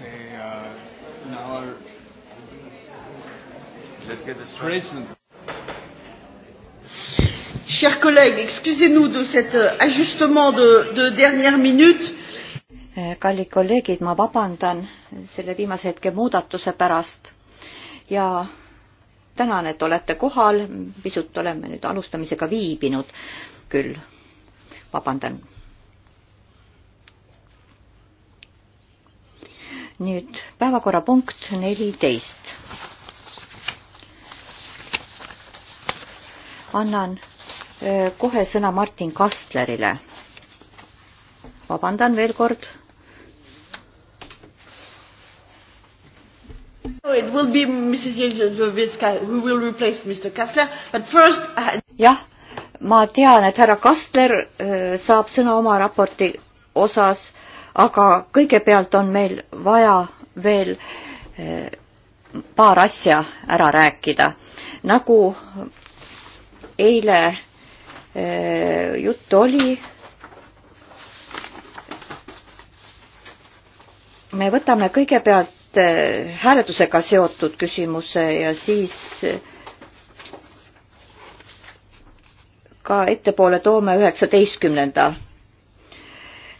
say uh, in our let's get this prison. Chers collègues, excusez-nous de cet euh, ajustement de, de dernière minute. Eh, kallid kolleegid, ma vabandan selle viimase hetke muudatuse pärast ja tänan, et olete kohal, pisut oleme nüüd alustamisega viibinud küll. vabandan nüüd päevakorrapunkt neliteist. annan kohe sõna Martin Kastlerile. vabandan veel kord. It will be Mrs Jezovitska who will replace Mr Kastler, but first I... Uh, jah, ma tean, et härra Kastler saab sõna oma raporti osas äh, aga kõigepealt on meil vaja veel eh, paar asja ära rääkida. nagu eile eh, juttu oli, me võtame kõigepealt eh, hääletusega seotud küsimuse ja siis ka ettepoole toome üheksateistkümnenda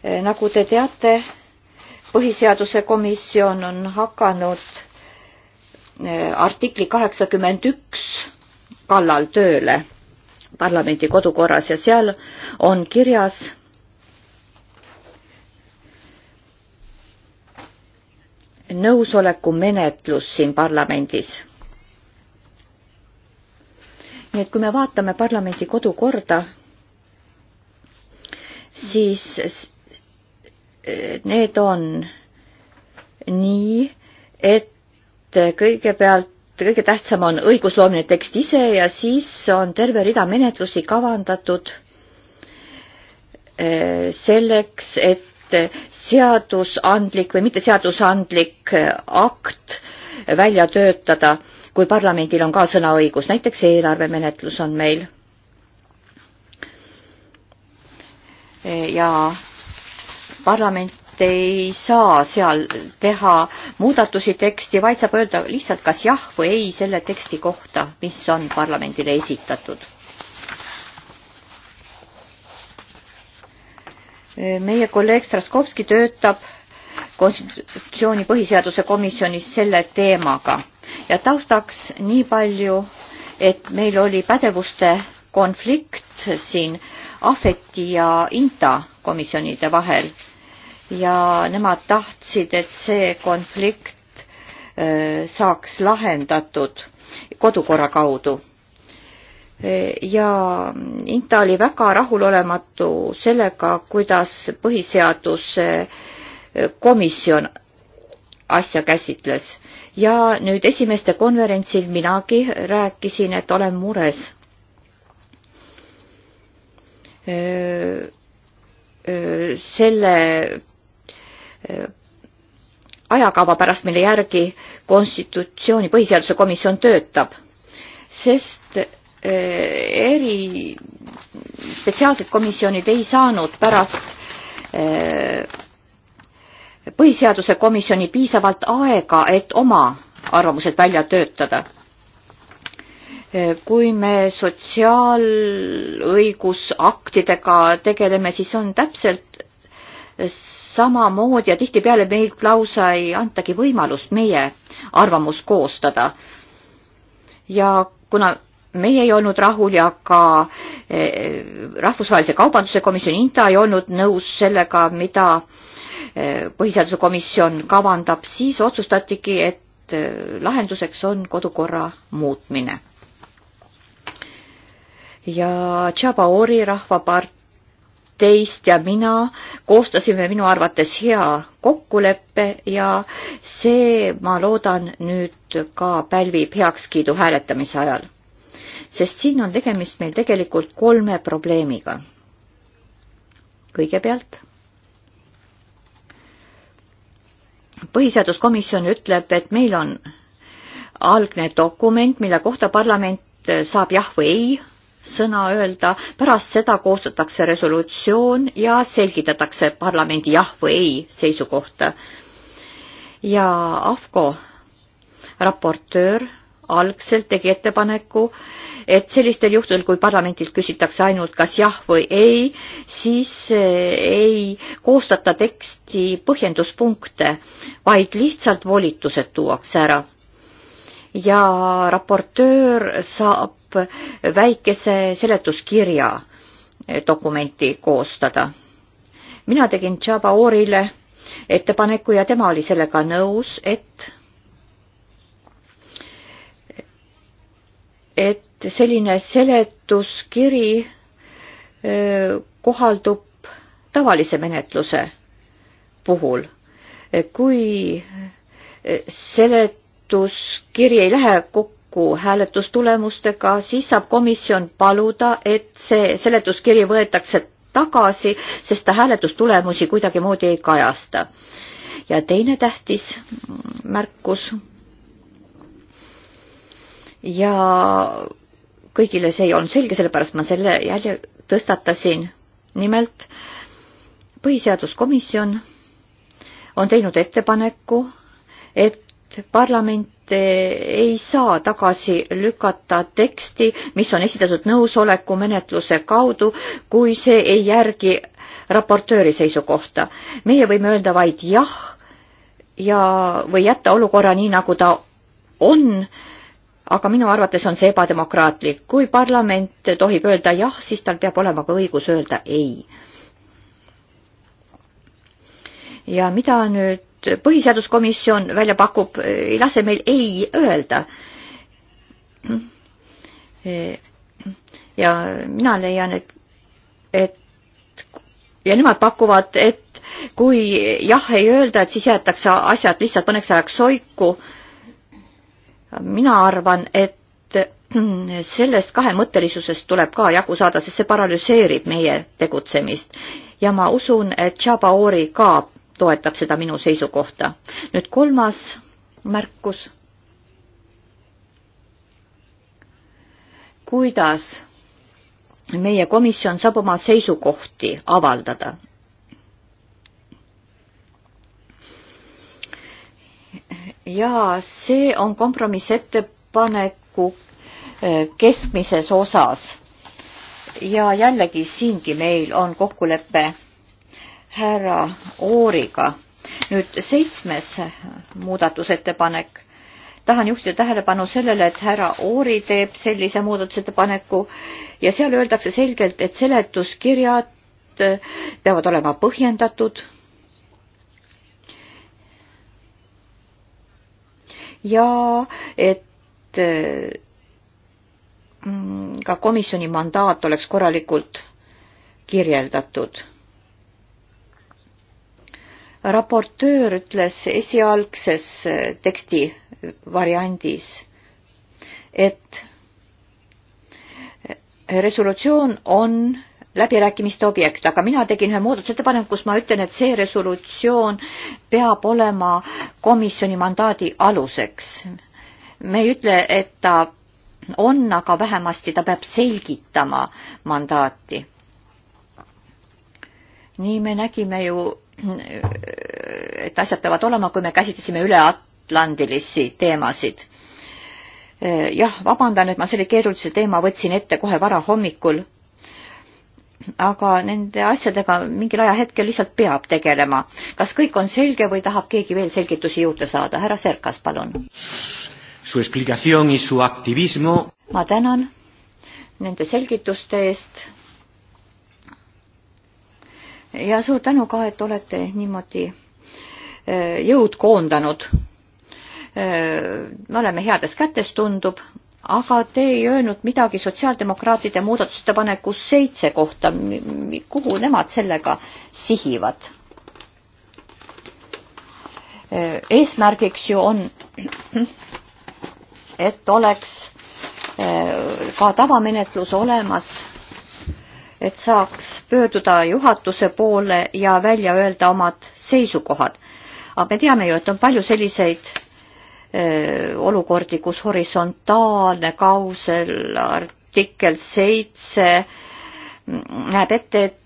Eh, nagu te teate, põhiseaduse komisjon on hakanud eh, artikli kaheksakümmend üks kallal tööle parlamendi kodukorras ja seal on kirjas nõusoleku menetlus siin parlamendis. nii et kui me vaatame parlamendi kodukorda, siis need on nii, et kõigepealt kõige tähtsam on õigusloomine tekst ise ja siis on terve rida menetlusi kavandatud eh, selleks, et seadusandlik või mitte seadusandlik eh, akt välja töötada, kui parlamendil on ka sõnaõigus, näiteks eelarvemenetlus on meil. Eh, ja parlament ei saa seal teha muudatusi teksti, vaid saab öelda lihtsalt kas jah või ei selle teksti kohta, mis on parlamendile esitatud. meie kolleeg Straskovski töötab konstitutsiooni põhiseaduse komisjonis selle teemaga ja taustaks nii palju, et meil oli pädevuste konflikt siin Ahveti ja Inta komisjonide vahel ja nemad tahtsid, et see konflikt äh, saaks lahendatud kodukorra kaudu. Äh, ja Inta oli väga rahulolematu sellega, kuidas põhiseaduse äh, komisjon asja käsitles ja nüüd esimeste konverentsil minagi rääkisin, et olen mures. selle Äh, ajakava pärast, mille järgi konstitutsiooni põhiseaduse komisjon töötab, sest äh, eri spetsiaalsed komisjonid ei saanud pärast äh, põhiseaduse komisjoni piisavalt aega, et oma arvamused välja töötada. kui me sotsiaalõigusaktidega tegeleme, siis on täpselt samamoodi ja tihtipeale meilt lausa ei antagi võimalust meie arvamust koostada. ja kuna meie ei olnud rahul ja ka eh, Rahvusvahelise Kaubanduse Komisjoni INTA ei olnud nõus sellega, mida eh, põhiseaduse komisjon kavandab, siis otsustatigi, et eh, lahenduseks on kodukorra muutmine. ja Tšabaori rahvapart kaksteist ja mina koostasime minu arvates hea kokkuleppe ja see, ma loodan, nüüd ka pälvib heakskiidu hääletamise ajal. sest siin on tegemist meil tegelikult kolme probleemiga. kõigepealt põhiseaduskomisjon ütleb, et meil on algne dokument, mille kohta parlament saab jah või ei sõna öelda, pärast seda koostatakse resolutsioon ja selgitatakse parlamendi jah või ei seisukohta. ja AFCO raportöör algselt tegi ettepaneku, et sellistel juhtudel, kui parlamendilt küsitakse ainult kas jah või ei, siis eh, ei koostata teksti põhjenduspunkte, vaid lihtsalt volitused tuuakse ära ja raportöör saab väikese seletuskirja eh, dokumenti koostada. mina tegin Java Oorile ettepaneku ja tema oli sellega nõus, et et selline seletuskiri eh, kohaldub tavalise menetluse puhul. kui eh, selet-, seletuskiri ei lähe kokku hääletustulemustega, siis saab komisjon paluda, et see seletuskiri võetakse tagasi, sest ta hääletustulemusi kuidagimoodi ei kajasta. ja teine tähtis märkus. ja kõigile see ei olnud selge, sellepärast ma selle jälle tõstatasin. nimelt põhiseaduskomisjon on teinud ettepaneku, et et parlament ei saa tagasi lükata teksti, mis on esitatud nõusoleku menetluse kaudu, kui see ei järgi raportööri seisukohta. meie võime öelda vaid jah ja, või jätta olukorra nii, nagu ta on, aga minu arvates on see ebademokraatlik. kui parlament tohib öelda jah, siis tal peab olema ka õigus öelda ei. ja mida nüüd nüüd põhiseaduskomisjon välja pakub, ei lase meil ei öelda. ja mina leian, et, et ja nemad pakuvad, et kui jah ei öelda, et siis jäetakse asjad lihtsalt mõneks ajaks soiku. mina arvan, et sellest kahemõttelisusest tuleb ka jagu saada, sest see paralüseerib meie tegutsemist ja ma usun, et Chabaori ka toetab seda minu seisukohta. nüüd kolmas märkus. kuidas meie komisjon saab oma seisukohti avaldada? ja see on kompromissettepaneku eh, keskmises osas. ja jällegi siingi meil on kokkulepe härra Ooriga. nüüd seitsmes muudatusettepanek. tahan juhtida tähelepanu sellele, et härra Oori teeb sellise muudatusettepaneku ja seal öeldakse selgelt, et seletuskirjad äh, peavad olema põhjendatud ja et äh, mm, ka komisjoni mandaat oleks korralikult kirjeldatud raportöör ütles esialgses eh, teksti variandis, et eh, resolutsioon on läbirääkimiste objekt, aga mina tegin ühe muudatusettepaneku, kus ma ütlen, et see resolutsioon peab olema komisjoni mandaadi aluseks. me ei ütle, et ta on, aga vähemasti ta peab selgitama mandaati. nii me nägime ju et asjad peavad olema, kui me käsitlesime üleatlandilisi teemasid. jah, vabandan, et ma selle keerulise teema võtsin ette kohe varahommikul, aga nende asjadega mingil ajahetkel lihtsalt peab tegelema. kas kõik on selge või tahab keegi veel selgitusi juurde saada? härra Serkas, palun. ma tänan nende selgituste eest ja suur tänu ka, et olete niimoodi äh, jõud koondanud. Äh, me oleme heades kätes, tundub, aga te ei öelnud midagi sotsiaaldemokraatide muudatusettepaneku seitse kohta, kuhu nemad sellega sihivad? Äh, eesmärgiks ju on, et oleks ka tavamenetlus olemas et saaks pöörduda juhatuse poole ja välja öelda omad seisukohad. aga me teame ju, et on palju selliseid öö, olukordi, kus horisontaalne kausel artikkel seitse näeb ette, et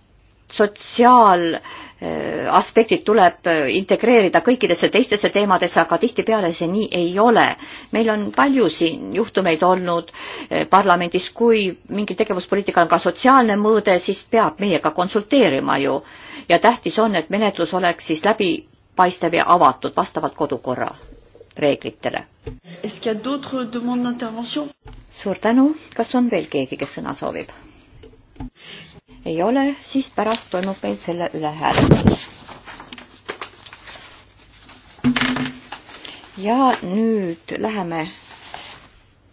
sotsiaalaspektid tuleb äh, integreerida kõikidesse teistesse teemadesse, aga tihtipeale see nii ei ole. meil on palju siin juhtumeid olnud äh, parlamendis, kui mingi tegevuspoliitikal on ka sotsiaalne mõõde, siis peab meiega konsulteerima ju. ja tähtis on, et menetlus oleks siis läbipaistev ja avatud vastavalt kodukorra reeglitele. suur tänu, kas on veel keegi, kes sõna soovib? ei ole, siis pärast toimub meil selle üle hääletus. ja nüüd läheme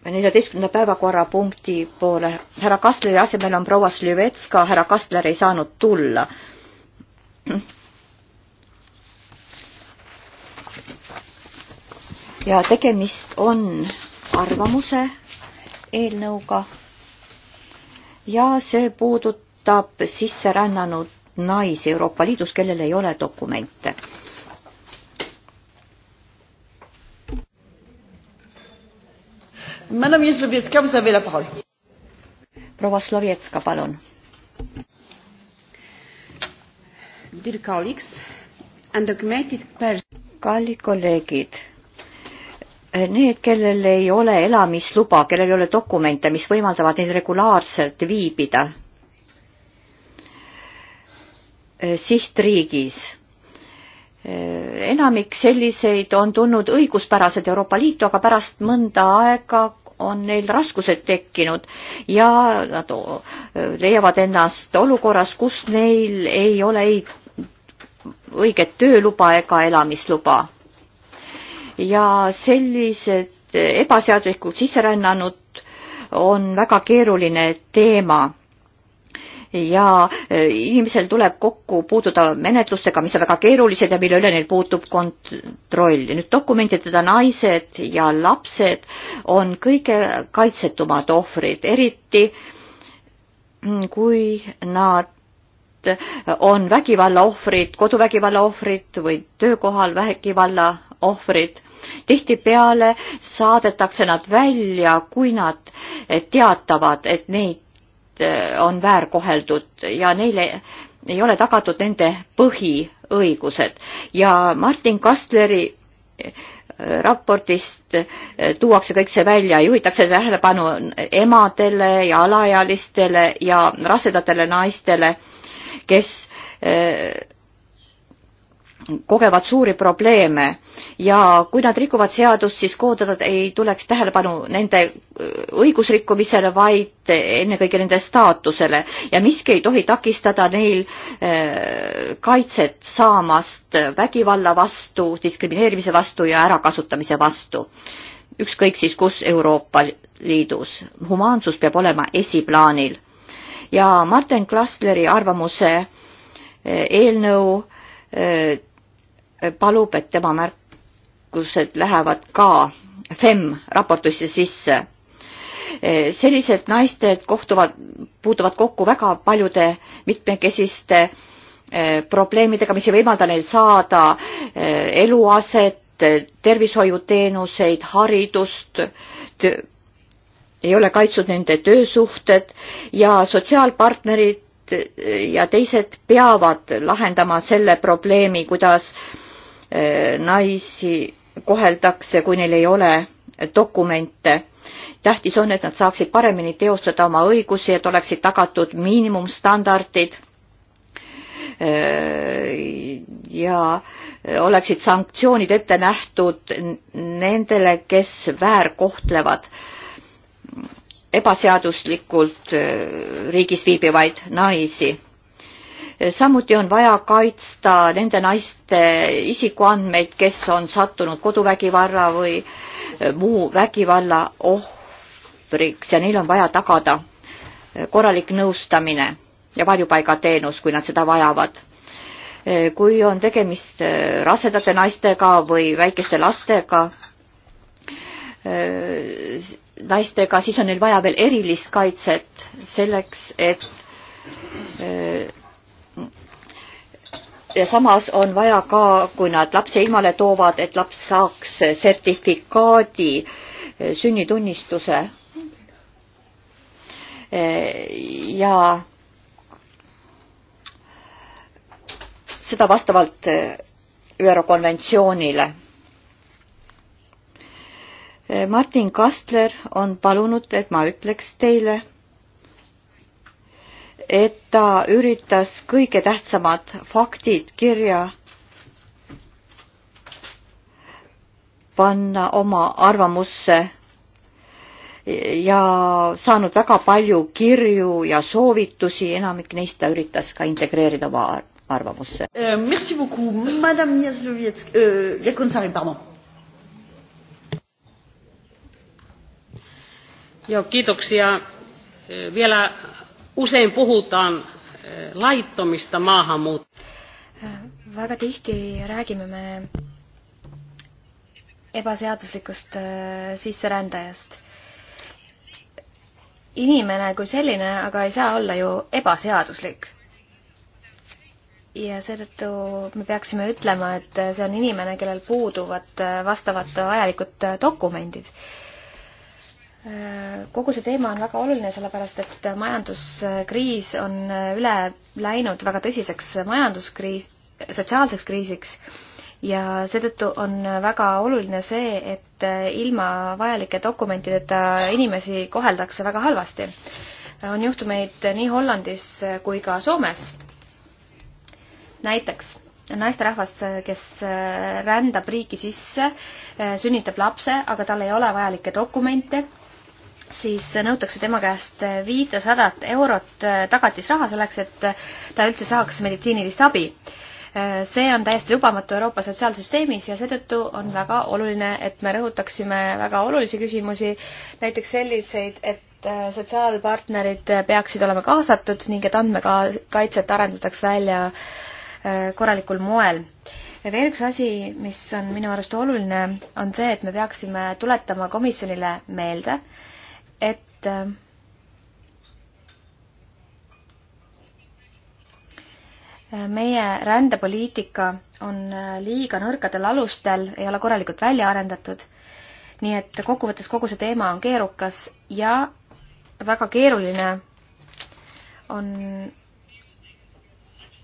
neljateistkümnenda päevakorrapunkti poole. härra Kastleri asemel on proua Slüvetska, härra Kastler ei saanud tulla. ja tegemist on arvamuse eelnõuga ja see puudutab puudutab sisserännanud naisi Euroopa Liidus, kellel ei ole dokumente Madame Jezlowiecka, vous avez la parole. Proua Slovetska, palun. Dear colleagues, undocumented persons. Kallid kolleegid, need, kellel ei ole elamisluba, kellel ei ole dokumente, mis võimaldavad neil regulaarselt viibida Äh, sihtriigis. Äh, enamik selliseid on tulnud õiguspäraselt Euroopa Liitu, aga pärast mõnda aega on neil raskused tekkinud ja nad äh, leiavad ennast olukorras, kus neil ei ole ei õiget tööluba ega elamisluba. ja sellised ebaseaduslikud sisserännanud on väga keeruline teema ja e, inimesel tuleb kokku puududa menetlustega, mis on väga keerulised ja mille üle neil puutub kontroll. nüüd dokumentidega naised ja lapsed on kõige kaitsetumad ohvrid, eriti mm, kui nad on vägivalla ohvrid, koduvägivalla ohvrid või töökohal vägivalla ohvrid. tihtipeale saadetakse nad välja, kui nad teatavad, et neid Äh, on väärkoheldud ja neile ei ole tagatud nende põhiõigused ja Martin Kastleri äh, raportist äh, tuuakse kõik see välja, juhitakse tähelepanu emadele ja alaealistele ja rasedatele naistele, kes kogevad suuri probleeme ja kui nad rikuvad seadust, siis koodadad ei tuleks tähelepanu nende äh, õigusrikkumisele, vaid ennekõike nende staatusele ja miski ei tohi takistada neil äh, kaitset saamast vägivalla vastu, diskrimineerimise vastu ja ärakasutamise vastu. ükskõik siis kus Euroopa Liidus. humaansus peab olema esiplaanil ja Martin Klasleri arvamuse äh, eelnõu palub, et tema märkused lähevad ka FEM raportisse sisse. sellised naised kohtuvad, puutuvad kokku väga paljude mitmekesiste eh, probleemidega, mis ei võimalda neil saada eh, eluaset, tervishoiuteenuseid, haridust, ei ole kaitsnud nende töösuhted ja sotsiaalpartnerid eh, ja teised peavad lahendama selle probleemi, kuidas äh, naisi koheldakse, kui neil ei ole dokumente. tähtis on, et nad saaksid paremini teostada oma õigusi, et oleksid tagatud miinimumstandardid äh, ja oleksid sanktsioonid ette nähtud nendele, kes väärkohtlevad ebaseaduslikult äh, riigis viibivaid naisi samuti on vaja kaitsta nende naiste isikuandmeid, kes on sattunud koduvägivalla või eh, muu vägivalla ohvriks ja neil on vaja tagada eh, korralik nõustamine ja varjupaigateenus, kui nad seda vajavad eh, kui on tegemist rasedate naistega või väikeste lastega, naistega, siis on neil vaja veel erilist kaitset selleks, et ja samas on vaja ka, kui nad lapse ilmale toovad, et laps saaks sertifikaadi, eh, sünnitunnistuse. Eh, ja seda vastavalt eh, ÜRO konventsioonile. Martin Kastler on palunud, et ma ütleks teile et ta üritas kõige tähtsamad faktid kirja panna oma arvamusse ja saanud väga palju kirju ja soovitusi, enamik neist ta üritas ka integreerida oma arvamusse. Eh, merci beaucoup, madame Jazlovetsk äh,, Jakonsari, pardon. ja kiitoksia eh, vielä Usein puhutaan eh, laittomista maahanmuut... Väga tihti räägime me ebaseaduslikust eh, sisserändajast. Inimene kui selline aga ei saa olla ju ebaseaduslik ja seetõttu me peaksime ütlema, et eh, see on inimene, kellel puuduvad vastavad vajalikud dokumendid kogu see teema on väga oluline, sellepärast et majanduskriis on üle läinud väga tõsiseks majanduskriis, sotsiaalseks kriisiks ja seetõttu on väga oluline see, et ilma vajalike dokumentideta inimesi koheldakse väga halvasti. on juhtumeid nii Hollandis kui ka Soomes. näiteks naisterahvas, kes rändab riiki sisse, sünnitab lapse, aga tal ei ole vajalikke dokumente siis nõutakse tema käest viitesadat eurot äh, tagatisraha selleks, et äh, ta üldse saaks meditsiinilist abi. Äh, see on täiesti lubamatu Euroopa sotsiaalsüsteemis ja seetõttu on väga oluline, et me rõhutaksime väga olulisi küsimusi, näiteks selliseid, et sotsiaalpartnerid peaksid olema kaasatud ning et andmekaitset arendataks välja korralikul moel ja veel üks asi, mis on minu arust oluline, on see, et me peaksime tuletama komisjonile meelde, et äh, meie rändepoliitika on äh, liiga nõrgadel alustel, ei ole korralikult välja arendatud. nii et kokkuvõttes kogu see teema on keerukas ja väga keeruline on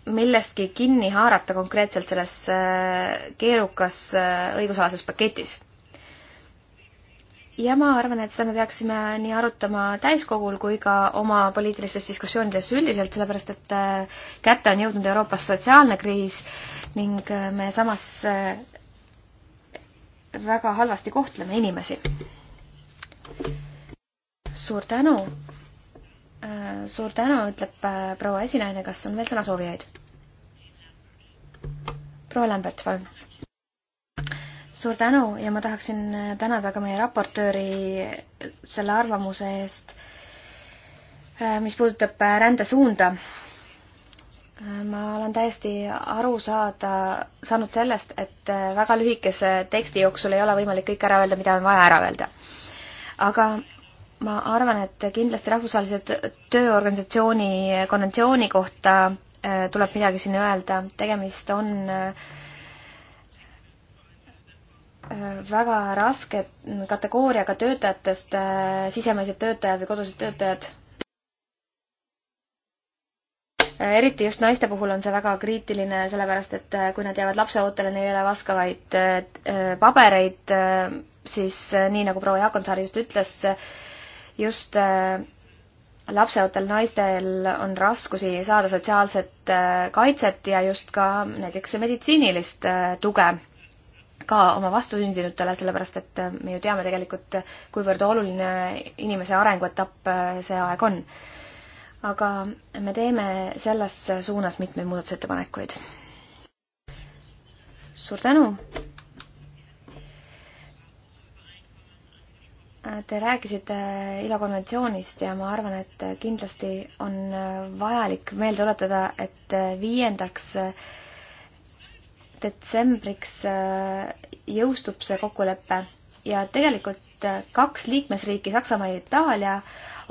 millestki kinni haarata konkreetselt selles äh, keerukas õigusalases paketis ja ma arvan, et seda me peaksime nii arutama täiskogul kui ka oma poliitilistes diskussioonides üldiselt, sellepärast et äh, kätte on jõudnud Euroopas sotsiaalne kriis ning äh, me samas äh, väga halvasti kohtleme inimesi. suur tänu. suur tänu, ütleb proua esinaine, kas on veel sõnasoovijaid? proua Lämbert, palun suur tänu ja ma tahaksin äh, tänada ka meie raportööri äh, selle arvamuse eest, äh, mis puudutab rändesuunda. ma olen täiesti aru saada, saanud sellest, et väga lühikese teksti jooksul ei ole võimalik kõik ära öelda, mida on vaja ära öelda. aga ma arvan, et kindlasti rahvusvahelise tööorganisatsiooni konventsiooni kohta tuleb midagi siin öelda, tegemist on äh, Äh, väga raske kategooriaga töötajatest äh, sisemised töötajad või kodused töötajad. Äh, eriti just naiste puhul on see väga kriitiline, sellepärast et kui nad jäävad lapseootele, neil ei ole vastavaid pabereid, siis nii nagu proua Jaakonsaar just ütles, just lapseootel naistel on raskusi saada sotsiaalset kaitset ja just ka näiteks meditsiinilist tuge ka oma vastusündinutele, sellepärast et äh, me ju teame tegelikult, kuivõrd oluline inimese arenguetapp äh, see aeg on. aga me teeme selles suunas mitmeid muudatusettepanekuid. suur tänu! Äh, te rääkisite ILO konventsioonist ja ma arvan, et kindlasti on vajalik meelde tuletada, et viiendaks detsembriks äh, jõustub see kokkulepe ja tegelikult äh, kaks liikmesriiki, Saksamaa ja Itaalia,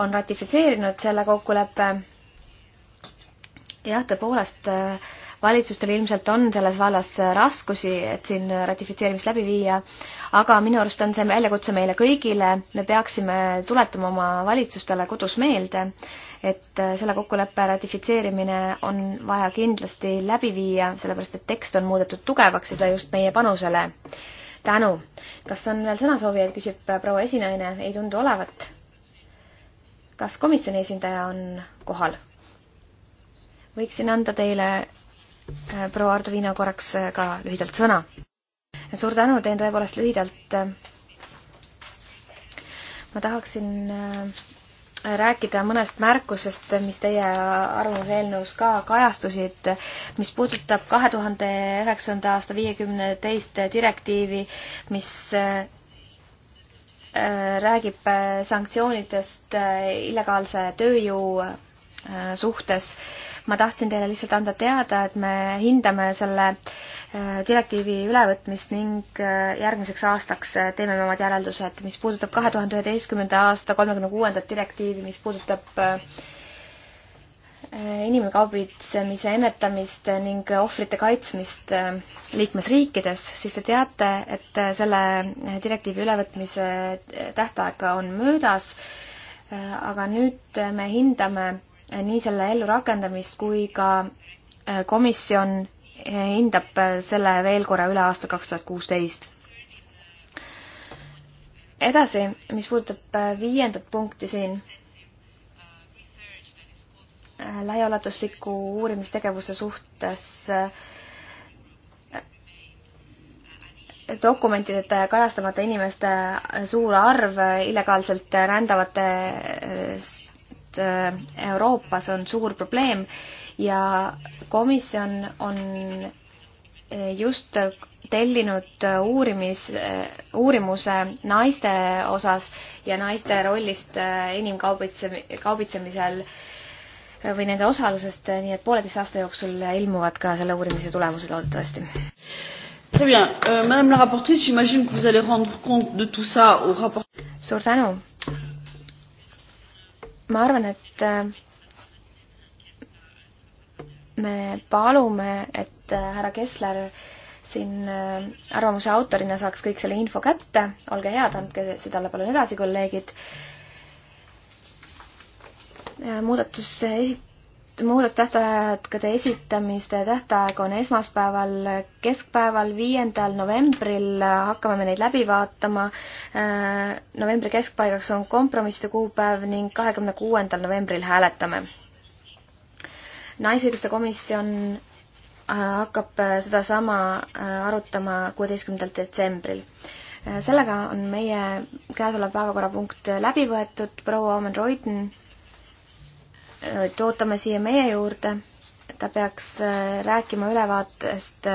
on ratifitseerinud selle kokkuleppe. jah, tõepoolest, äh, valitsustel ilmselt on selles vallas raskusi, et siin ratifitseerimist läbi viia, aga minu arust on see väljakutse meile kõigile, me peaksime tuletama oma valitsustele kodus meelde, et äh, selle kokkuleppe ratifitseerimine on vaja kindlasti läbi viia, sellepärast et tekst on muudetud tugevaks ja seda just meie panusele. tänu. kas on veel sõnasoovijaid, küsib äh, proua esinaine, ei tundu olevat. kas komisjoni esindaja on kohal? võiksin anda teile, äh, proua Ardo Viina, korraks ka lühidalt sõna. suur tänu, teen tõepoolest lühidalt. ma tahaksin rääkida mõnest märkusest, mis teie arvamuse eelnõus ka kajastusid, mis puudutab kahe tuhande üheksanda aasta viiekümne teist direktiivi, mis äh, räägib sanktsioonidest äh, illegaalse tööjõu äh, suhtes. ma tahtsin teile lihtsalt anda teada, et me hindame selle äh, direktiivi ülevõtmist ning äh, järgmiseks aastaks äh, teeme me omad järeldused, mis puudutab kahe tuhande üheteistkümnenda aasta kolmekümne kuuendat direktiivi, mis puudutab äh, inimkaubitsemise ennetamist ning ohvrite kaitsmist liikmesriikides, siis te teate, et selle direktiivi ülevõtmise tähtaeg on möödas, aga nüüd me hindame nii selle ellurakendamist kui ka komisjon hindab selle veel korra üle aasta kaks tuhat kuusteist. edasi, mis puudutab äh, viiendat punkti siin, äh, laiaulatusliku uurimistegevuse suhtes äh, dokumentideta ja kajastamata inimeste suur arv illegaalselt rändavate Euroopas on suur probleem ja komisjon on just tellinud uurimis, uurimuse naiste osas ja naiste rollist inimkaubitsemi-, kaubitsemisel või nende osalusest, nii et pooleteise aasta jooksul ilmuvad ka selle uurimise tulemused loodetavasti. Très bien. Euh, Madame la rapporteure, j'imagine que vous allez rendre compte de tout ça au rapport. Suur tänu. ma arvan, et me palume, et äh, härra Kessler siin äh, arvamuse autorina saaks kõik selle info kätte, olge head, andke see talle palun edasi, kolleegid. muudatus esit-, muudatustähtaegade esitamiste tähtaeg on esmaspäeval keskpäeval, viiendal novembril hakkame me neid läbi vaatama. Äh, novembri keskpaigaks on kompromisside kuupäev ning kahekümne kuuendal novembril hääletame naisõiguste komisjon äh, hakkab äh, sedasama äh, arutama kuueteistkümnendal detsembril. sellega on meie käesolev päevakorrapunkt läbi võetud, proua Omen Reuten tootame siia meie juurde. ta peaks rääkima ülevaatest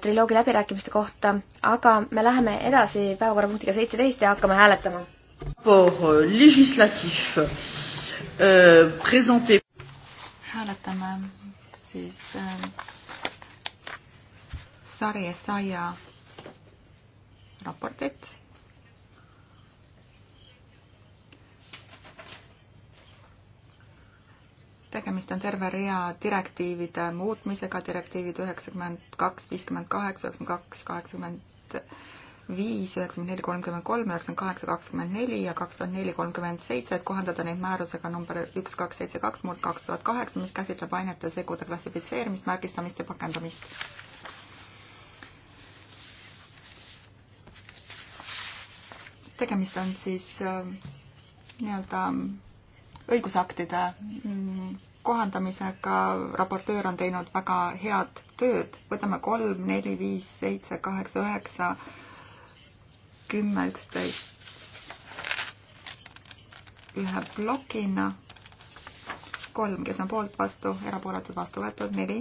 triloogi läbirääkimiste kohta, aga me läheme edasi päevakorrapunktiga seitseteist ja hakkame hääletama. Pour législatif euh, présenté hääletame siis äh, Sari Essaia raportit. tegemist on terve rea direktiivide muutmisega, direktiivid üheksakümmend kaks, viiskümmend kaheksa, üheksakümmend kaks, kaheksakümmend viis, üheksakümmend neli, kolmkümmend kolm, üheksakümmend kaheksa, kakskümmend neli ja kaks tuhat neli, kolmkümmend seitse, et kohandada neid määrusega number üks, kaks, seitse, kaks, murd kaks tuhat kaheksa, mis käsitleb ainete segude klassifitseerimist, märgistamist ja pakendamist. tegemist on siis äh, nii-öelda mm, õigusaktide mm, kohandamisega, raportöör on teinud väga head tööd, võtame kolm, neli, viis, seitse, kaheksa, üheksa kümme, üksteist ühe plokina. kolm, kes on poolt, vastu, erapooletud, vastu võetud, neli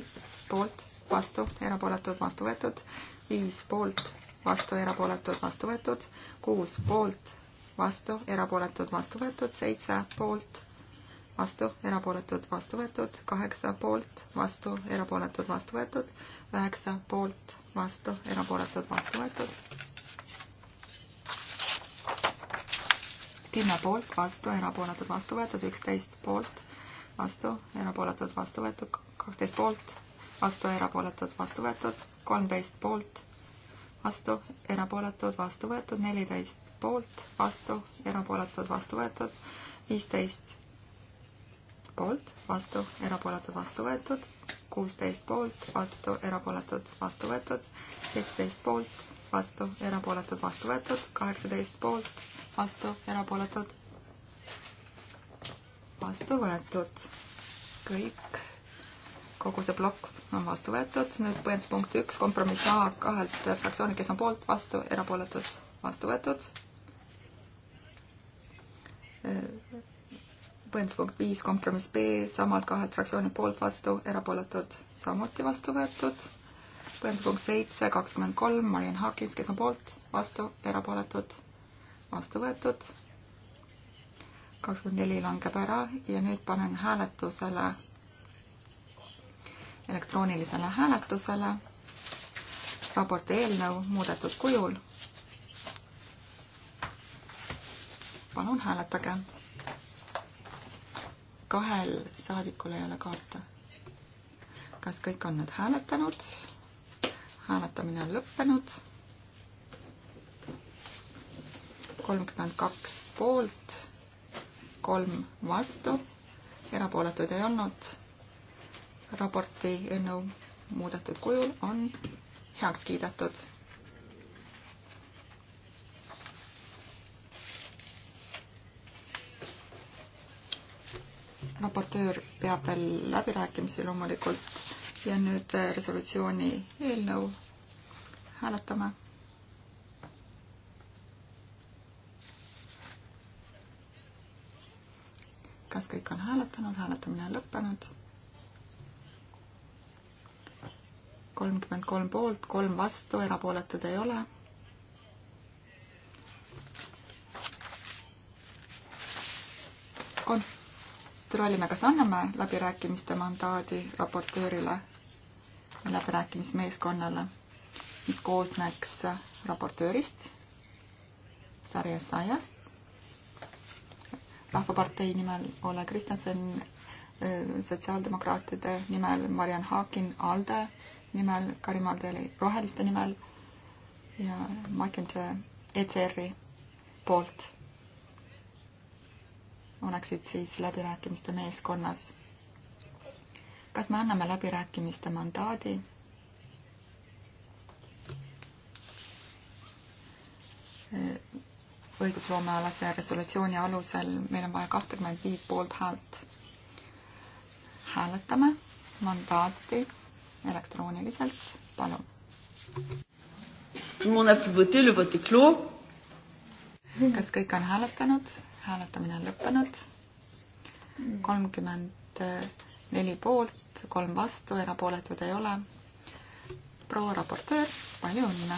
poolt, vastu, erapooletud, vastu võetud, viis poolt, vastu, erapooletud, vastu võetud, kuus poolt, vastu, erapooletud, vastu võetud, seitse poolt, vastu, erapooletud, vastu võetud, kaheksa poolt, vastu, erapooletud, vastu võetud, üheksa poolt, vastu, erapooletud, vastu võetud kümme poolt, vastu, erapooletud, vastu võetud, üksteist poolt, vastu, erapooletud, vastu võetud, kaksteist poolt, vastu, erapooletud, vastu võetud, kolmteist poolt, vastu, erapooletud, vastu võetud, neliteist poolt, vastu, erapooletud, vastu võetud, viisteist poolt, vastu, erapooletud, vastu võetud, kuusteist poolt, vastu, erapooletud, vastu võetud, seitseteist poolt, vastu, erapooletud, vastu võetud, kaheksateist poolt, vastu, erapooletud, vastu võetud. kõik, kogu see plokk on vastu võetud, nüüd põhjendus punkt üks, kompromiss A kahelt fraktsioonilt, kes on poolt, vastu, erapooletud, vastu võetud. põhjendus punkt viis, kompromiss B samalt kahelt fraktsioonilt poolt, vastu, erapooletud, samuti vastu võetud põhjenduspunkt seitse, kakskümmend kolm, Mariann Harkins, kes on poolt, vastu, erapooletud, vastu võetud. kakskümmend neli langeb ära ja nüüd panen hääletusele, elektroonilisele hääletusele raporti eelnõu muudetud kujul. palun hääletage. kahel saadikul ei ole kaarte. kas kõik on nüüd hääletanud? hääletamine on lõppenud kolmkümmend kaks poolt, kolm vastu, erapooletuid ei olnud. raporti eelnõu muudetud kujul on heaks kiidetud. raportöör peab veel läbirääkimisi loomulikult ja nüüd resolutsiooni eelnõu hääletame kas kõik on hääletanud, hääletamine on lõppenud. kolmkümmend kolm poolt, kolm vastu, erapooletud ei ole. kontrollime, kas anname läbirääkimiste mandaadi raportöörile, läbirääkimismeeskonnale, mis koosneks raportöörist, sarjas saiast, Rahvapartei nimel Ole Kristjanson, äh, sotsiaaldemokraatide nimel Mariann Haakin, ALDE nimel, Karim Aldeli Roheliste nimel ja McIntyre ECR-i poolt oleksid siis läbirääkimiste meeskonnas. kas me anname läbirääkimiste mandaadi? Äh, õigusloomealase resolutsiooni alusel meil on vaja kahtekümmend viit poolthäält. hääletame mandaati elektrooniliselt, palun. kas kõik on hääletanud? hääletamine on lõppenud. kolmkümmend neli poolt, kolm vastu, erapooletud ei ole. proua raportöör, palju õnne!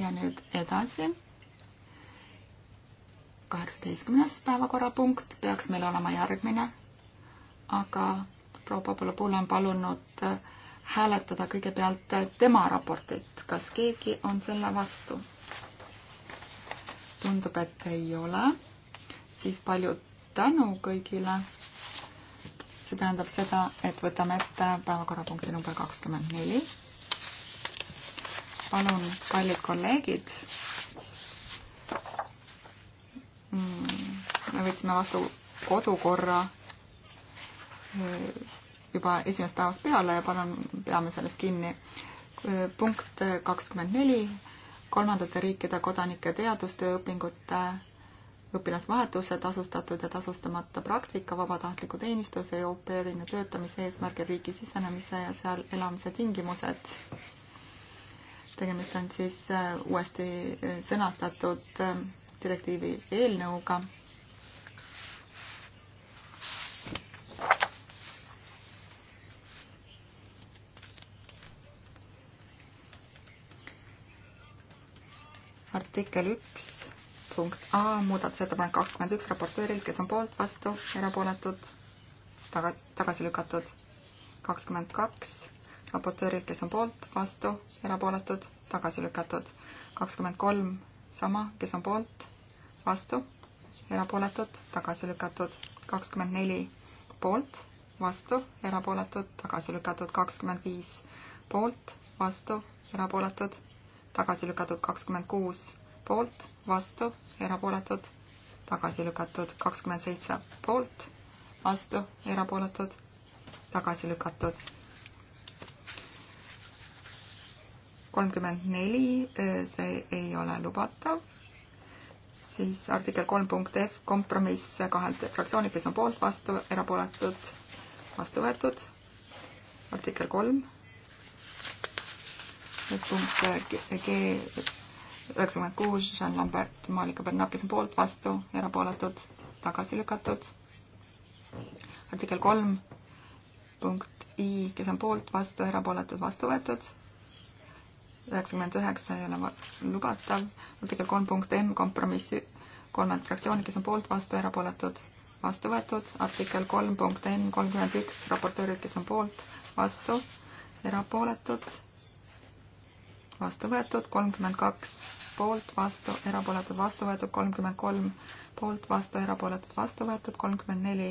ja nüüd edasi. kaheksateistkümnes päevakorrapunkt peaks meil olema järgmine, aga proua Papalopoul on palunud hääletada kõigepealt tema raportit. kas keegi on selle vastu? tundub, et ei ole. siis palju tänu kõigile. see tähendab seda, et võtame ette päevakorrapunkti number kakskümmend neli palun, kallid kolleegid. Mm, me võtsime vastu kodukorra eh, juba esimest päevast peale ja palun peame sellest kinni. Eh, punkt kakskümmend neli, kolmandate riikide kodanike teadustöö õpingute õpilasvahetuse tasustatud ja tasustamata praktika, vabatahtliku teenistuse ja au pair'ina töötamise eesmärgil riigi sisenemise ja seal elamise tingimused tegemist on siis äh, uuesti äh, sõnastatud äh, direktiivi eelnõuga. artikkel üks punkt A muudatusettepanek kakskümmend üks raportöörilt, kes on poolt, vastu, erapooletud, tagasi, tagasi lükatud. kakskümmend kaks raportöörilt, kes on poolt, vastu, erapooletud, tagasi lükatud. kakskümmend kolm sama, kes on poolt, vastu, erapooletud, tagasi lükatud. kakskümmend neli poolt, vastu, erapooletud, tagasi lükatud. kakskümmend viis poolt, vastu, erapooletud, tagasi lükatud. kakskümmend kuus poolt, vastu, erapooletud, tagasi lükatud. kakskümmend seitse poolt, vastu, erapooletud, tagasi lükatud kolmkümmend neli, see ei ole lubatav. siis artikkel kolm punkt F, kompromiss kahelt fraktsioonilt, kes on poolt, vastu, erapooletud, vastu võetud. artikkel kolm. nüüd punkt G üheksakümmend kuus, Jean Lambert, Malika Bernak, kes on poolt, vastu, erapooletud, tagasi lükatud. artikkel kolm punkt I, kes on poolt, vastu, erapooletud, vastu võetud üheksakümmend üheksa ei ole lubatav. artikkel kolm punkt M kompromissi kolmelt fraktsioonilt, kes on poolt, vastu, erapooletud, vastu võetud. artikkel kolm punkt N kolmkümmend üks raportöörilt, kes on poolt, vastu, erapooletud, vastu võetud. kolmkümmend kaks poolt, vastu, erapooletud, vastu võetud. kolmkümmend kolm poolt, vastu, erapooletud, vastu võetud. kolmkümmend neli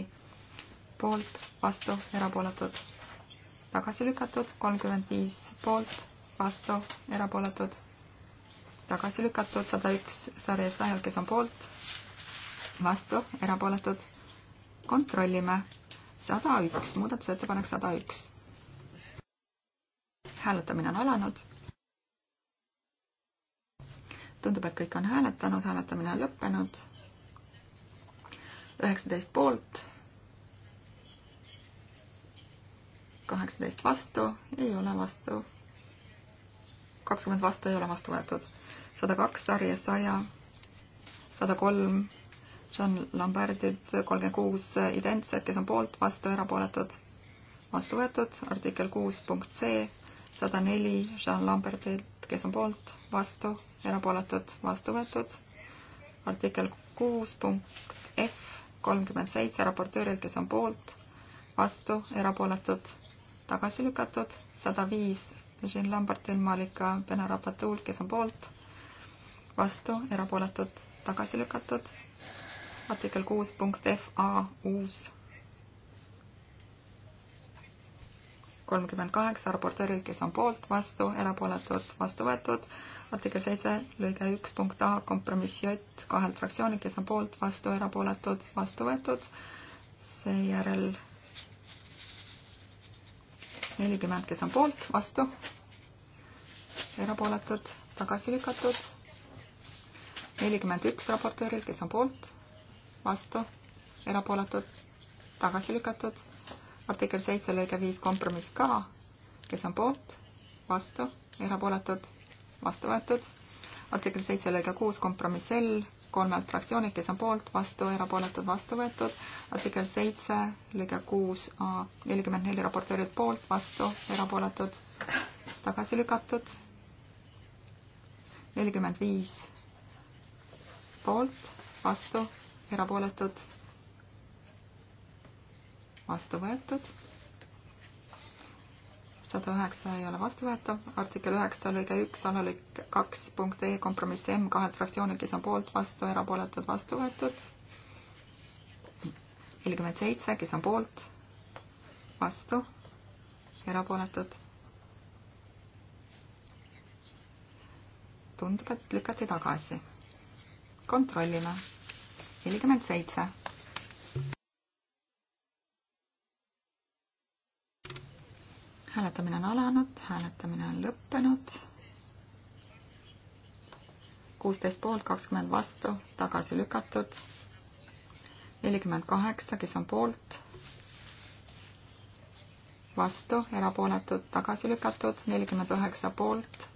poolt, vastu, erapooletud, tagasi lükatud. kolmkümmend viis poolt vastu, erapooletud, tagasi lükatud, sada üks sarjas lähel, kes on poolt, vastu, erapooletud. kontrollime, sada üks, muudatusettepanek sada üks. hääletamine on alanud. tundub, et kõik on hääletanud, hääletamine on lõppenud. üheksateist poolt kaheksateist vastu, ei ole vastu kakskümmend vastu ei ole vastu võetud. sada kaks, Arje Saja, sada kolm, Jean Lambertid, kolmkümmend kuus identsed, kes on poolt, vastu, erapooletud, vastu võetud, artikkel kuus punkt C, sada neli Jean Lambertilt, kes on poolt, vastu, erapooletud, vastu võetud, artikkel kuus punkt F, kolmkümmend seitse raportöörilt, kes on poolt, vastu, erapooletud, tagasi lükatud, sada viis Jean Lambertil, Malika Benarapatul, kes on poolt, vastu, erapooletud, tagasi lükatud. artikkel kuus punkt FA uus. kolmkümmend kaheksa raportööril, kes on poolt, vastu, erapooletud, vastu võetud. artikkel seitse lõige üks punkt A kompromiss J kahelt fraktsioonilt, kes on poolt, vastu, erapooletud, vastu võetud. seejärel nelikümmend, kes on poolt, vastu, erapooletud, tagasi lükatud, nelikümmend üks raportööril, kes on poolt, vastu, erapooletud, tagasi lükatud, artikkel seitse lõige viis kompromiss ka, kes on poolt, vastu, erapooletud, vastu võetud, artikkel seitse lõige kuus kompromiss L, kolmelt fraktsioonilt, kes on poolt, vastu, erapooletud, vastu võetud. artikkel seitse, lõige kuus A, nelikümmend neli raportöörilt poolt, vastu, erapooletud, tagasi lükatud. nelikümmend viis poolt, vastu, erapooletud, vastu võetud sada üheksa ei ole vastuvõetav, artikkel üheksa lõige üks, alalõik kaks punkt E kompromiss M kahelt fraktsioonilt, kes on poolt, vastu, erapooletud, vastu võetud. nelikümmend seitse, kes on poolt, vastu, erapooletud. tundub, et lükati tagasi. kontrollime. nelikümmend seitse hääletamine on alanud, hääletamine on lõppenud. kuusteist poolt, kakskümmend vastu, tagasi lükatud. nelikümmend kaheksa, kes on poolt, vastu, erapooletud, tagasi lükatud, nelikümmend üheksa poolt,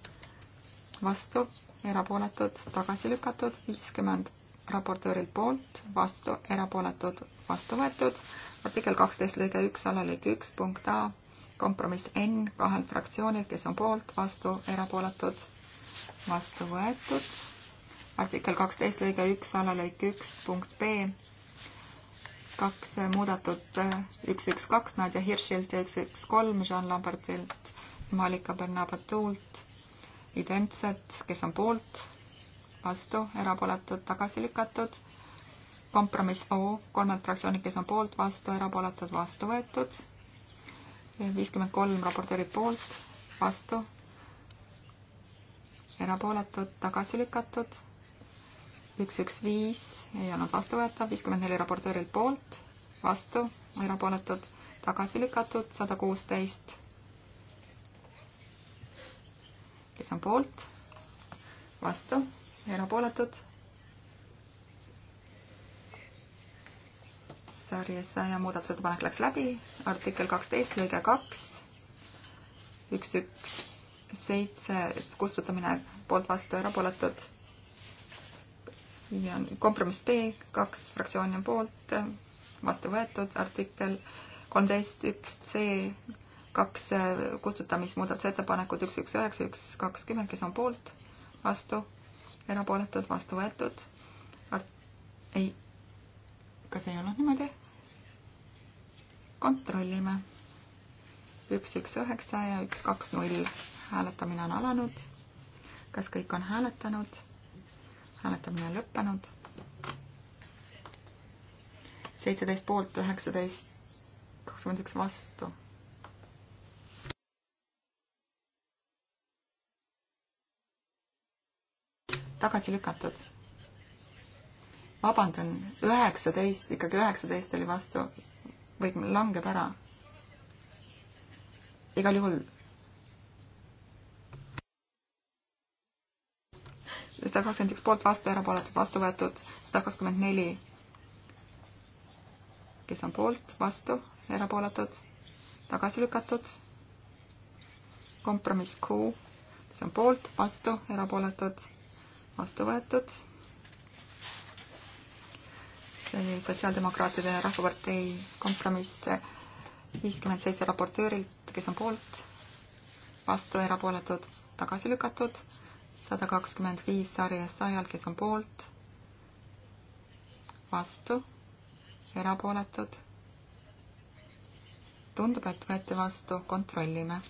vastu, erapooletud, tagasi lükatud, viiskümmend raportööril poolt, vastu, erapooletud, vastu võetud. artikkel kaksteist lõige üks, alalõige üks punkt A kompromiss N kahelt fraktsioonilt, kes on poolt, vastu, erapooletud, vastu võetud. artikkel kaksteist lõige üks, alalõik üks punkt B, kaks muudatud üks, üks, kaks Nadja Hirschilt ja üks, üks, kolm Jean Lambertilt, Malika Bernabatult, identsed, kes on poolt, vastu, erapooletud, tagasi lükatud. kompromiss O kolmelt fraktsioonilt, kes on poolt, vastu, erapooletud, vastu võetud viiskümmend kolm raportööri poolt, vastu, erapooletud, tagasi lükatud, üks, üks, viis ei olnud vastuvõetav, viiskümmend neli raportöörilt poolt, vastu, erapooletud, tagasi lükatud, sada kuusteist, kes on poolt, vastu, erapooletud Saari Essaja muudatusettepanek läks läbi, artikkel kaksteist lõige kaks, üks, üks, seitse, kustutamine poolt vastu erapooletud. ja kompromiss B, kaks fraktsiooni on poolt, vastu võetud, artikkel kolmteist, üks C, kaks kustutamismuudatusettepanekut, üks, üks, üheksa, üks, kakskümmend, kes on poolt, vastu, erapooletud, vastu võetud. ei, kas ei olnud niimoodi? kontrollime. üks, üks, üheksa ja üks, kaks, null. hääletamine on alanud. kas kõik on hääletanud? hääletamine lõppenud. seitseteist poolt, üheksateist, kakskümmend üks vastu tagasi lükatud. vabandan, üheksateist, ikkagi üheksateist oli vastu, või langeb ära. igal juhul. sada kakskümmend üks poolt vastu, erapooletud, vastu võetud, sada kakskümmend neli. kes on poolt, vastu, erapooletud, tagasi lükatud. kompromiss Q, kes on poolt, vastu, erapooletud, vastu võetud oli Sotsiaaldemokraatide Rahvapartei kompromiss viiskümmend seitse raportöörilt, kes on poolt, vastu, erapooletud, tagasi lükatud, sada kakskümmend viis sarjas sajal, kes on poolt, vastu, erapooletud. tundub, et võeti vastu, kontrollime.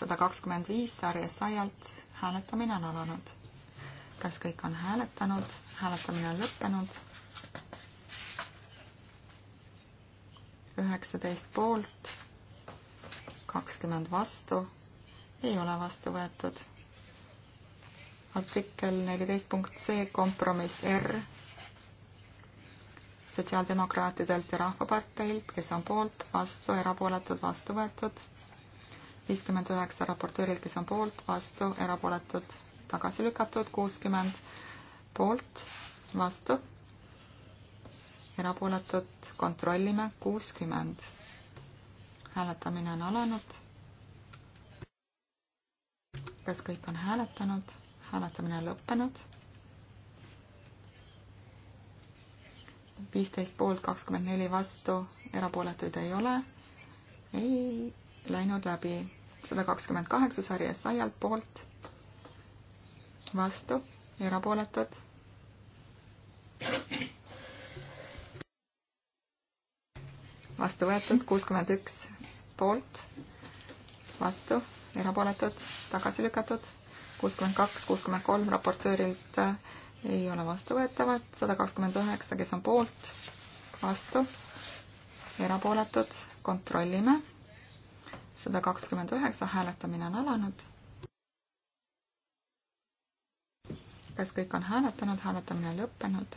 sada kakskümmend viis sarjas sajalt, hääletamine on alanud. kas kõik on hääletanud, hääletamine on lõppenud üheksateist poolt, kakskümmend vastu, ei ole vastu võetud. artikkel neliteist punkt C kompromiss R sotsiaaldemokraatidelt ja Rahvaparteilt, kes on poolt, vastu, erapooletud, vastu võetud. viiskümmend üheksa raportöörilt, kes on poolt, vastu, erapooletud, tagasi lükatud, kuuskümmend poolt, vastu erapooletut kontrollime, kuuskümmend. hääletamine on alanud. kas kõik on hääletanud? hääletamine on lõppenud. viisteist poolt, kakskümmend neli vastu, erapooletuid ei ole. ei läinud läbi. sada kakskümmend kaheksa sarjas saialt poolt, vastu, erapooletud vastu võetud, kuuskümmend üks poolt, vastu, erapooletud, tagasi lükatud, kuuskümmend kaks, kuuskümmend kolm raportöörilt äh, ei ole vastuvõetavad, sada kakskümmend üheksa, kes on poolt, vastu, erapooletud, kontrollime, sada kakskümmend üheksa, hääletamine on alanud. kas kõik on hääletanud, hääletamine on lõppenud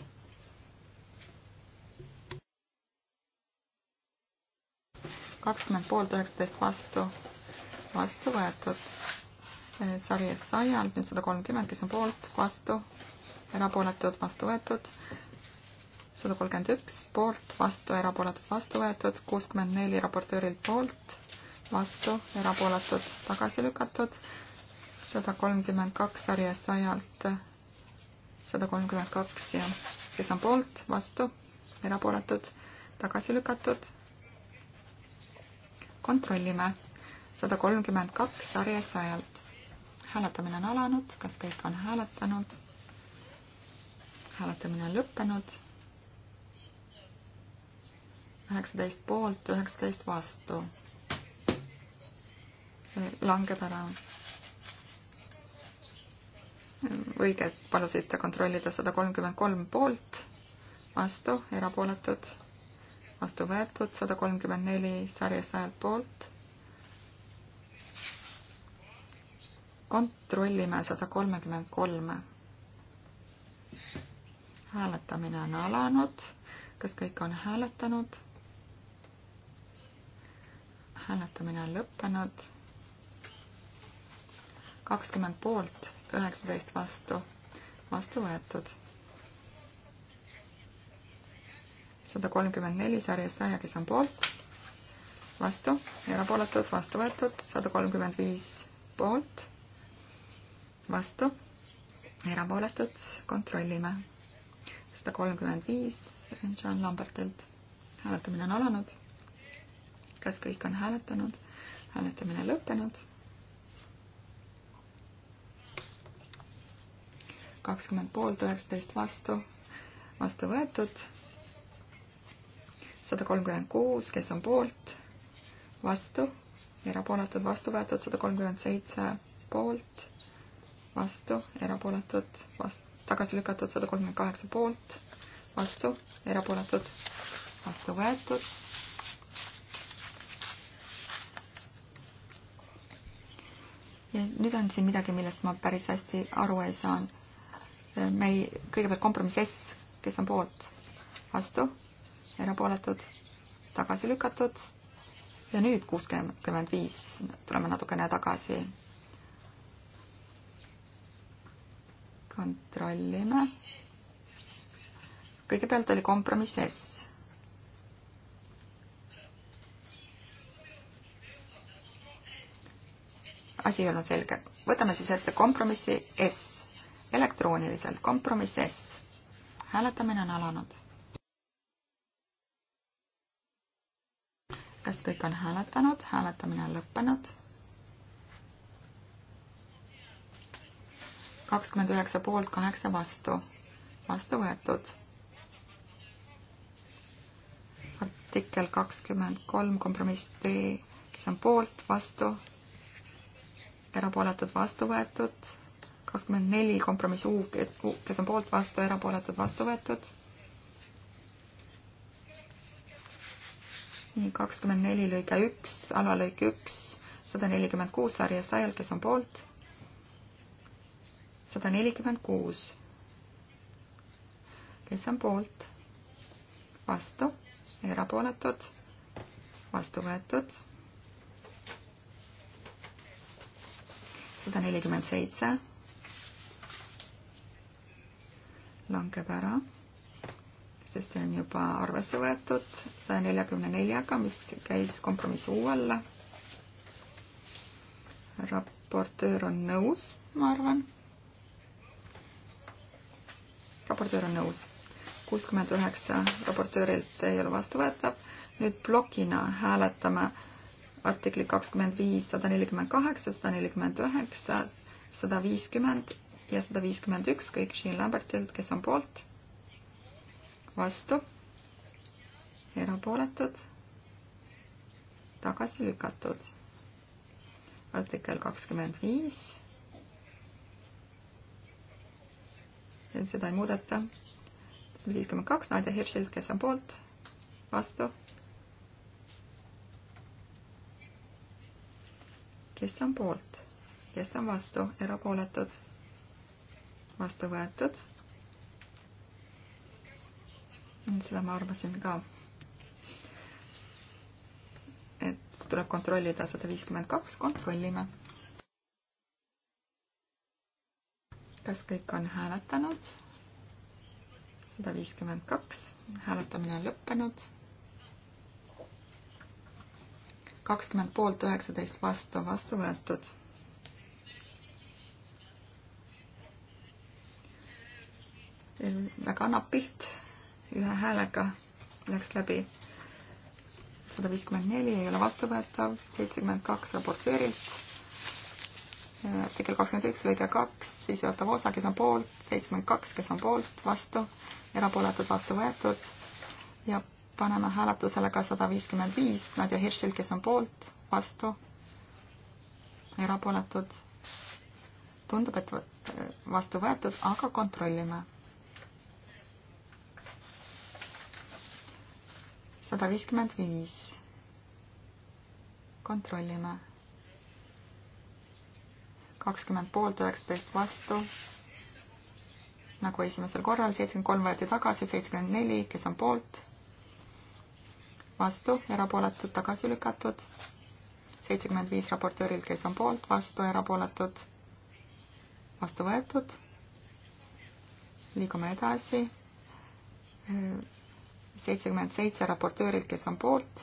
kakskümmend poolt, üheksateist vastu, vastu võetud. Äh, sari Essayal nüüd sada kolmkümmend, kes on poolt, vastu, erapooletud, vastu võetud. sada kolmkümmend üks poolt, vastu, erapooletud, vastu võetud, kuuskümmend neli raportööril poolt, vastu, erapooletud, tagasi lükatud. sada kolmkümmend kaks sari Essayalt, sada kolmkümmend kaks ja kes on poolt, vastu, erapooletud, tagasi lükatud kontrollime. sada kolmkümmend kaks sarjas sajalt. hääletamine on alanud, kas kõik on hääletanud? hääletamine on lõppenud. üheksateist poolt, üheksateist vastu. langeb ära. õige, palusite kontrollida sada kolmkümmend kolm poolt, vastu, erapooletud vastu võetud, sada kolmkümmend neli sarjas häält poolt. kontrollime sada kolmekümmend kolme. hääletamine on alanud. kas kõik on hääletanud? hääletamine on lõppenud. kakskümmend poolt, üheksateist vastu, vastu võetud sada kolmkümmend neli sarjast saja, kes on poolt, vastu, erapooletud, vastu võetud, sada kolmkümmend viis poolt, vastu, erapooletud, kontrollime. sada kolmkümmend viis John Lambertilt. hääletamine on alanud. kas kõik on hääletanud? hääletamine lõppenud. kakskümmend poolt, üheksateist vastu, vastu võetud sada kolmkümmend kuus, kes on poolt, vastu, erapooletud, vastu võetud, sada kolmkümmend seitse poolt, vastu, erapooletud, vastu, tagasi lükatud, sada kolmkümmend kaheksa poolt, vastu, erapooletud, vastu võetud. ja nüüd on siin midagi, millest ma päris hästi aru ei saa. me ei, kõigepealt kompromiss S, kes on poolt, vastu erapooletud, tagasi lükatud ja nüüd kuuskümmend viis, tuleme natukene tagasi. kontrollime. kõigepealt oli kompromiss S. asi ei olnud selge. võtame siis ette kompromissi S, elektrooniliselt kompromiss S. hääletamine on alanud kas kõik on hääletanud, hääletamine on lõppenud. kakskümmend üheksa poolt, kaheksa vastu, vastu võetud. artikkel kakskümmend kolm, kompromiss D, kes on poolt, vastu, erapooletud, vastu võetud. kakskümmend neli, kompromiss U, kes on poolt, vastu, erapooletud, vastu võetud kakskümmend neli lõige üks, alalõik üks, sada nelikümmend kuus sarja sajal, kes on poolt. sada nelikümmend kuus. kes on poolt? vastu, erapooletud, vastu võetud. sada nelikümmend seitse. langeb ära sest see on juba arvesse võetud saja neljakümne neljaga, mis käis kompromissi U alla. raportöör on nõus, ma arvan. raportöör on nõus. kuuskümmend üheksa raportöörilt ei ole vastuvõetav. nüüd plokina hääletame artikli kakskümmend viis, sada nelikümmend kaheksa, sada nelikümmend üheksa, sada viiskümmend ja sada viiskümmend üks, kõik Jean Lambertilt, kes on poolt vastu, erapooletud, tagasi lükatud. artikkel kakskümmend viis. seda ei muudeta. see on viiskümmend kaks, Nadja Hiršilt, kes on poolt, vastu. kes on poolt, kes on vastu, erapooletud, vastu võetud Mm, seda ma arvasin ka. et tuleb kontrollida sada viiskümmend kaks, kontrollime. kas kõik on hääletanud? sada viiskümmend kaks, hääletamine on lõppenud. kakskümmend poolt, üheksateist vastu, vastu võetud väga annab pilt ühe häälega läks läbi. sada viiskümmend neli ei ole vastuvõetav, seitsekümmend kaks raportöörilt. artikkel kakskümmend üks lõige kaks, sissejuhatav osa, kes on poolt, seitsekümmend kaks, kes on poolt, vastu, erapooletud, vastu võetud ja paneme hääletusele ka sada viiskümmend viis Nadja Hirschilt, kes on poolt, vastu, erapooletud. tundub, et vastu võetud, aga kontrollime sada viiskümmend viis. kontrollime. kakskümmend poolt, üheksateist vastu. nagu esimesel korral, seitsekümmend kolm võeti tagasi, seitsekümmend neli, kes on poolt, vastu, erapooletud, tagasi lükatud. seitsekümmend viis raportööril, kes on poolt, vastu, erapooletud, vastu võetud. liigume edasi seitsekümmend seitse raportöörilt, kes on poolt,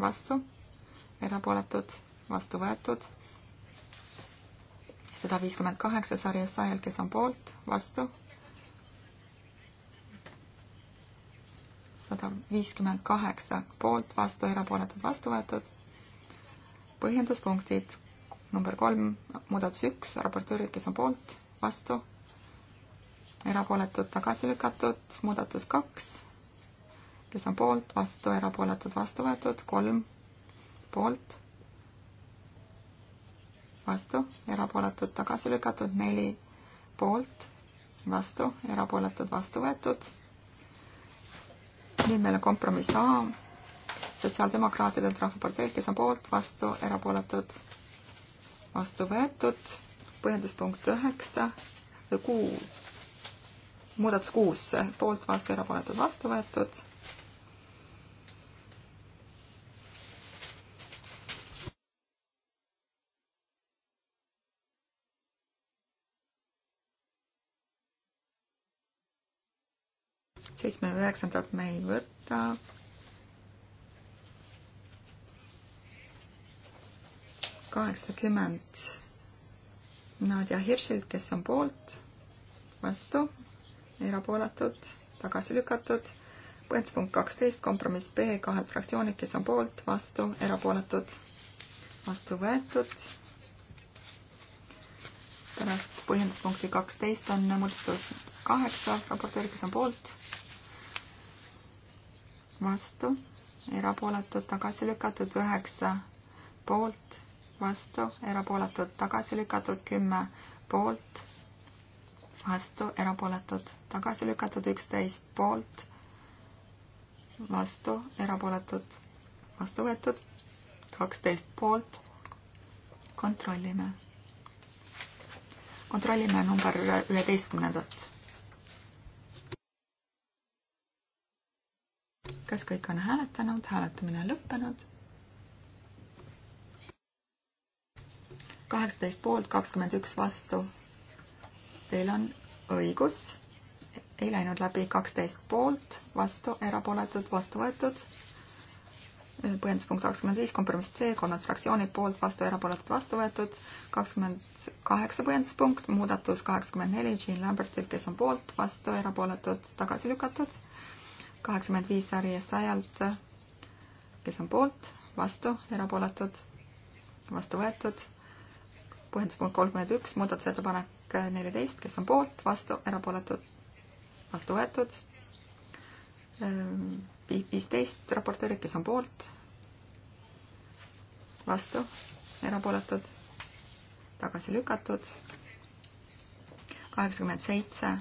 vastu, erapooletud, vastu võetud. sada viiskümmend kaheksa sarjas sajalt, kes on poolt, vastu. sada viiskümmend kaheksa poolt, vastu, erapooletud, vastu võetud. põhjenduspunktid number kolm, muudatus üks, raportöörid, kes on poolt, vastu, erapooletud, tagasi lükatud, muudatus kaks kes on poolt, vastu, erapooletud, vastu võetud, kolm poolt, vastu, erapooletud, tagasi lükatud, neli poolt, vastu, erapooletud, vastu võetud. nüüd meil on kompromiss A, sotsiaaldemokraatidelt rahvaparteilt, kes on poolt, vastu, erapooletud, vastu võetud, põhjenduspunkt üheksa, kuus, muudatus kuus, poolt, vastu, erapooletud, vastu võetud üheksandat me ei võta. kaheksakümmend Nadja Hiršilt, kes on poolt, vastu, erapooletud, tagasi lükatud. põhjendus punkt kaksteist, kompromiss B kahelt fraktsioonilt, kes on poolt, vastu, erapooletud, vastu võetud pärast põhjenduspunkti kaksteist on muudatus kaheksa raportööri, kes on poolt, vastu, erapooletud, tagasi lükatud, üheksa poolt, vastu, erapooletud, tagasi lükatud, kümme poolt, vastu, erapooletud, tagasi lükatud, üksteist poolt, vastu, erapooletud, vastu võetud, kaksteist poolt. kontrollime. kontrollime number üheteistkümnendat kas kõik on hääletanud, hääletamine on lõppenud. kaheksateist poolt, kakskümmend üks vastu. Teil on õigus, ei läinud läbi kaksteist poolt, vastu, erapooletud, vastu võetud. põhjenduspunkt kakskümmend viis, kompromiss C, kolmand fraktsioonid poolt, vastu, erapooletud, vastu võetud. kakskümmend kaheksa põhjenduspunkt, muudatus kaheksakümmend neli, Jean Lambertilt, kes on poolt, vastu, erapooletud, tagasi lükatud kaheksakümmend viis sarja sajalt, kes on poolt, vastu, erapooletud, vastu võetud. põhjenduspunkt kolmkümmend üks, muudatusettepanek neliteist, kes on poolt, vastu, erapooletud, vastu võetud. Ehm, viisteist raportöörid, kes on poolt, vastu, erapooletud, tagasi lükatud. kaheksakümmend seitse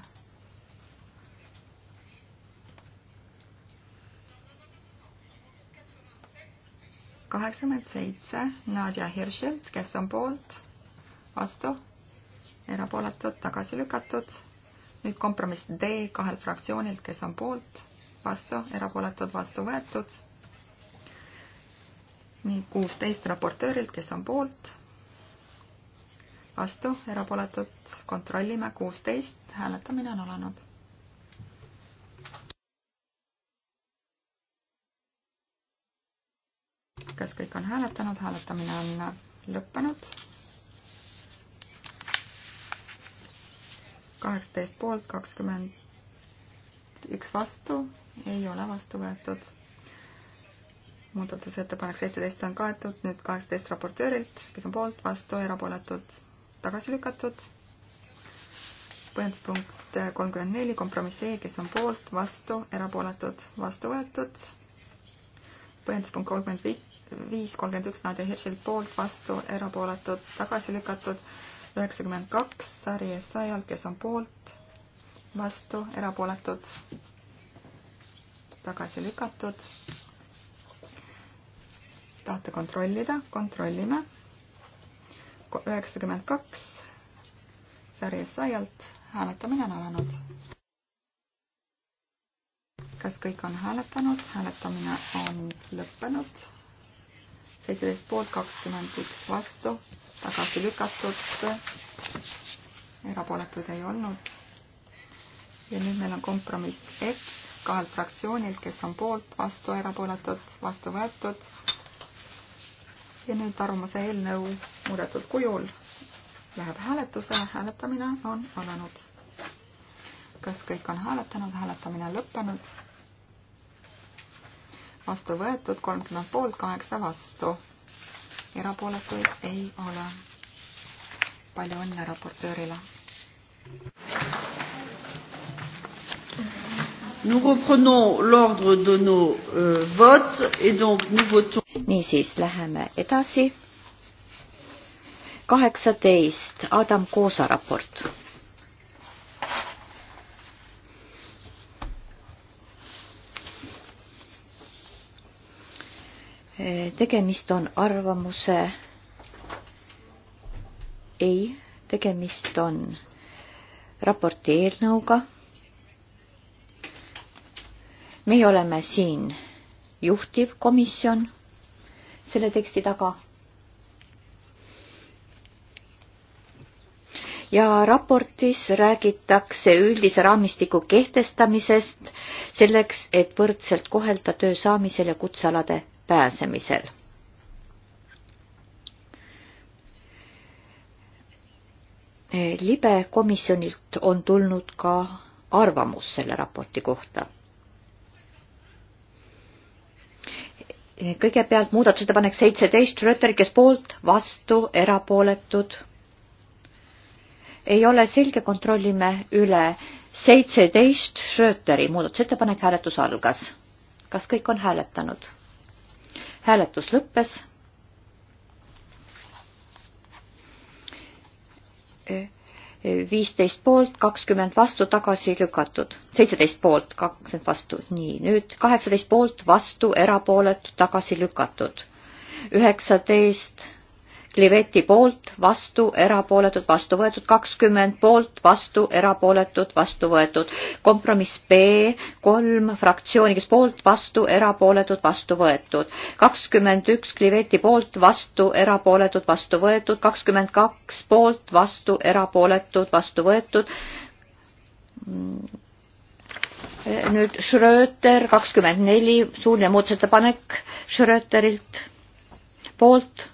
kaheksakümmend seitse Nadja Hiršilt, kes on poolt, vastu, erapooletud, tagasi lükatud. nüüd kompromiss D kahelt fraktsioonilt, kes on poolt, vastu, erapooletud, vastu võetud. nii kuusteist raportöörilt, kes on poolt, vastu, erapooletud, kontrollime kuusteist, hääletamine on alanud kas kõik on hääletanud, hääletamine on lõppenud. kaheksateist poolt, kakskümmend üks vastu, ei ole vastu võetud. muudatusettepanek seitseteist on kaetud, nüüd kaheksateist raportöörilt, kes on poolt, vastu, erapooletud, tagasi lükatud. põhjenduspunkt kolmkümmend neli, kompromiss E, kes on poolt, vastu, erapooletud, vastu võetud põhjenduspunkt kolmkümmend viis, kolmkümmend üks Nadia Hirschilt poolt, vastu, erapooletud, tagasi lükatud, üheksakümmend kaks Sari Essayalt, kes on poolt, vastu, erapooletud, tagasi lükatud. tahate kontrollida, kontrollime. üheksakümmend kaks Sari Essayalt, hääletamine on alanud kas kõik on hääletanud? hääletamine on lõppenud. seitseteist poolt, kakskümmend üks vastu, tagasi lükatud. erapooletuid ei olnud. ja nüüd meil on kompromiss F kahelt fraktsioonilt, kes on poolt, vastu, erapooletud, vastu võetud. ja nüüd arvamuse eelnõu muudetud kujul läheb hääletusele, hääletamine on alanud. kas kõik on hääletanud, hääletamine lõppenud? vastu võetud, kolmkümmend poolt, kaheksa vastu. erapooletuid ei ole. palju õnne raportöörile. Nous reprenons l'ordre de nos euh, votes et donc nous votons. Niisiis läheme edasi. kaheksateist Adam Koosa raport Eh, tegemist on arvamuse, ei, tegemist on raporti eelnõuga. meie oleme siin juhtivkomisjon selle teksti taga. ja raportis räägitakse üldise raamistiku kehtestamisest selleks, et võrdselt kohelda töö saamisel ja kutsealade pääsemisel. libe komisjonilt on tulnud ka arvamus selle raporti kohta. kõigepealt muudatusettepanek seitseteist, Röter, kes poolt, vastu, erapooletud. ei ole selge, kontrollime üle. seitseteist Schröteri muudatusettepanek, hääletus algas. kas kõik on hääletanud? hääletus lõppes. viisteist poolt, kakskümmend vastu, tagasi lükatud. seitseteist poolt, kakskümmend vastu, nii, nüüd kaheksateist poolt, vastu, erapooletu, tagasi lükatud. üheksateist 19 Kliveti poolt, vastu, erapooletud, vastu võetud, kakskümmend poolt, vastu, erapooletud, vastu võetud. kompromiss B, kolm fraktsiooni, kes poolt, vastu, erapooletud, vastu võetud. kakskümmend üks Kliveti poolt, vastu, erapooletud, vastu võetud, kakskümmend kaks poolt, vastu, erapooletud, vastu võetud nüüd Schröter kakskümmend neli, suuline muudatusettepanek Schröterilt poolt,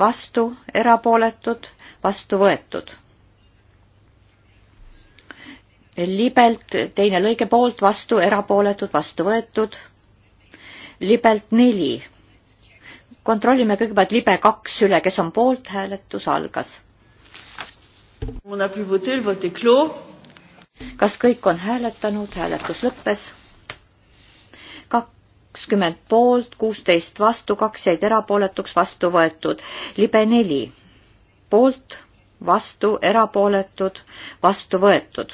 vastu, erapooletud, vastu võetud. libelt teine lõige poolt, vastu, erapooletud, vastu võetud. libelt neli. kontrollime kõigepealt libe kaks üle, kes on poolt, hääletus algas. kas kõik on hääletanud, hääletus lõppes kakskümmend poolt, kuusteist vastu, kaks jäid erapooletuks, vastu võetud. libe neli poolt, vastu, erapooletud, vastu võetud.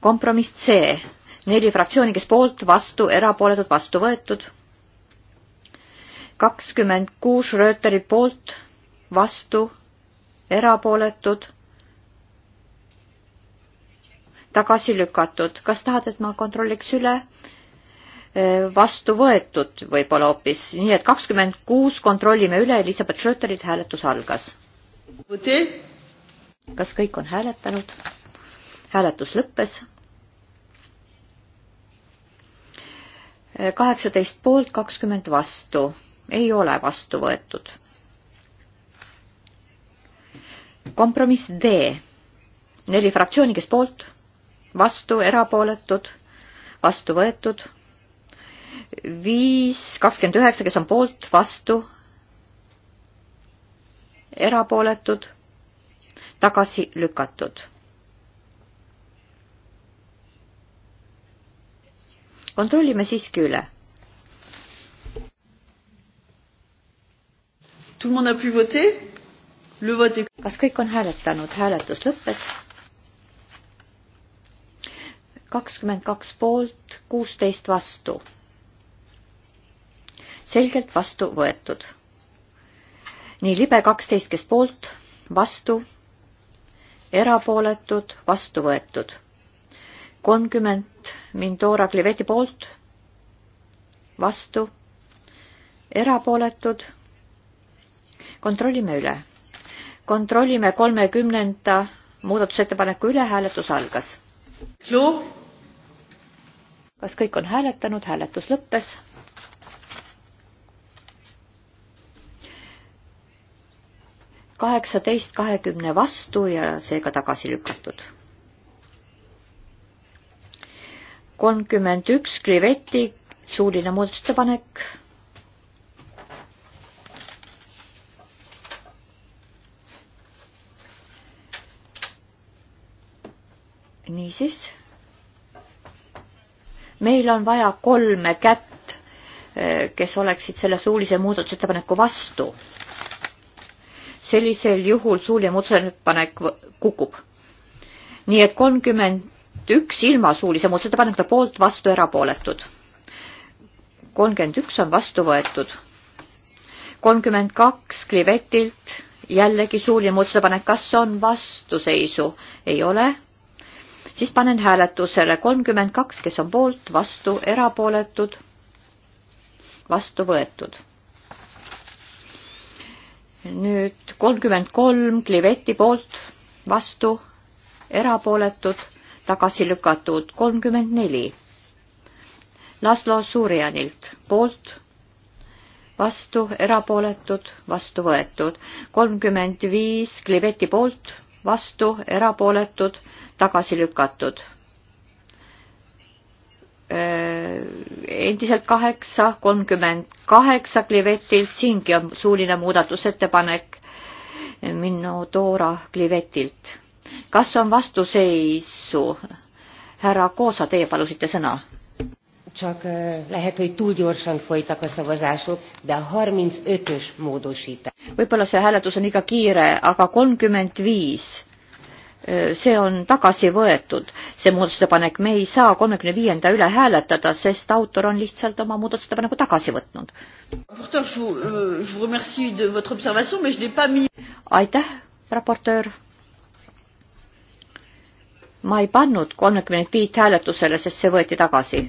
kompromiss C, neli fraktsiooni, kes poolt, vastu, erapooletud, vastu võetud. kakskümmend kuus Rööteri poolt, vastu, erapooletud, tagasi lükatud. kas tahad, et ma kontrolliks üle? vastu võetud võib-olla hoopis, nii et kakskümmend kuus kontrollime üle, Elizabeth Schröterit hääletus algas. kas kõik on hääletanud? hääletus lõppes. kaheksateist poolt, kakskümmend vastu, ei ole vastu võetud. kompromiss D, neli fraktsiooni, kes poolt, vastu, erapooletud, vastu võetud viis, kakskümmend üheksa, kes on poolt, vastu, erapooletud, tagasi lükatud. kontrollime siiski üle. kas kõik on hääletanud, hääletus lõppes kakskümmend kaks poolt, kuusteist vastu selgelt vastu võetud. nii libe kaksteist, kes poolt, vastu, erapooletud, vastu võetud. kolmkümmend Mindora Kliveti poolt, vastu, erapooletud. kontrollime üle. kontrollime kolmekümnenda muudatusettepaneku üle, hääletus algas. kas kõik on hääletanud, hääletus lõppes kaheksateist kahekümne vastu ja seega tagasi lükatud. kolmkümmend üks Kliveti suuline muudatusettepanek. niisiis, meil on vaja kolme kätt, eh, kes oleksid selle suulise muudatusettepaneku vastu sellisel juhul suuline muudatusettepanek kukub. nii et kolmkümmend üks ilma suulise muudatusettepanekuta poolt, vastu, erapooletud. kolmkümmend üks on vastu võetud. kolmkümmend kaks Klivetilt jällegi suuline muudatusettepanek, kas on vastuseisu? ei ole siis panen hääletusele kolmkümmend kaks, kes on poolt, vastu, erapooletud, vastu võetud nüüd kolmkümmend kolm Kliveti poolt, vastu, erapooletud, tagasi lükatud, kolmkümmend neli. Laslo Surjanilt poolt, vastu, erapooletud, vastu võetud, kolmkümmend viis Kliveti poolt, vastu, erapooletud, tagasi lükatud äh, endiselt kaheksa, kolmkümmend kaheksa Klivetilt, siingi on suuline muudatusettepanek minu Dora Klivetilt. kas on vastuseisu? härra Koosa, teie palusite sõna. Csak lehet, hogy túl gyorsan folytak a szavazások, de a 35-ös módosítás. Võib-olla see hääletus on liiga kiire, aga 35 Äh, see on tagasi võetud, see muudatusettepanek, me ei saa kolmekümne viienda üle hääletada, sest autor on lihtsalt oma muudatusettepaneku tagasi võtnud. Euh, aitäh, raportöör. ma ei pannud kolmekümne viit hääletusele, sest see võeti tagasi.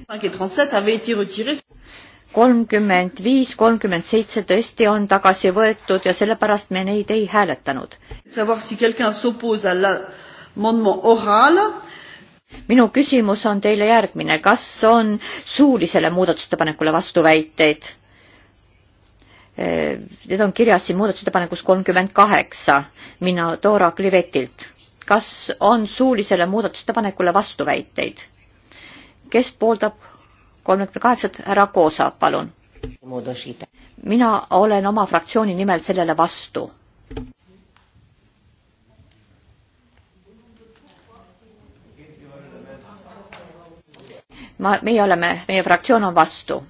kolmkümmend viis, kolmkümmend seitse tõesti on tagasi võetud ja sellepärast me neid ei hääletanud. savoir si quelqu'un s'oppose à la minu küsimus on teile järgmine, kas on suulisele muudatusettepanekule vastuväiteid? Eh, need on kirjas siin muudatusettepanekus kolmkümmend kaheksa, mina Dora Klivetilt. kas on suulisele muudatusettepanekule vastuväiteid? kes pooldab kolmekümne kaheksat, härra Koosa, palun. mina olen oma fraktsiooni nimel sellele vastu ma, meie oleme, meie fraktsioon on vastu.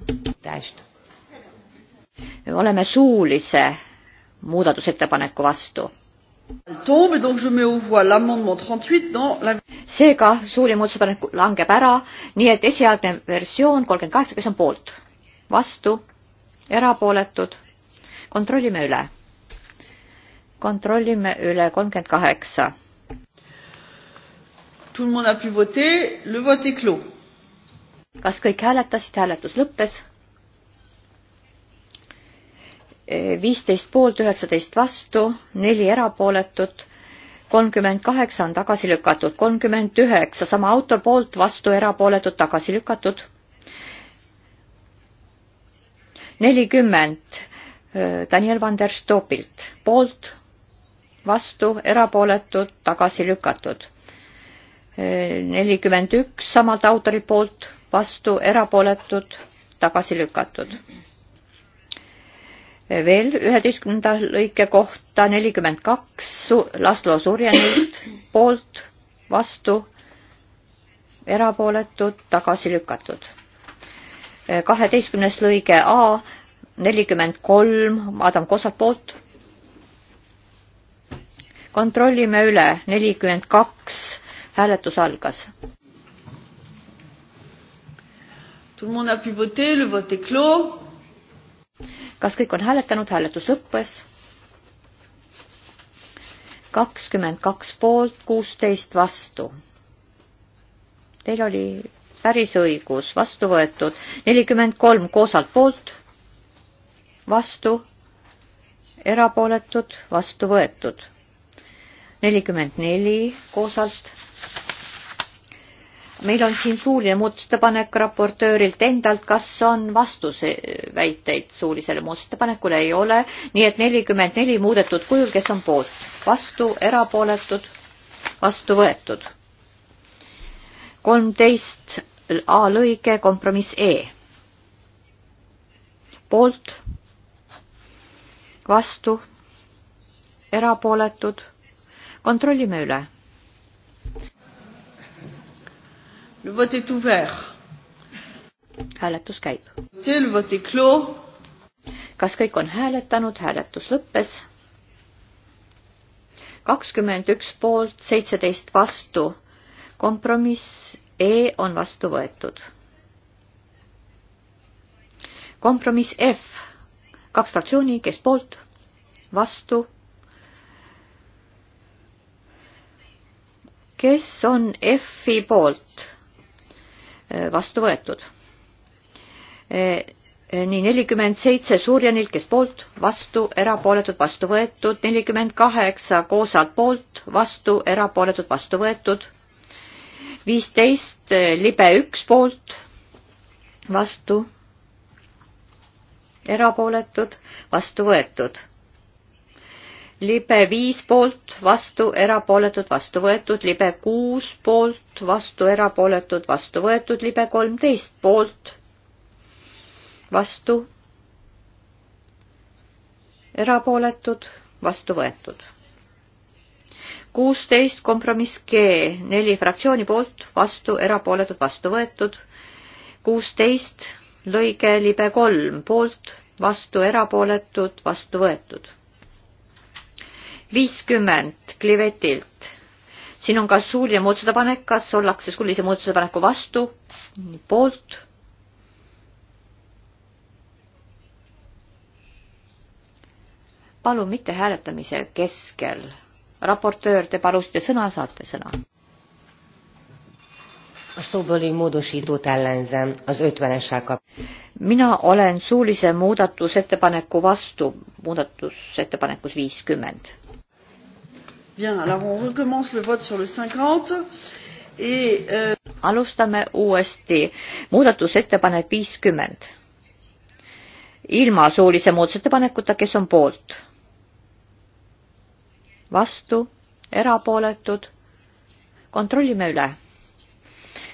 me oleme suulise muudatusettepaneku vastu. seega suuline muudatusettepanek langeb ära, nii et esialgne versioon kolmkümmend kaheksa, kes on poolt, vastu, erapooletud, kontrollime üle. kontrollime üle kolmkümmend kaheksa. Tout le monde a pu voter, le vote est clos kas kõik hääletasid, hääletus lõppes? E, viisteist poolt, üheksateist vastu, neli erapooletut, kolmkümmend kaheksa on tagasi lükatud, kolmkümmend üheksa sama autor poolt, vastu erapooletud, tagasi lükatud. nelikümmend e, Daniel van der Stoopilt poolt, vastu erapooletud, tagasi lükatud. E, nelikümmend üks samalt autori poolt, vastu erapooletud, tagasi lükatud. veel üheteistkümnenda lõike kohta nelikümmend kaks Laslo Surjanilt poolt, vastu, erapooletud, tagasi lükatud. kaheteistkümnes lõige A nelikümmend kolm Adam Kosak poolt. kontrollime üle, nelikümmend kaks hääletus algas. Tout le monde a pu voter, le vote est clos. kas kõik on hääletanud, hääletus lõppes? kakskümmend kaks poolt, kuusteist vastu. Teil oli päris õigus, vastu võetud nelikümmend kolm koosalt poolt, vastu, erapooletud, vastu võetud. nelikümmend neli koosalt meil on siin suuline muudatusettepanek raportöörilt endalt, kas on vastuseväiteid suulisele muudatusettepanekule, ei ole, nii et nelikümmend neli muudetud kujul, kes on poolt, vastu, erapooletud, vastu võetud. kolmteist A lõige, kompromiss E. poolt, vastu, erapooletud, kontrollime üle Le vote est ouvert. hääletus käib. Le vote est clos. kas kõik on hääletanud, hääletus lõppes. kakskümmend üks poolt, seitseteist vastu. kompromiss E on vastu võetud. kompromiss F, kaks fraktsiooni, kes poolt, vastu kes on F-i poolt? Eh, vastu võetud. Eh, eh, nii nelikümmend seitse Suurjanilt, kes poolt, vastu, erapooletud, vastu võetud, nelikümmend kaheksa Koosalt poolt, vastu, erapooletud, vastu võetud, viisteist Libe üks poolt, vastu, erapooletud, vastu võetud libe viis poolt, vastu, erapooletud, vastu võetud, libe kuus poolt, vastu, erapooletud, vastu võetud, libe kolmteist poolt, vastu, erapooletud, vastu võetud. kuusteist kompromiss G, neli fraktsiooni poolt, vastu, erapooletud, vastu võetud. kuusteist lõige libe kolm poolt, vastu, erapooletud, vastu võetud viiskümmend Klivetilt. siin on ka suuline muudatusepanek, kas ollakse suulise muudatusepaneku vastu, poolt? palun mitte hääletamise keskel. raportöör, te palusite sõna, saate sõna. mina olen suulise muudatusettepaneku vastu muudatusettepanekus viiskümmend Bien, alors on recommence le vote sur le 50 et euh... alustame uuesti muudatusettepanek viiskümmend. ilma soolise muudatusettepanekuta, kes on poolt? vastu, erapooletud. kontrollime üle.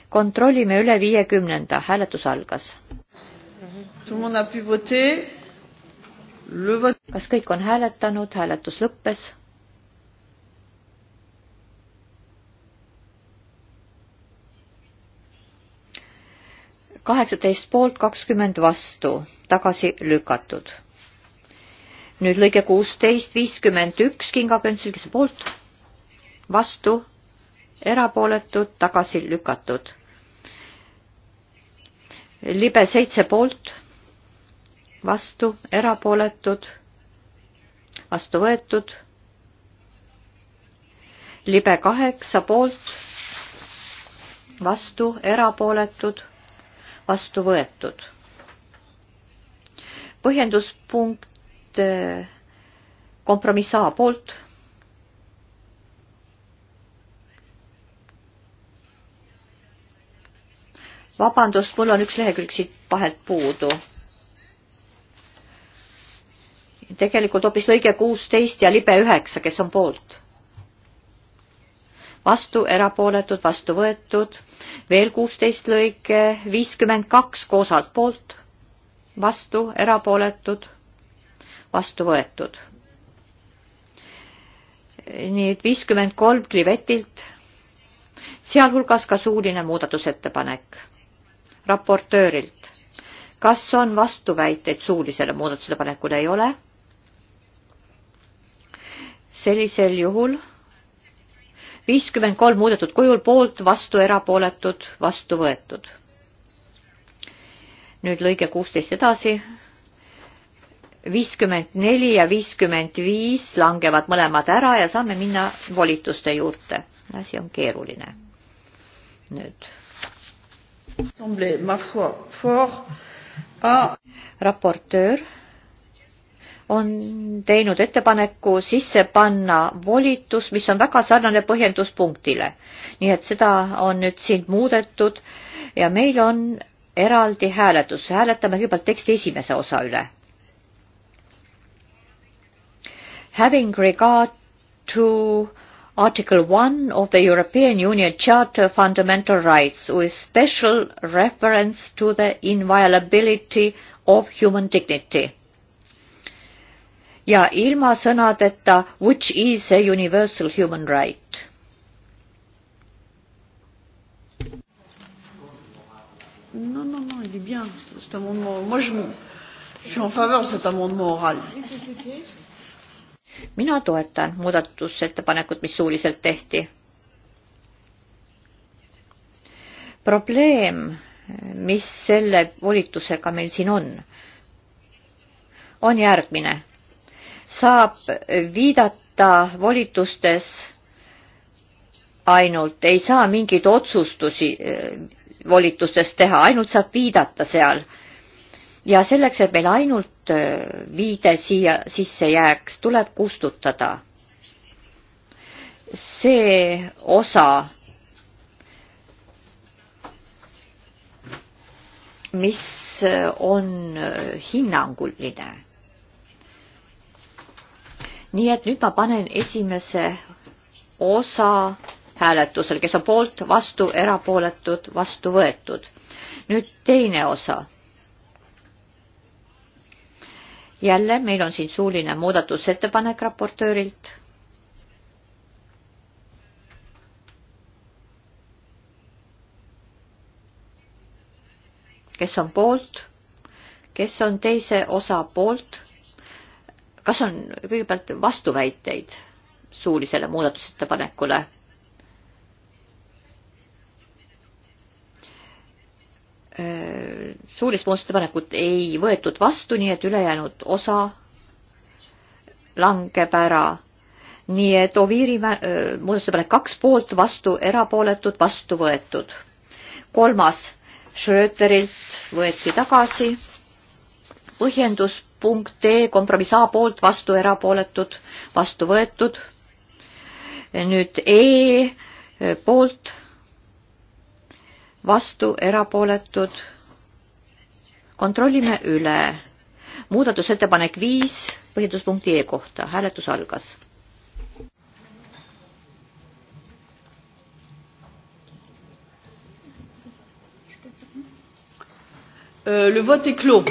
kontrollime üle viiekümnenda, hääletus algas. kas kõik on hääletanud, hääletus lõppes kaheksateist poolt, kakskümmend vastu, tagasi lükatud. nüüd lõige kuusteist, viiskümmend üks kingaköntslikese poolt, vastu, erapooletud, tagasi lükatud. libe seitse poolt, vastu, erapooletud, vastu võetud. libe kaheksa poolt, vastu, erapooletud vastu võetud. põhjenduspunkt eh, kompromiss A poolt. vabandust, mul on üks lehekülg siit vahelt puudu tegelikult hoopis lõige kuusteist ja libe üheksa, kes on poolt vastu erapooletud, vastu võetud, veel kuusteist lõike, viiskümmend kaks koos altpoolt, vastu erapooletud, vastu võetud. nii et viiskümmend kolm klivetilt, sealhulgas ka suuline muudatusettepanek raportöörilt. kas on vastuväiteid suulisele muudatusettepanekule, ei ole? sellisel juhul viiskümmend kolm muudetud kujul poolt, vastu erapooletud, vastu võetud. nüüd lõige kuusteist edasi. viiskümmend neli ja viiskümmend viis langevad mõlemad ära ja saame minna volituste juurde. asi on keeruline. nüüd. raportöör on teinud ettepaneku sisse panna volitus, mis on väga sarnane põhjenduspunktile. nii et seda on nüüd siin muudetud ja meil on eraldi hääletus, hääletame kõigepealt teksti esimese osa üle. Having regard to Article 1 of the European Union Charter of Fundamental Rights with special reference to the inviolability of human dignity ja ilma sõnadeta which is a universal human right. Non, non, non, il est bien cet amendement. Moi, je, je suis en faveur de cet amendement oral. mina toetan muudatusettepanekut, mis suuliselt tehti. probleem, mis selle volitusega meil siin on, on järgmine saab viidata volitustes ainult, ei saa mingeid otsustusi eh, volitustes teha, ainult saab viidata seal. ja selleks, et meil ainult eh, viide siia sisse jääks, tuleb kustutada see osa, mis on eh, hinnanguline nii et nüüd ma panen esimese osa hääletusel, kes on poolt, vastu, erapooletud, vastu võetud. nüüd teine osa. jälle meil on siin suuline muudatusettepanek raportöörilt. kes on poolt, kes on teise osa poolt kas on kõigepealt vastuväiteid suulisele muudatusettepanekule? Äh, suulist muudatusettepanekut ei võetud vastu, nii et ülejäänud osa langeb ära. nii et Oviiri äh, muudatusettepanek kaks poolt, vastu erapooletud, vastu võetud. kolmas Schröterilt võeti tagasi. põhjendus punkt D kompromiss A poolt vastu erapooletud, vastu võetud. nüüd E eh, poolt vastu erapooletud. kontrollime üle. muudatusettepanek viis põhjenduspunkti E kohta, hääletus algas. Euh, le vote est clos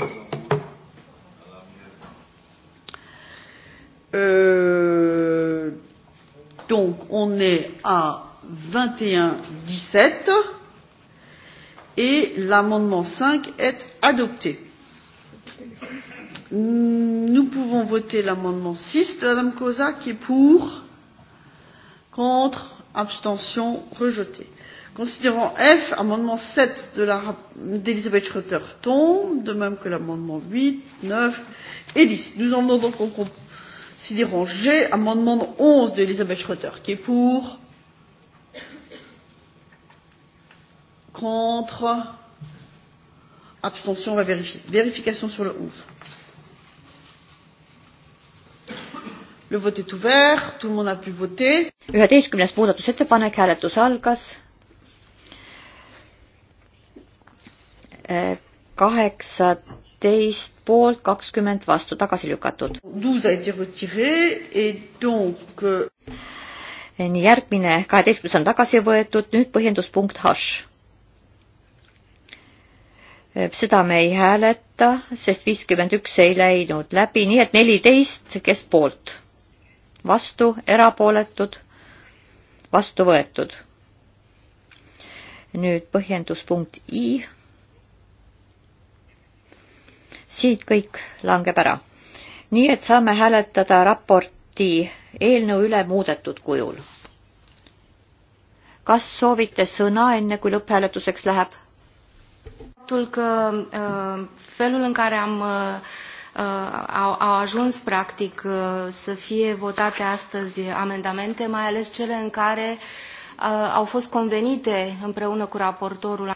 Euh, donc on est à 21-17 et l'amendement 5 est adopté. Nous pouvons voter l'amendement 6 de Madame Cosa qui est pour, contre, abstention, rejeté. Considérant F, amendement 7 d'Elisabeth Schroeter tombe, de même que l'amendement 8, 9 et 10. Nous en venons donc au compromis sidérant g amendement onze d'elisabeth schroedter qui est pour contre abstention on va vérifier vérification sur le onze Le vote est ouvert, tout le monde a pu voter. üheteistkümnes muudatusettepanek, hääletus algas kaheksateist poolt, kakskümmend vastu, tagasi lükatud. Euh, nii, järgmine kaheteistkümnes on tagasi võetud, nüüd põhjenduspunkt hash. Äh, seda me ei hääleta, sest viiskümmend üks ei läinud läbi, nii et neliteist, kes poolt? vastu, erapooletud, vastu võetud. nüüd põhjenduspunkt I siit kõik langeb ära. nii et saame hääletada raporti eelnõu üle muudetud kujul. kas soovite sõna, enne kui lõpphääletuseks läheb? faptul că uh, felul în care am uh, au, au ajuns practic uh, să fie votate astăzi amendamente, mai ales cele în care uh, au fost convenite împreună cu raportorul.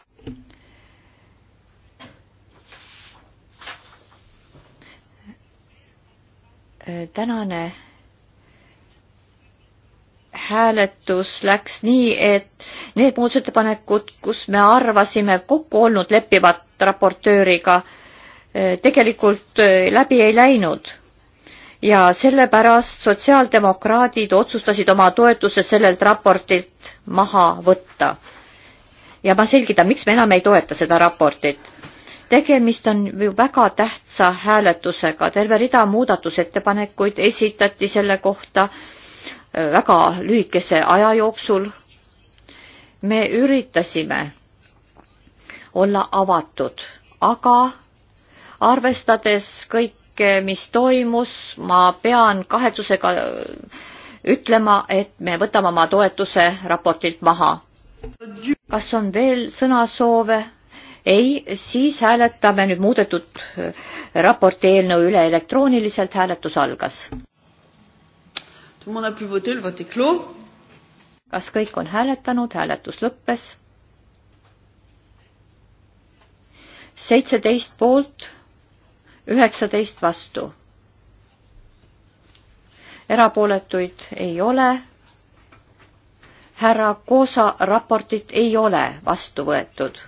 Äh, tänane hääletus läks nii, et need muudatusettepanekud, kus me arvasime kokku olnud leppivat raportööriga, äh, tegelikult äh, läbi ei läinud. ja sellepärast sotsiaaldemokraadid otsustasid oma toetuse sellelt raportilt maha võtta. ja ma selgitan, miks me enam ei toeta seda raportit tegemist on ju väga tähtsa hääletusega, terve rida muudatusettepanekuid esitati selle kohta äh, väga lühikese aja jooksul. me üritasime olla avatud, aga arvestades kõike, mis toimus, ma pean kahetsusega äh, ütlema, et me võtame oma toetuse raportilt maha. kas on veel sõnasoove? ei, siis hääletame nüüd muudetud äh, raporti eelnõu üle elektrooniliselt, hääletus algas. kas kõik on hääletanud, hääletus lõppes? seitseteist poolt, üheksateist vastu. erapooletuid ei ole. härra Koosa raportit ei ole vastu võetud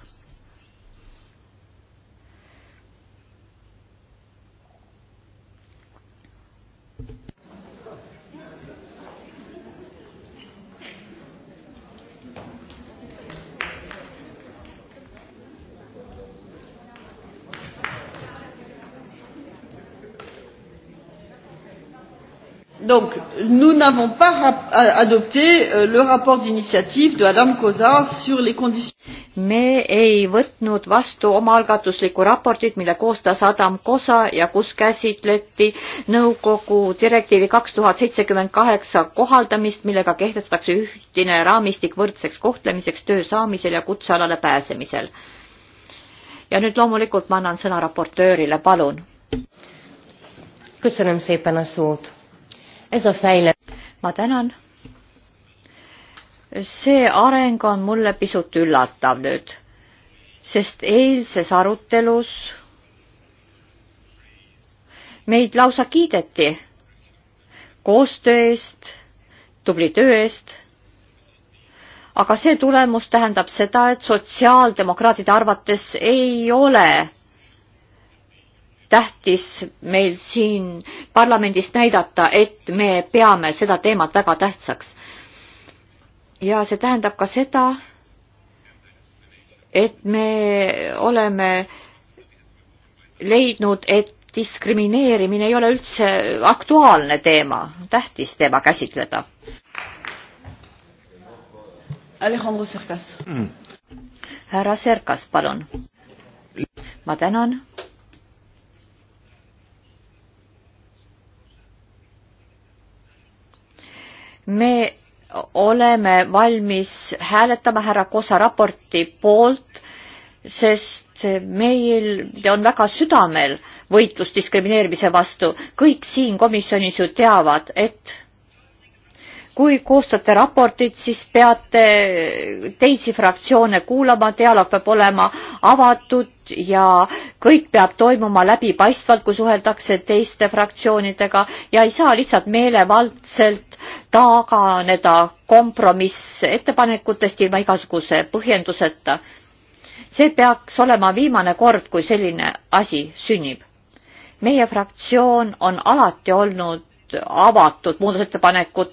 Donc, nous n'avons pas adopté euh, le rapport d'initiative de Adam Kosa sur les conditions. me ei võtnud vastu omaalgatuslikku raportit, mille koostas Adam Kosa ja kus käsitleti nõukogu direktiivi kaks tuhat seitsekümmend kaheksa kohaldamist, millega kehtestatakse ühtine raamistik võrdseks kohtlemiseks töö saamisel ja kutsealale pääsemisel. ja nüüd loomulikult ma annan sõna raportöörile, palun. köszönöm szépen a szót ma tänan. see areng on mulle pisut üllatav nüüd, sest eilses arutelus meid lausa kiideti koostöö eest, tubli töö eest. aga see tulemus tähendab seda, et sotsiaaldemokraatide arvates ei ole tähtis meil siin parlamendis näidata, et me peame seda teemat väga tähtsaks. ja see tähendab ka seda, et me oleme leidnud, et diskrimineerimine ei ole üldse aktuaalne teema, tähtis teema käsitleda. Alejandro Serkas mm.. härra Serkas, palun. ma tänan me oleme valmis hääletama härra Kosa raporti poolt, sest meil on väga südamel võitlus diskrimineerimise vastu. kõik siin komisjonis ju teavad, et kui koostate raportit, siis peate teisi fraktsioone kuulama, dialoog peab olema avatud ja kõik peab toimuma läbipaistvalt, kui suheldakse teiste fraktsioonidega ja ei saa lihtsalt meelevaldselt taganeda kompromissettepanekutest ilma igasuguse põhjenduseta. see peaks olema viimane kord, kui selline asi sünnib. meie fraktsioon on alati olnud avatud muudatusettepanekut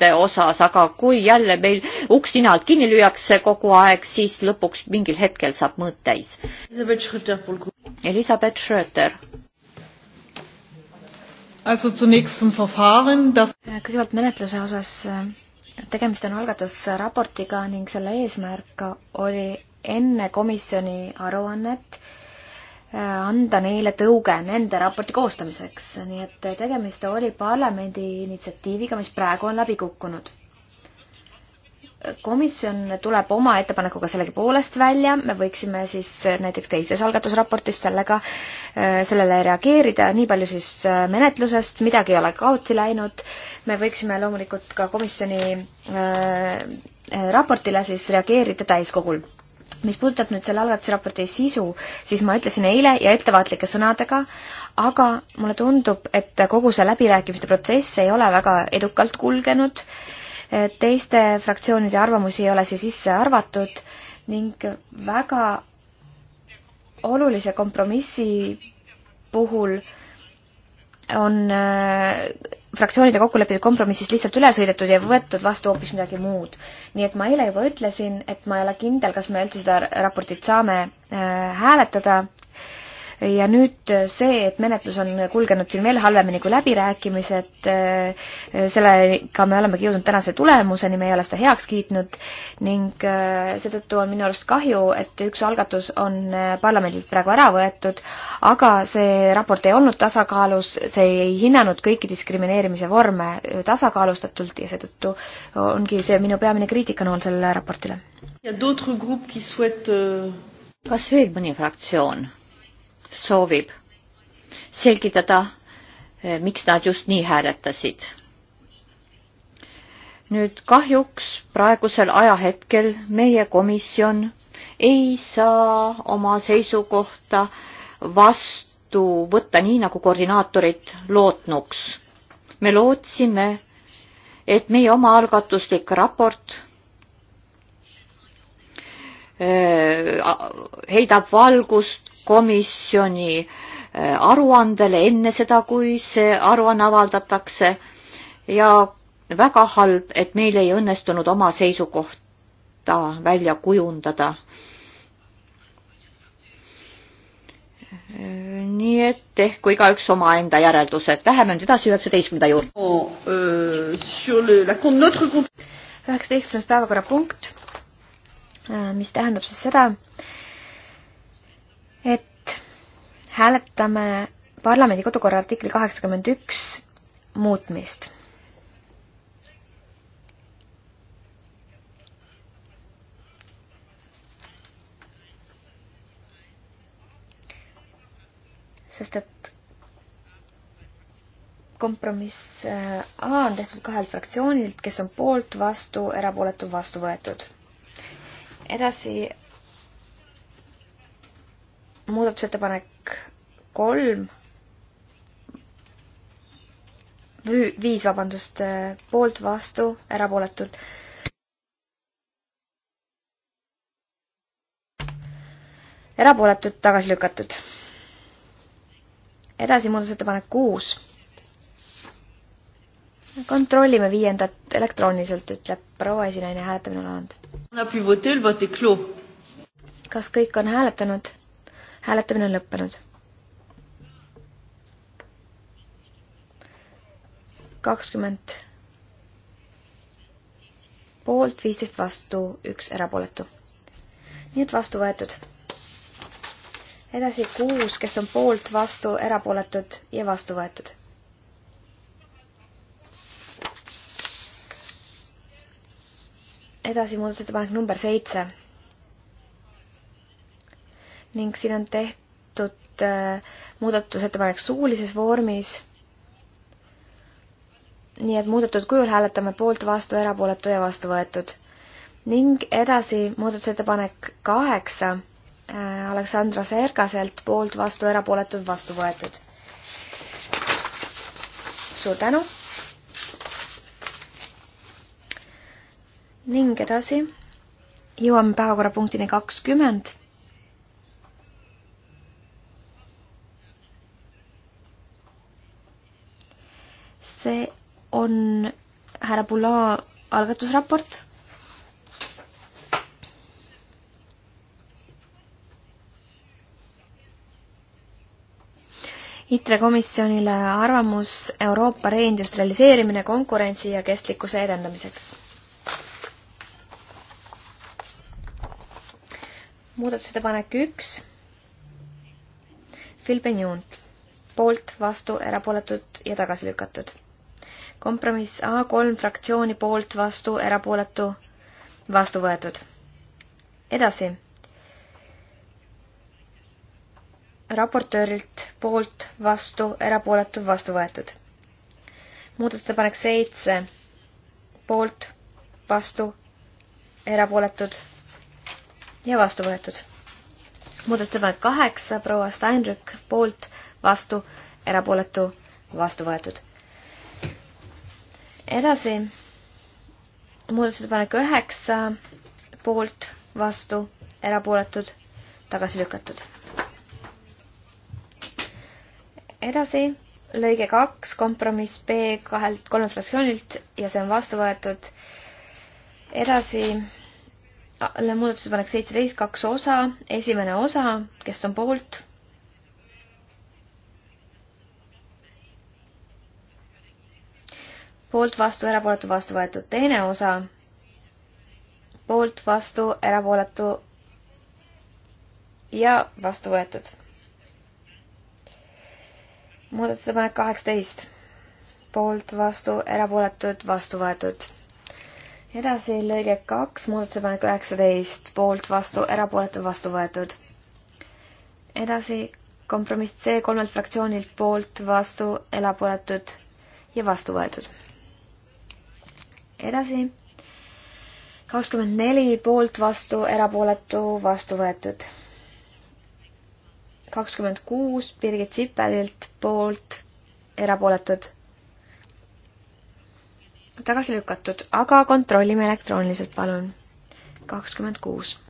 nõuete osas, aga kui jälle meil uks nina alt kinni lüüakse kogu aeg, siis lõpuks mingil hetkel saab mõõt täis. Elisabeth Schröter. kõigepealt menetluse osas äh, tegemist on algatusraportiga ning selle eesmärk oli enne komisjoni aruannet äh, Äh, anda neile tõuge nende raporti koostamiseks, nii et tegemist oli parlamendi initsiatiiviga, mis praegu on läbi kukkunud. komisjon tuleb oma ettepanekuga sellegipoolest välja, me võiksime siis näiteks teises algatusraportis sellega, äh, sellele reageerida, nii palju siis äh, menetlusest, midagi ei ole kaotsi läinud, me võiksime loomulikult ka komisjoni äh, raportile siis reageerida täiskogul mis puudutab nüüd selle algatusraporti sisu, siis ma ütlesin eile ja ettevaatlike sõnadega, aga mulle tundub, et kogu see läbirääkimiste protsess ei ole väga edukalt kulgenud, teiste fraktsioonide arvamusi ei ole siia sisse arvatud ning väga olulise kompromissi puhul on fraktsioonide kokkulepitud kompromissist lihtsalt üle sõidetud ja võetud vastu hoopis midagi muud. nii et ma eile juba ütlesin, et ma ei ole kindel, kas me üldse seda raportit saame äh, hääletada ja nüüd see, et menetlus on kulgenud siin veel halvemini kui läbirääkimised, äh, sellega me olemegi jõudnud tänase tulemuseni, me ei ole seda heaks kiitnud ning äh, seetõttu on minu arust kahju, et üks algatus on äh, parlamendilt praegu ära võetud, aga see raport ei olnud tasakaalus, see ei hinnanud kõiki diskrimineerimise vorme tasakaalustatult ja seetõttu ongi see minu peamine kriitikanool sellele raportile. Euh, kas veel mõni fraktsioon? soovib selgitada, eh, miks nad just nii hääletasid. nüüd kahjuks praegusel ajahetkel meie komisjon ei saa oma seisukohta vastu võtta nii, nagu koordinaatorid lootnuks. me lootsime, et meie omaalgatuslik raport eh, heidab valgust komisjoni eh, aruandele enne seda, kui see aruanne avaldatakse ja väga halb, et meil ei õnnestunud oma seisukohta välja kujundada. nii et tehku igaüks omaenda järeldused. Läheme nüüd edasi üheksateistkümnenda juurde. Oh, euh, üheksateistkümnes päevakorrapunkt, mis tähendab siis seda, et hääletame parlamendi kodukorra artikli kaheksakümmend üks muutmist. sest et kompromiss äh, A on tehtud kahelt fraktsioonilt, kes on poolt, vastu, erapooletu, vastu võetud. edasi muudatusettepanek kolm, viis, vabandust, poolt, vastu, erapooletud. erapooletud, tagasi lükatud. edasi muudatusettepanek kuus. kontrollime viiendat elektrooniliselt, ütleb proua esinaine, hääletamine on alanud. kas kõik on hääletanud? hääletamine on lõppenud. kakskümmend poolt, viisteist vastu, üks erapooletu. nii et vastu võetud. edasi kuus, kes on poolt, vastu, erapooletud ja vastu võetud edasi muudatusettepanek number seitse ning siin on tehtud äh, muudatusettepanek suulises vormis. nii et muudetud kujul hääletame poolt, vastu, erapooletu ja vastu võetud. ning edasi muudatusettepanek kaheksa äh, Aleksandra Sergaselt poolt, vastu, erapooletud, vastu võetud. suur tänu. ning edasi jõuame päevakorrapunktini kakskümmend on härra Pula algatusraport. ITRE komisjonile arvamus Euroopa reindustrialiseerimine konkurentsi ja kestlikkuse edendamiseks. muudatusettepanek üks. Phil Benjunt, poolt, vastu, erapooletud ja tagasi lükatud kompromiss A3 fraktsiooni poolt vastu, erapooletu, vastu võetud. edasi. raportöörilt poolt, vastu, erapooletu, vastu võetud. muudatusettepanek seitse, poolt, vastu, erapooletud ja vastu võetud. muudatusettepanek kaheksa, proua Steinrück poolt, vastu, erapooletu, vastu võetud edasi, muudatusettepanek üheksa, poolt, vastu, erapooletud, tagasi lükatud. edasi, lõige kaks, kompromiss B kahelt, kolmelt fraktsioonilt ja see on vastu võetud. edasi, muudatusettepanek seitseteist, kaks osa, esimene osa, kes on poolt poolt, vastu, erapooletu, vastu võetud. teine osa, poolt, vastu, erapooletu ja vastu võetud. muudatusettepanek kaheksateist, poolt, vastu, erapooletud, vastu võetud. edasi lõige kaks, muudatusettepanek üheksateist, poolt, vastu, erapooletu, vastu võetud. edasi kompromiss C kolmelt fraktsioonilt poolt, vastu, erapooletud ja vastu võetud edasi. kakskümmend neli poolt, vastu, erapooletu, vastu võetud. kakskümmend kuus Birgit Sipelilt poolt, erapooletud. tagasi lükatud, aga kontrollime elektrooniliselt, palun. kakskümmend kuus.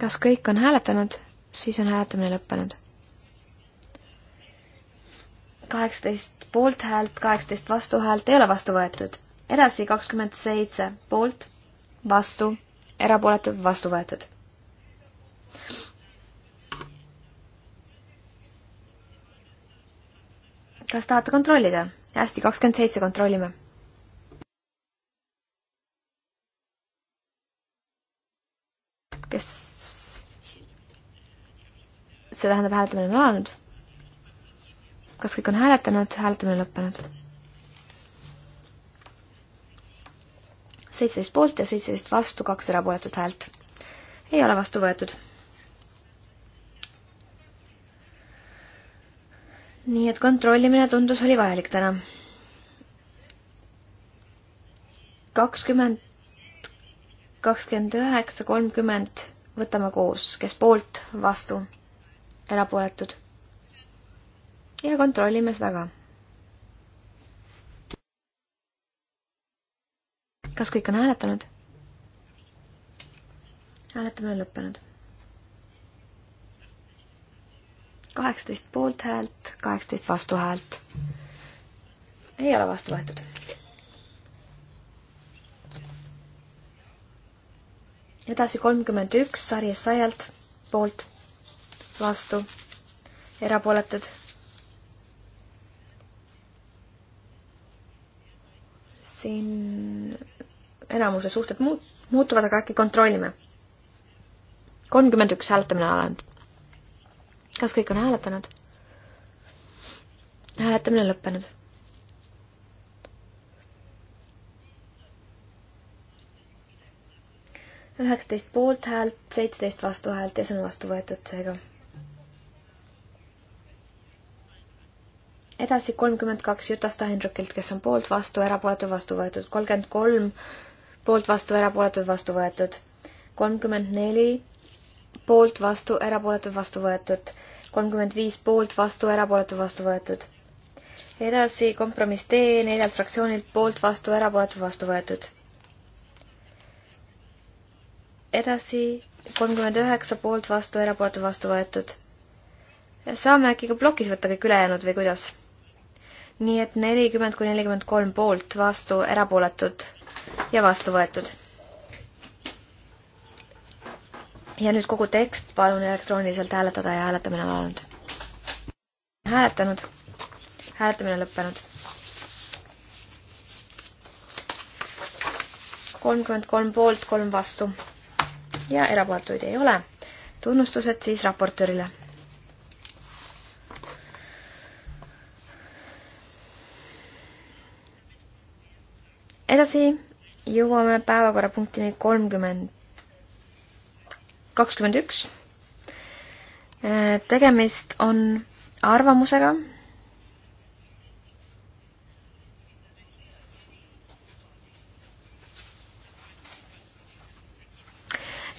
kas kõik on hääletanud? siis on hääletamine lõppenud. kaheksateist poolthäält, kaheksateist vastuhäält ei ole vastu võetud. edasi kakskümmend seitse poolt, vastu, erapooletud, vastu võetud. kas tahate kontrollida? hästi, kakskümmend seitse kontrollime see tähendab, hääletamine on alanud. kas kõik on hääletanud, hääletamine lõppenud? seitseteist poolt ja seitseteist vastu, kaks erapooletut häält. ei ole vastu võetud. nii et kontrollimine tundus, oli vajalik täna. kakskümmend, kakskümmend üheksa, kolmkümmend võtame koos, kes poolt, vastu, erapooletud. ja kontrollime seda ka. kas kõik on hääletanud? hääletamine on lõppenud. kaheksateist poolthäält, kaheksateist vastuhäält. ei ole vastu võetud. edasi kolmkümmend üks sarjas saialt poolt vastu, erapooletud. siin enamuse suhted muut-, muutuvad, aga äkki kontrollime. kolmkümmend üks hääletamine on alanud. kas kõik on hääletanud? hääletamine lõppenud. üheksateist poolthäält, seitseteist vastuhäält ja see on vastu võetud seega edasi kolmkümmend kaks Juta Steinrückilt, kes on poolt, vastu, erapooletu, vastu võetud. kolmkümmend kolm poolt, vastu, erapooletud, vastu võetud. kolmkümmend neli poolt, vastu, erapooletud, vastu võetud. kolmkümmend viis poolt, vastu, erapooletu, vastu võetud. edasi kompromiss D neljalt fraktsioonilt poolt, vastu, erapooletu, vastu võetud. edasi kolmkümmend üheksa poolt, vastu, erapooletu, vastu võetud saame äkki ka plokis võtta kõik ülejäänud või kuidas? nii et nelikümmend kuni nelikümmend kolm poolt, vastu, erapooletud ja vastu võetud. ja nüüd kogu tekst, palun elektrooniliselt hääletada ja hääletamine on alanud. hääletanud, hääletamine lõppenud. kolmkümmend kolm poolt, kolm vastu ja erapooletuid ei ole. tunnustused siis raportöörile edasi jõuame päevakorrapunktini kolmkümmend, kakskümmend üks. Äh, tegemist on arvamusega.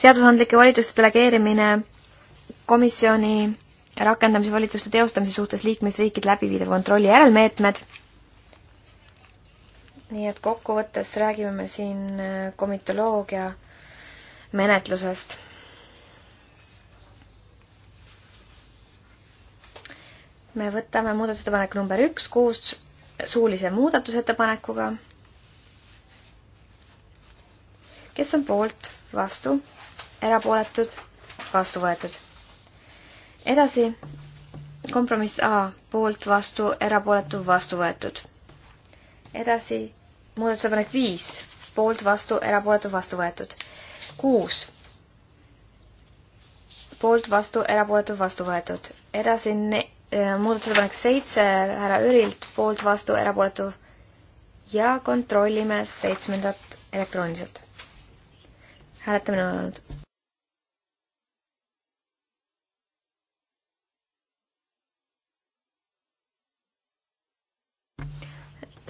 seadusandlike volituste delegeerimine komisjoni rakendamise volituste teostamise suhtes liikmesriikide läbiviidav kontrolli järelmeetmed nii et kokkuvõttes räägime me siin äh, komitoloogia menetlusest. me võtame muudatusettepaneku number üks koos suulise muudatusettepanekuga. kes on poolt, vastu, erapooletud, vastu võetud. edasi kompromiss A poolt, vastu, erapooletu, vastu võetud. edasi muudatusepanek viis, poolt, vastu, erapooletu, vastu võetud. kuus, poolt, vastu, erapooletu, vastu võetud. edasi ne-, äh, muudatusepanek seitse härra Ürilt, poolt, vastu, erapooletu ja kontrollime seitsmendat elektrooniliselt. hääletamine on olnud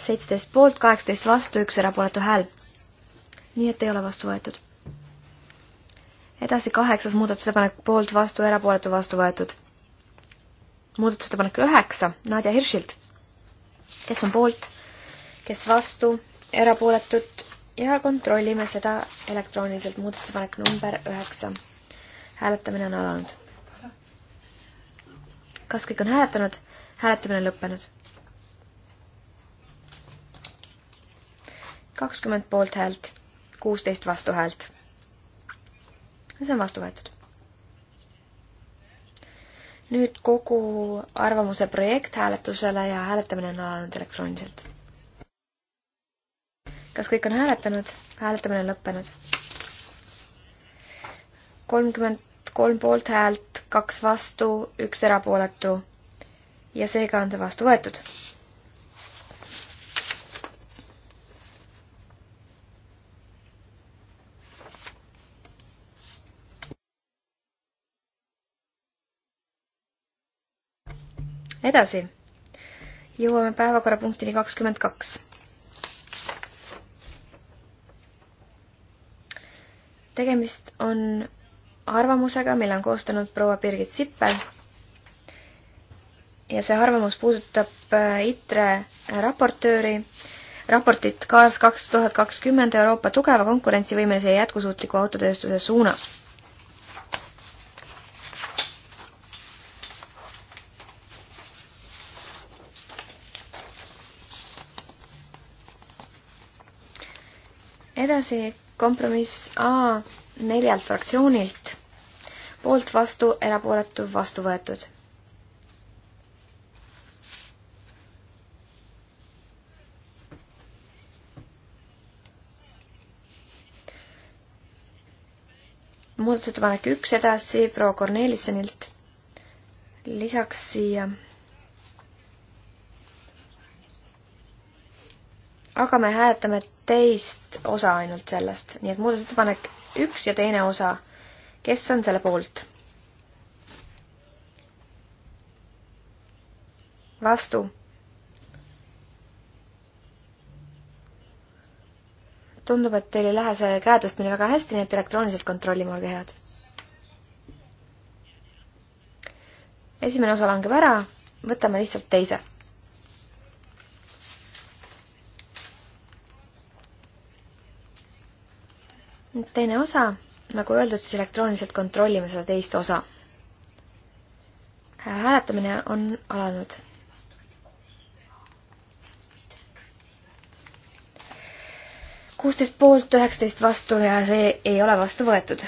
seitseteist poolt, kaheksateist vastu, üks erapooletu hääl. nii et ei ole vastu võetud. edasi kaheksas muudatusettepanek poolt, vastu, erapooletu, vastu võetud. muudatusettepanek üheksa, Nadja Hirschilt. kes on poolt, kes vastu, erapooletut ja kontrollime seda elektrooniliselt, muudatusettepanek number üheksa. hääletamine on alanud. kas kõik on hääletanud? hääletamine on lõppenud kakskümmend poolthäält, kuusteist vastuhäält. ja see on vastu võetud. nüüd kogu arvamuse projekt hääletusele ja hääletamine on alanud elektrooniliselt. kas kõik on hääletanud? hääletamine on lõppenud. kolmkümmend kolm poolthäält, kaks vastu, üks erapooletu ja seega on see vastu võetud edasi. jõuame päevakorrapunktini kakskümmend kaks. tegemist on arvamusega, mille on koostanud proua Birgit Sippel. ja see arvamus puudutab äh, ITRE raportööri raportit Kaas kaks tuhat kakskümmend Euroopa tugeva konkurentsivõimelise ja jätkusuutliku autotööstuse suunas edasi kompromiss A neljalt fraktsioonilt, poolt, vastu, erapooletu, vastu võetud. muudatusettepanek üks edasi proua Kornelissonilt. lisaks siia aga me hääletame teist osa ainult sellest, nii et muudatusettepanek üks ja teine osa. kes on selle poolt? vastu. tundub, et teil ei lähe see käetõstmine väga hästi, nii et elektrooniliselt kontrollime, olge head. esimene osa langeb ära, võtame lihtsalt teise teine osa, nagu öeldud, siis elektrooniliselt kontrollime seda teist osa. hääletamine on alanud. kuusteist poolt, üheksateist vastu ja see ei ole vastu võetud.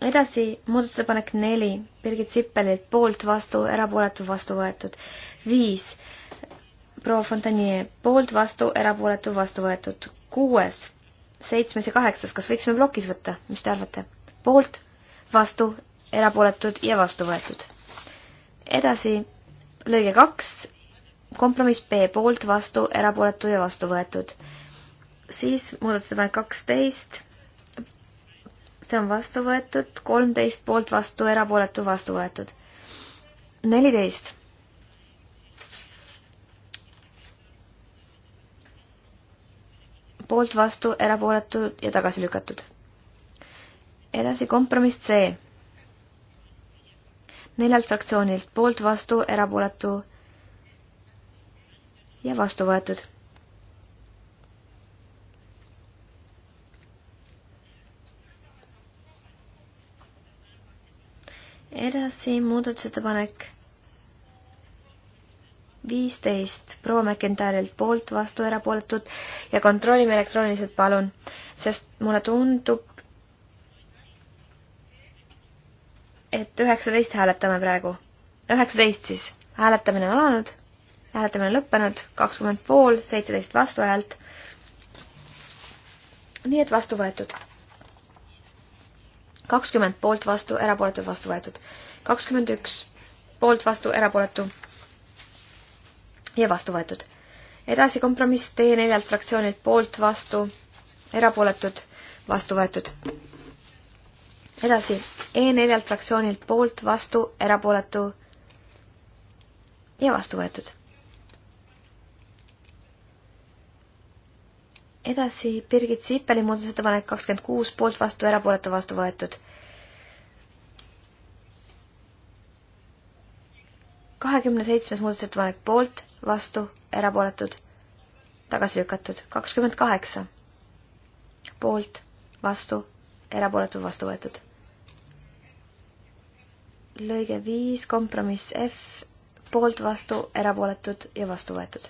edasi muudatusettepanek neli, Birgit Sippelilt poolt, vastu, erapooletu, vastu võetud. viis, proua Fontanier poolt, vastu, erapooletu, vastu võetud. kuues seitsmes ja kaheksas, kas võiksime plokis võtta, mis te arvate? poolt, vastu, erapooletud ja vastu võetud. edasi lõige kaks, kompromiss B poolt, vastu, erapooletu ja vastu võetud. siis muudatusettepanek kaksteist, see on vastu võetud, kolmteist poolt, vastu, erapooletu, vastu võetud. neliteist poolt, vastu, erapooletud ja tagasi lükatud. edasi kompromiss C. neljalt fraktsioonilt poolt, vastu, erapooletu ja vastu võetud. edasi muudatusettepanek viisteist proua McIntyre'ilt poolt vastu erapooletud ja kontrollime elektrooniliselt, palun, sest mulle tundub, et üheksateist hääletame praegu. üheksateist siis, hääletamine on alanud, hääletamine on lõppenud, kakskümmend pool, seitseteist vastuhäält. nii et vastu võetud. kakskümmend poolt vastu, erapooletud vastu võetud. kakskümmend üks poolt vastu, erapooletu ja vastu võetud. edasi kompromiss teie neljalt fraktsioonilt poolt, vastu, erapooletud, vastu võetud. edasi E neljalt fraktsioonilt poolt, vastu, erapooletu ja vastu võetud. edasi Birgit Siipeli muudatusettepanek kakskümmend kuus, poolt, vastu, erapooletu, vastu võetud kahekümne seitsmes muudatusettepanek poolt, vastu, erapooletud, tagasi lükatud. kakskümmend kaheksa poolt, vastu, erapooletud, vastu võetud. lõige viis, kompromiss F, poolt, vastu, erapooletud ja vastu võetud.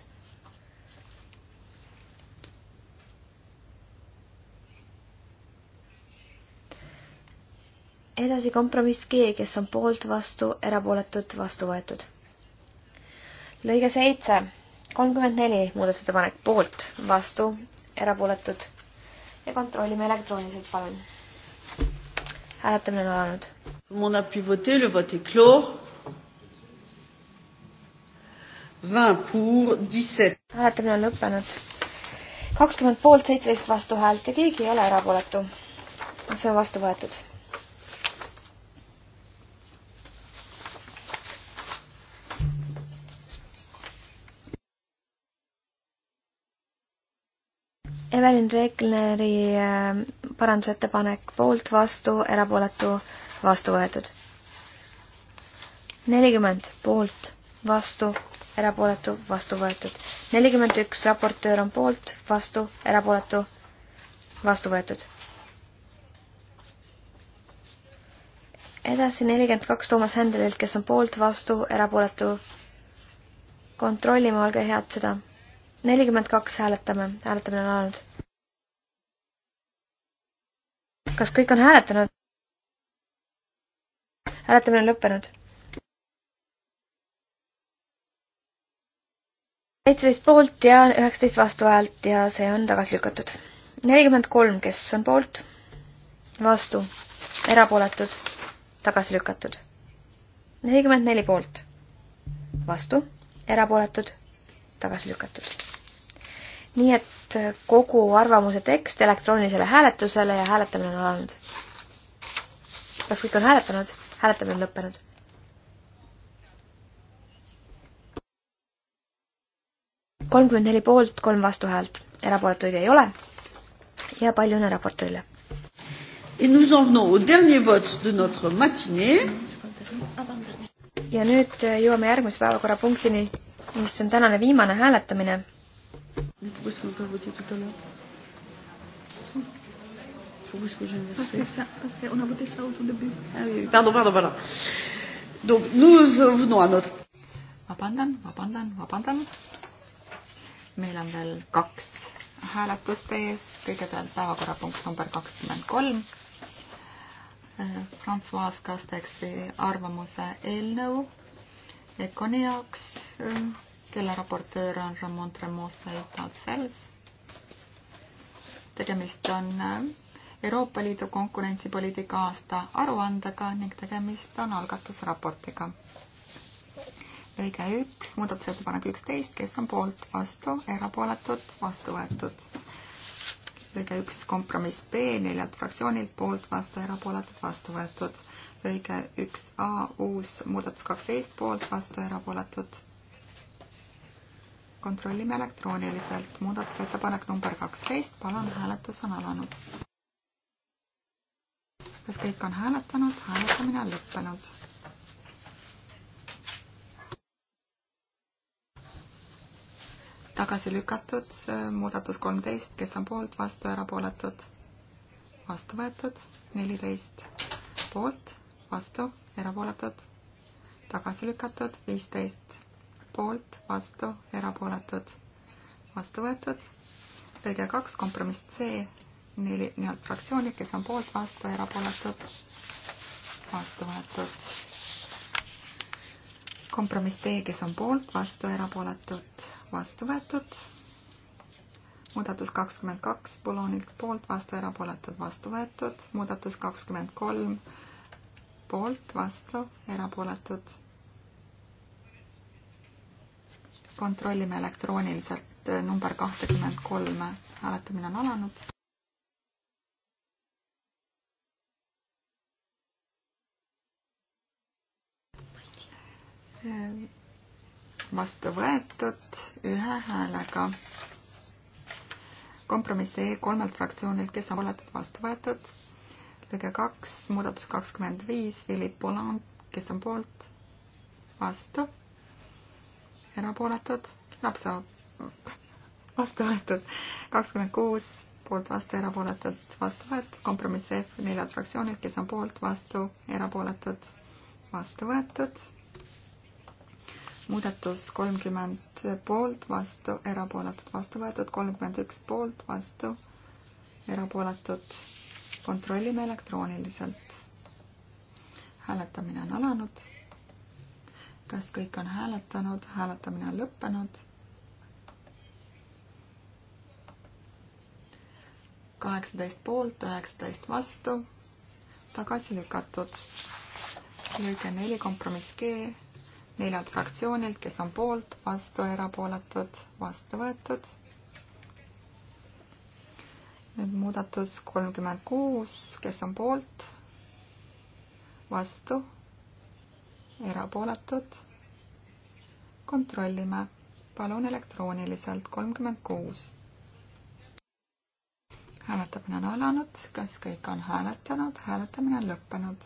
edasi kompromiss G, kes on poolt, vastu, erapooletud, vastu võetud lõige seitse, kolmkümmend neli muudatusettepanek poolt, vastu, erapooletud ja kontrollime elektrooniliselt, palun. hääletamine on alanud. Mon a pivoté le vote est clos. 20 pour 17. hääletamine on lõppenud. kakskümmend poolt, seitseteist vastuhäält ja keegi ei ole erapooletu. see on vastu võetud Evelin Reekleri äh, parandusettepanek poolt, vastu, erapooletu, vastu võetud. nelikümmend poolt, vastu, erapooletu, vastu võetud. nelikümmend üks, raportöör on poolt, vastu, erapooletu, vastu võetud. edasi nelikümmend kaks Toomas Händelilt, kes on poolt, vastu, erapooletu. kontrollime, olge head seda nelikümmend kaks hääletame, hääletamine on alanud kas kõik on hääletanud? hääletamine on lõppenud. seitseteist poolt ja üheksateist vastuhäält ja see on tagasi lükatud. nelikümmend kolm, kes on poolt, vastu, erapooletud, tagasi lükatud. nelikümmend neli poolt, vastu, erapooletud, tagasi lükatud nii et kogu arvamuse tekst elektroonilisele hääletusele ja hääletamine on alanud. kas kõik on hääletanud? hääletamine on lõppenud. kolmkümmend neli poolt, kolm vastuhäält, erapooletuid ei ole. ja palju õnne raportööle. ja nüüd jõuame järgmise päevakorrapunktini, mis on tänane viimane hääletamine Pourquoi est-ce qu'on n'a pas voté tout à l'heure Pourquoi est-ce que j'ai inversé Parce qu'on a voté ça au tout début. Ah oui, oui. pardon, pardon, pardon. Donc, nous venons à notre... Vabandan, vabandan, vabandan. Meil on veel kaks hääletust ees. Kõigepealt päevakorrapunkt number 23. François Kastexi arvamuse eelnõu Ekoni jaoks äh, kelle raportöör on Ramon Tremosa Italsels. tegemist on äh, Euroopa Liidu konkurentsipoliitika aasta aruandega ning tegemist on algatusraportiga. lõige üks, muudatusettepanek üksteist, kes on poolt, vastu, erapooletud, vastu võetud. lõige üks, kompromiss B neljalt fraktsioonilt, poolt, vastu, erapooletud, vastu võetud lõige üks A uus muudatus kaksteist poolt vastu erapooletud kontrollime elektrooniliselt. muudatusettepanek number kaksteist, palun, hääletus on alanud. kas kõik on hääletanud? hääletamine on lõppenud. tagasi lükatud muudatus kolmteist, kes on poolt, vastu, erapooletud, vastu võetud, neliteist poolt, vastu, erapooletud, tagasi lükatud, viisteist poolt, vastu, erapooletud, vastu võetud. lõige kaks, kompromiss C, neli nii-öelda fraktsiooni, kes on poolt, vastu, erapooletud, vastu võetud. kompromiss D, kes on poolt, vastu, erapooletud, vastu võetud. muudatus kakskümmend kaks, Polonilt poolt, vastu, erapooletud, vastu võetud. muudatus kakskümmend kolm, poolt, vastu, erapooletud kontrollime elektrooniliselt äh, number kahtekümmend kolm, hääletamine on alanud. vastu võetud ühe häälega. kompromiss E kolmelt fraktsioonilt, kes on oletud vastu võetud. lõige kaks, muudatus kakskümmend viis, Philipp Polan, kes on poolt, vastu erapooletud, lapse vastu võetud, kakskümmend kuus poolt vastu, erapooletult vastu võetud, kompromiss F neljalt fraktsioonilt, kes on poolt vastu, erapooletud vastu võetud. muudatus kolmkümmend poolt vastu, erapooletult vastu võetud, kolmkümmend üks poolt vastu, erapooletud. kontrollime elektrooniliselt. hääletamine on alanud kas kõik on hääletanud, hääletamine on lõppenud. kaheksateist poolt, üheksateist vastu, tagasi lükatud. lõige neli, kompromiss G, neljalt fraktsioonilt, kes on poolt, vastu, erapooletud, vastu võetud. nüüd muudatus kolmkümmend kuus, kes on poolt, vastu erapooletud. kontrollime, palun elektrooniliselt kolmkümmend kuus. hääletamine on alanud, kas kõik on hääletanud, hääletamine on lõppenud.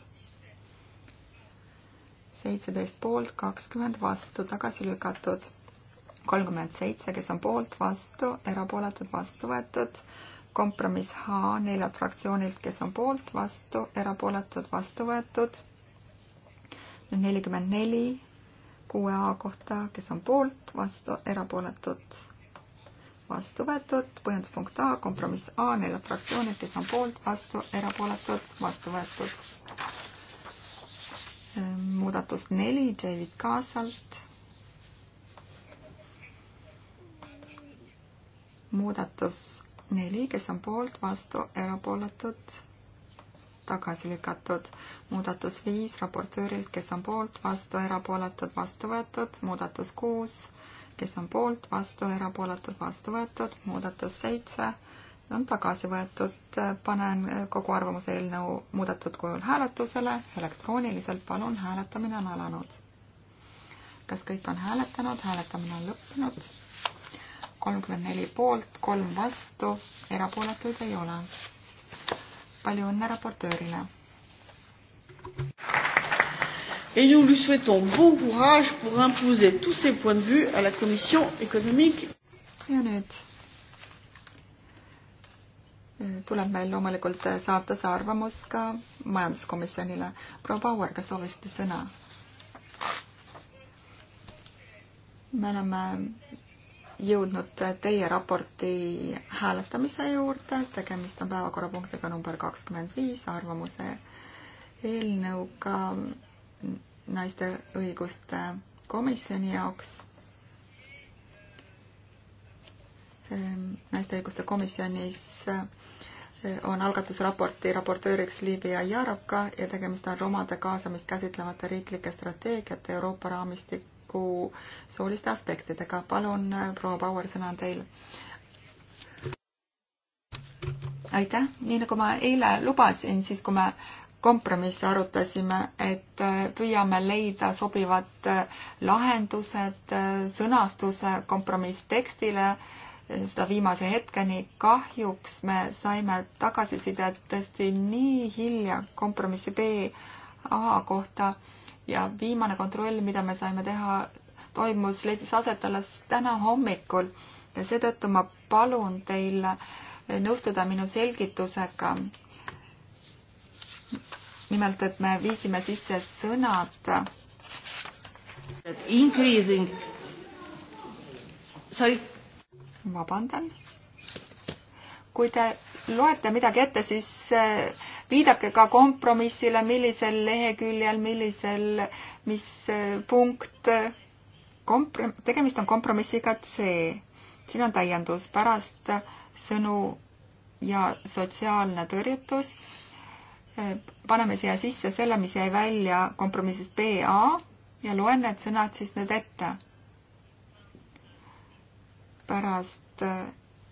seitseteist poolt, kakskümmend vastu, tagasi lükatud kolmkümmend seitse, kes on poolt, vastu, erapooletud, vastu võetud. kompromiss H neljalt fraktsioonilt, kes on poolt, vastu, erapooletud, vastu võetud nüüd nelikümmend neli kuue A kohta, kes on poolt, vastu, erapooletud, vastu võetud, põhjenduspunkt A, kompromiss A, neljad fraktsioonid, kes on poolt, vastu, erapooletud, vastu võetud. muudatus neli, David Kaasalt. muudatus neli, kes on poolt, vastu, erapooletud tagasi lükatud. muudatus viis raportöörilt, kes on poolt, vastu, erapooletud, vastu võetud. muudatus kuus, kes on poolt, vastu, erapooletud, vastu võetud. muudatus seitse on tagasi võetud. panen kogu arvamuse eelnõu muudetud kujul hääletusele. elektrooniliselt palun, hääletamine on alanud. kas kõik on hääletanud? hääletamine on lõppenud. kolmkümmend neli poolt, kolm vastu, erapooletuid ei ole palju õnne raportöörile. Et nous lui souhaitons bon courage pour imposer tous ses points de vue à la Commission économique. ja nüüd eh, tuleb meil loomulikult saata see arvamus ka majanduskomisjonile. proua Bauer, kas soovisite sõna? me oleme jõudnud teie raporti hääletamise juurde, tegemist on päevakorrapunktiga number kakskümmend viis, arvamuse eelnõuga naiste õiguste komisjoni jaoks. Ehm, naiste õiguste komisjonis eh, on algatusraporti raportööriks Liivia Jaroka ja tegemist on romade kaasamist käsitlevate riiklike strateegiate Euroopa raamistik tuleviku sooliste aspektidega. palun, äh, proua Bauer, sõna on teil. aitäh, nii nagu ma eile lubasin, siis kui me kompromisse arutasime, et äh, püüame leida sobivad äh, lahendused sõnastuse kompromisstekstile seda viimase hetkeni. kahjuks me saime tagasisidet tõesti nii hilja kompromissi B A kohta, ja viimane kontroll, mida me saime teha, toimus, leidis aset alles täna hommikul ja seetõttu ma palun teil nõustuda minu selgitusega. nimelt, et me viisime sisse sõnad. Increasing. Sorry. vabandan. kui te loete midagi ette, siis eh, viidake ka kompromissile, millisel leheküljel, millisel, mis äh, punkt. komprom-, tegemist on kompromissiga C. siin on täiendus pärast sõnu ja sotsiaalne tõrjutus. Äh, paneme siia sisse selle, mis jäi välja kompromissist BA ja loen need sõnad siis nüüd ette. pärast, äh,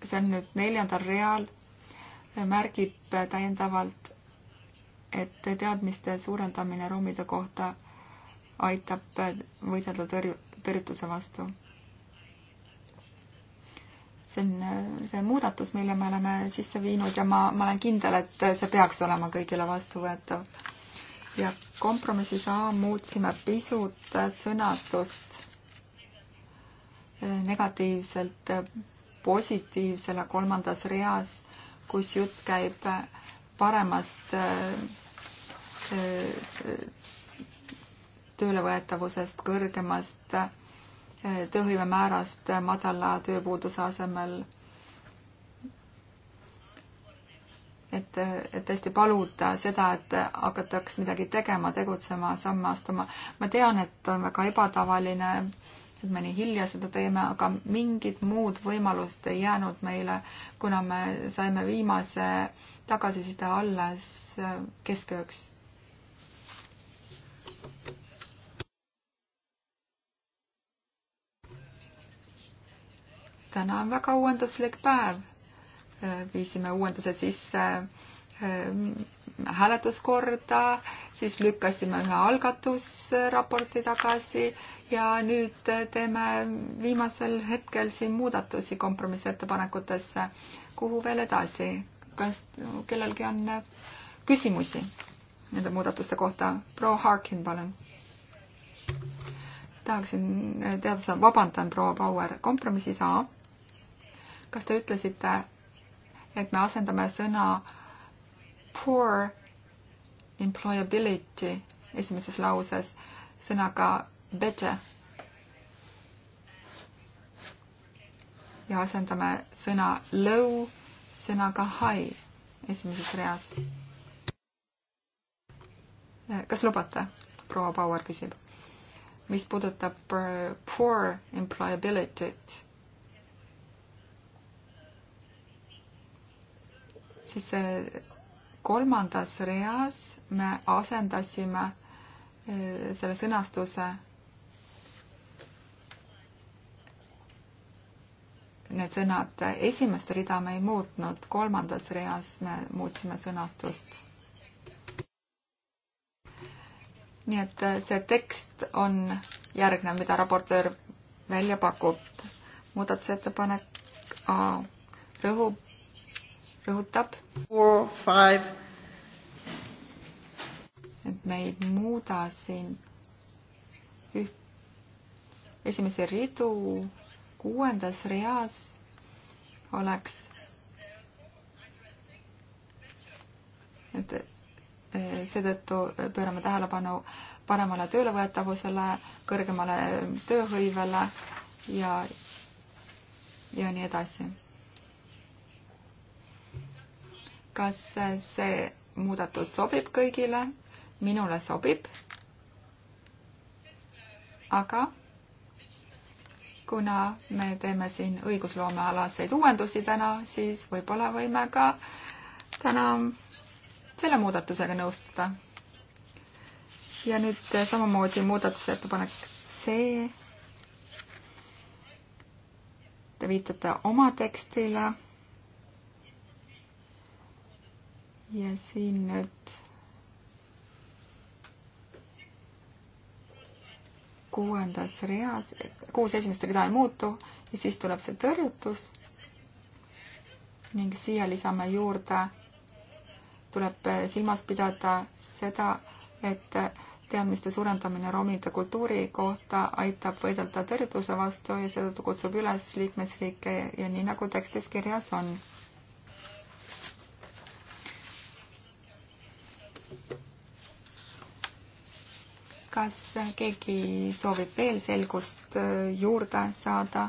see on nüüd neljandal real, märgib täiendavalt et teadmiste suurendamine ruumide kohta aitab võidelda tõrju, tõrjutuse vastu. see on see muudatus, mille me oleme sisse viinud ja ma, ma olen kindel, et see peaks olema kõigile vastuvõetav. ja kompromissis A muutsime pisut sõnastust negatiivselt positiivsele kolmandas reas, kus jutt käib äh, paremast äh, äh, töölevõetavusest, kõrgemast äh, tööhõive määrast madala tööpuuduse asemel. et, et tõesti paluda seda, et hakataks midagi tegema, tegutsema, samme astuma. ma tean, et on väga ebatavaline sest me nii hilja seda teeme, aga mingit muud võimalust ei jäänud meile, kuna me saime viimase tagasiside alles keskööks. täna on väga uuenduslik päev. viisime uuenduse sisse Ehm, hääletuskorda, siis lükkasime ühe algatusraporti tagasi ja nüüd teeme viimasel hetkel siin muudatusi kompromissettepanekutesse. kuhu veel edasi? kas kellelgi on küsimusi nende muudatuste kohta? proua Harkin, palun. tahaksin teada saada, vabandan, proua Bauer, kompromissi saa. kas te ütlesite, et me asendame sõna poor employability esimeses lauses sõnaga better ja asendame sõna low sõnaga high esimeses reas. kas lubate? proua Bauer küsib. mis puudutab uh, poor employability't, siis see uh, kolmandas reas me asendasime e, selle sõnastuse need sõnad, esimest rida me ei muutnud, kolmandas reas me muutsime sõnastust. nii et e, see tekst on järgnev, mida raportöör välja pakub. muudatusettepanek A rõhub rõhutab. et me ei muuda siin üht, esimesi ridu kuuendas reas oleks, et e, seetõttu pöörame tähelepanu paremale töölevõetavusele, kõrgemale tööhõivele ja, ja nii edasi kas see muudatus sobib kõigile? minule sobib. aga kuna me teeme siin õigusloomealaseid uuendusi täna, siis võib-olla võime ka täna selle muudatusega nõustuda. ja nüüd samamoodi muudatusettepanek C. Te viitate oma tekstile ja siin nüüd kuuendas reas, kuus esimest rida ei muutu ja siis tuleb see tõrjutus ning siia lisame juurde, tuleb silmas pidada seda, et teadmiste suurendamine romide kultuuri kohta aitab võidelda tõrjutuse vastu ja seetõttu kutsub üles liikmesriike ja nii nagu tekstis kirjas on kas keegi soovib veel selgust äh, juurde saada?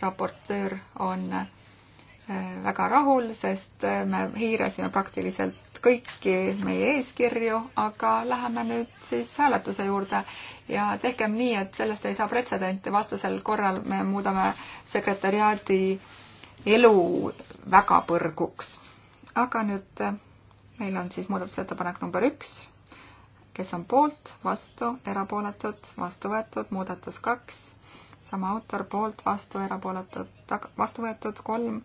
raportöör on äh, väga rahul, sest äh, me hiirasime praktiliselt kõiki meie eeskirju, aga läheme nüüd siis hääletuse juurde ja tehkem nii, et sellest ei saa pretsedenti, vastasel korral me muudame sekretäriaadi elu väga põrguks. aga nüüd meil on siis muudatusettepanek number üks kes on poolt, vastu, erapooletud, vastu võetud, muudatus kaks, sama autor poolt, vastu, erapooletud, vastu võetud, kolm,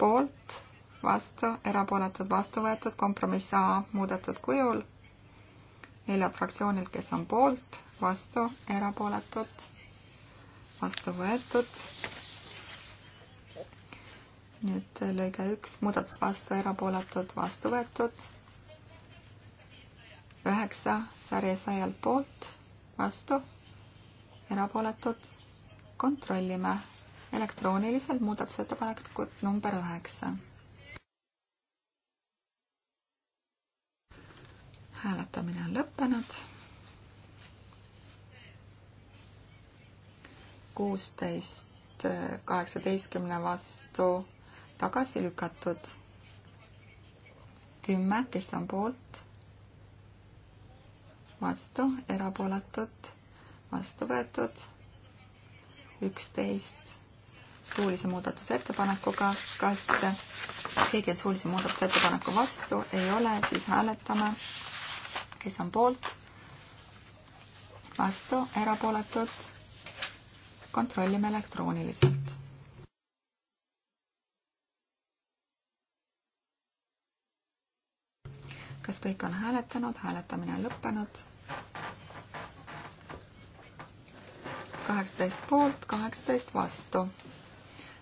poolt, vastu, erapooletud, vastu võetud, kompromiss A muudetud kujul, neljalt fraktsioonilt, kes on poolt, vastu, erapooletud, vastu võetud. nüüd lõige üks, muudatused vastu, erapooletud, vastu võetud üheksa sarja sajalt poolt, vastu, erapooletud. kontrollime elektrooniliselt muudatusettepanekut number üheksa. hääletamine on lõppenud. kuusteist kaheksateistkümne vastu tagasi lükatud. kümme, kes on poolt vastu, erapooletud, vastu võetud, üksteist suulise muudatusettepanekuga, kas keegi on suulise muudatusettepaneku vastu, ei ole, siis hääletame, kes on poolt, vastu, erapooletud, kontrollime elektrooniliselt kas kõik on hääletanud, hääletamine on lõppenud. kaheksateist poolt, kaheksateist vastu.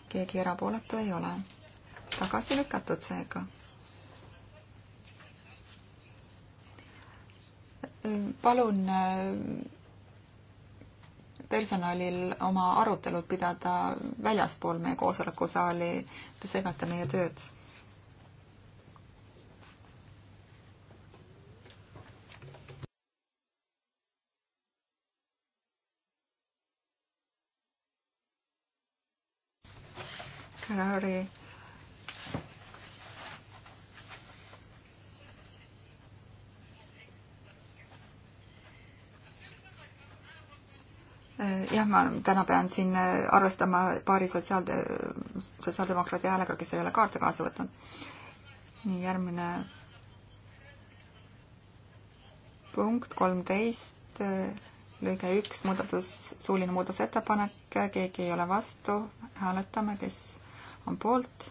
keegi erapooletu ei ole. tagasi lükatud seega. palun äh, personalil oma arutelud pidada väljaspool meie koosolekusaali, te segate meie tööd Eisenhoweri äh, jah, ma täna pean siin äh, arvestama paari sotsiaalde, sotsiaaldemokraadi häälega, kes ei ole kaarte kaasa võtnud. nii, järgmine punkt kolmteist, äh, lõige üks, muudatus, suuline muudatusettepanek, keegi ei ole vastu, hääletame, kes on poolt,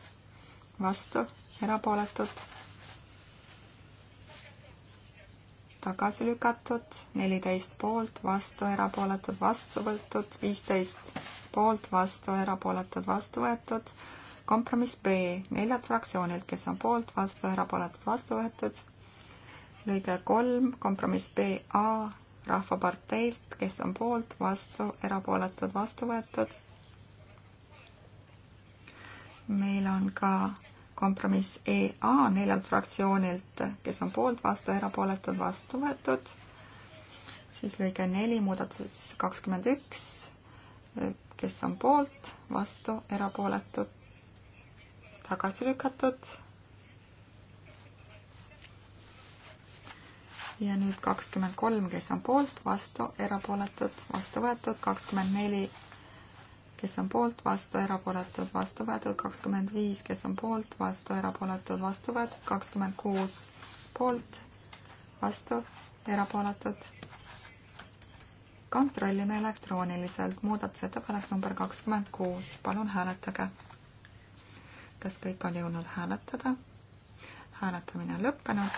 vastu, erapooletud, tagasi lükatud, neliteist poolt, vastu, erapooletud, vastu võetud, viisteist poolt, vastu, erapooletud, vastu võetud, kompromiss B neljalt fraktsioonilt, kes on poolt, vastu, erapooletud, vastu võetud, lõige kolm, kompromiss BA Rahvaparteilt, kes on poolt, vastu, erapooletud, vastu võetud meil on ka kompromiss EA neljalt fraktsioonilt, kes on poolt, vastu, erapooletud, vastu võetud. siis lõige neli, muudatuses kakskümmend üks, kes on poolt, vastu, erapooletud, tagasi lükatud. ja nüüd kakskümmend kolm, kes on poolt, vastu, erapooletud, vastu võetud, kakskümmend neli kes on poolt, vastu, erapooletud, vastu võetud, kakskümmend viis, kes on poolt, vastu, erapooletud, vastu võetud, kakskümmend kuus poolt, vastu, erapooletud. kontrollime elektrooniliselt muudatusettepanek number kakskümmend kuus, palun hääletage. kas kõik on jõudnud hääletada? hääletamine on lõppenud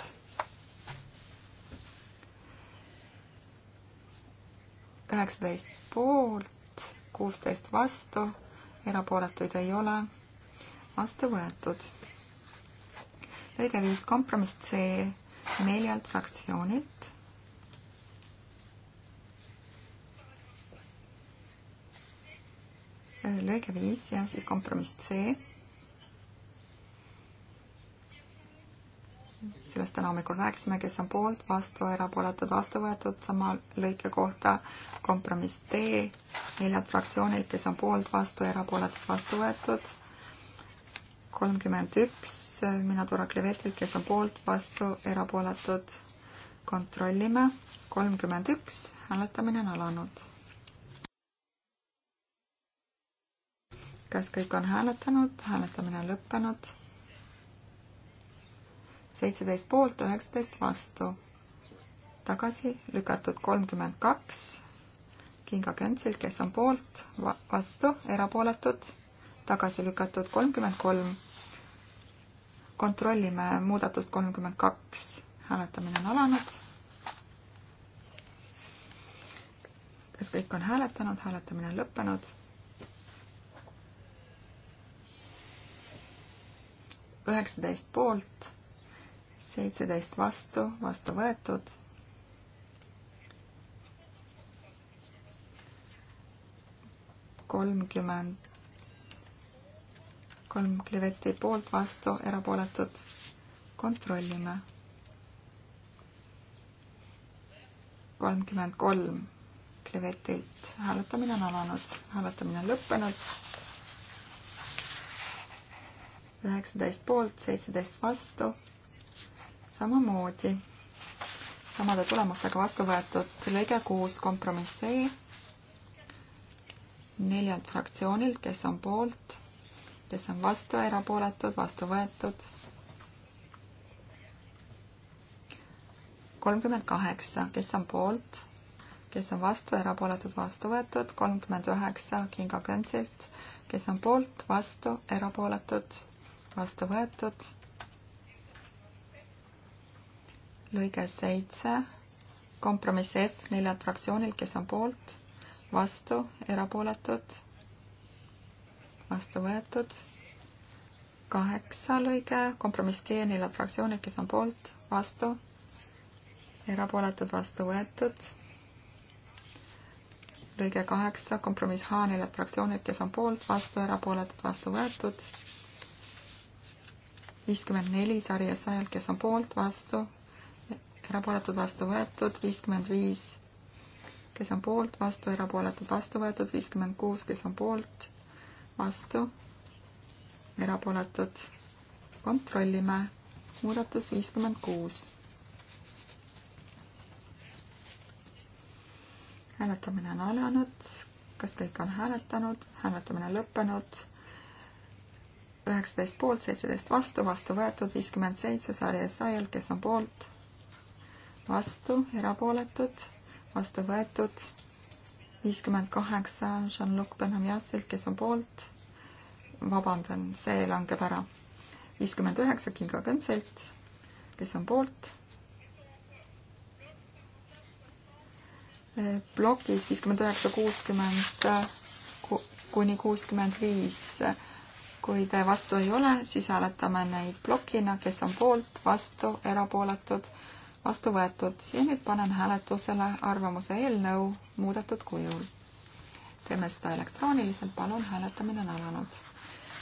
üheksateist poolt, kuusteist vastu, erapooletuid ei ole, vastu võetud. lõige viis kompromiss C neljalt fraktsioonilt. lõige viis ja siis kompromiss C sellest täna hommikul rääkisime, kes on poolt, vastu, erapooletud, vastu võetud, sama lõike kohta kompromiss D, neljad fraktsioonid, kes on poolt, vastu, erapooletud, vastu võetud, kolmkümmend üks, mina Dora Klevetilt, kes on poolt, vastu, erapooletud, kontrollime, kolmkümmend üks, hääletamine on alanud. kas kõik on hääletanud, hääletamine on lõppenud seitseteist poolt, üheksateist vastu. tagasi lükatud kolmkümmend kaks Kinga Kentsil, kes on poolt, vastu, erapooletud, tagasi lükatud kolmkümmend kolm. kontrollime muudatust kolmkümmend kaks, hääletamine on alanud. kas kõik on hääletanud, hääletamine on lõppenud üheksateist poolt, seitseteist vastu, vastu võetud. kolmkümmend, kolm kliveti poolt, vastu, erapooletud. kontrollime. kolmkümmend kolm klivetilt, hääletamine on alanud, hääletamine on lõppenud üheksateist poolt, seitseteist vastu, samamoodi samade tulemustega vastu võetud lõige kuus kompromiss E neljalt fraktsioonilt, kes on poolt, kes on vastu, erapooletud, vastu võetud. kolmkümmend kaheksa, kes on poolt, kes on vastu, erapooletud, vastu võetud, kolmkümmend üheksa Kinga Köntsilt, kes on poolt, vastu, erapooletud, vastu võetud lõige seitse, kompromiss F neljalt fraktsioonilt, kes on poolt, vastu, erapooletud, vastu võetud. kaheksa lõige, kompromiss G neljalt fraktsioonilt, kes on poolt, vastu, erapooletud, vastu võetud. lõige kaheksa, kompromiss H neljalt fraktsioonilt, kes on poolt, vastu, erapooletud, vastu võetud viiskümmend neli sarja sajalt, kes on poolt, vastu, erapooletud, vastu võetud, viiskümmend viis, kes on poolt, vastu, erapooletud, vastu võetud, viiskümmend kuus, kes on poolt, vastu, erapooletud. kontrollime, muudatus viiskümmend kuus. hääletamine on alanud, kas kõik on hääletanud, hääletamine lõppenud üheksateist poolt, seitseteist vastu, vastu võetud viiskümmend seitse, Sari Essayel, kes on poolt, vastu, erapooletud, vastu võetud, viiskümmend kaheksa Jean-Luc Benhamiasilt, kes on poolt, vabandan, see langeb ära, viiskümmend üheksa Kinga Kõntselt, kes on poolt, plokis viiskümmend üheksa, kuuskümmend kuni kuuskümmend viis kui te vastu ei ole, siis hääletame neid plokina, kes on poolt, vastu, erapooletud, vastu võetud ja nüüd panen hääletusele arvamuse eelnõu muudetud kujul. teeme seda elektrooniliselt, palun, hääletamine on alanud.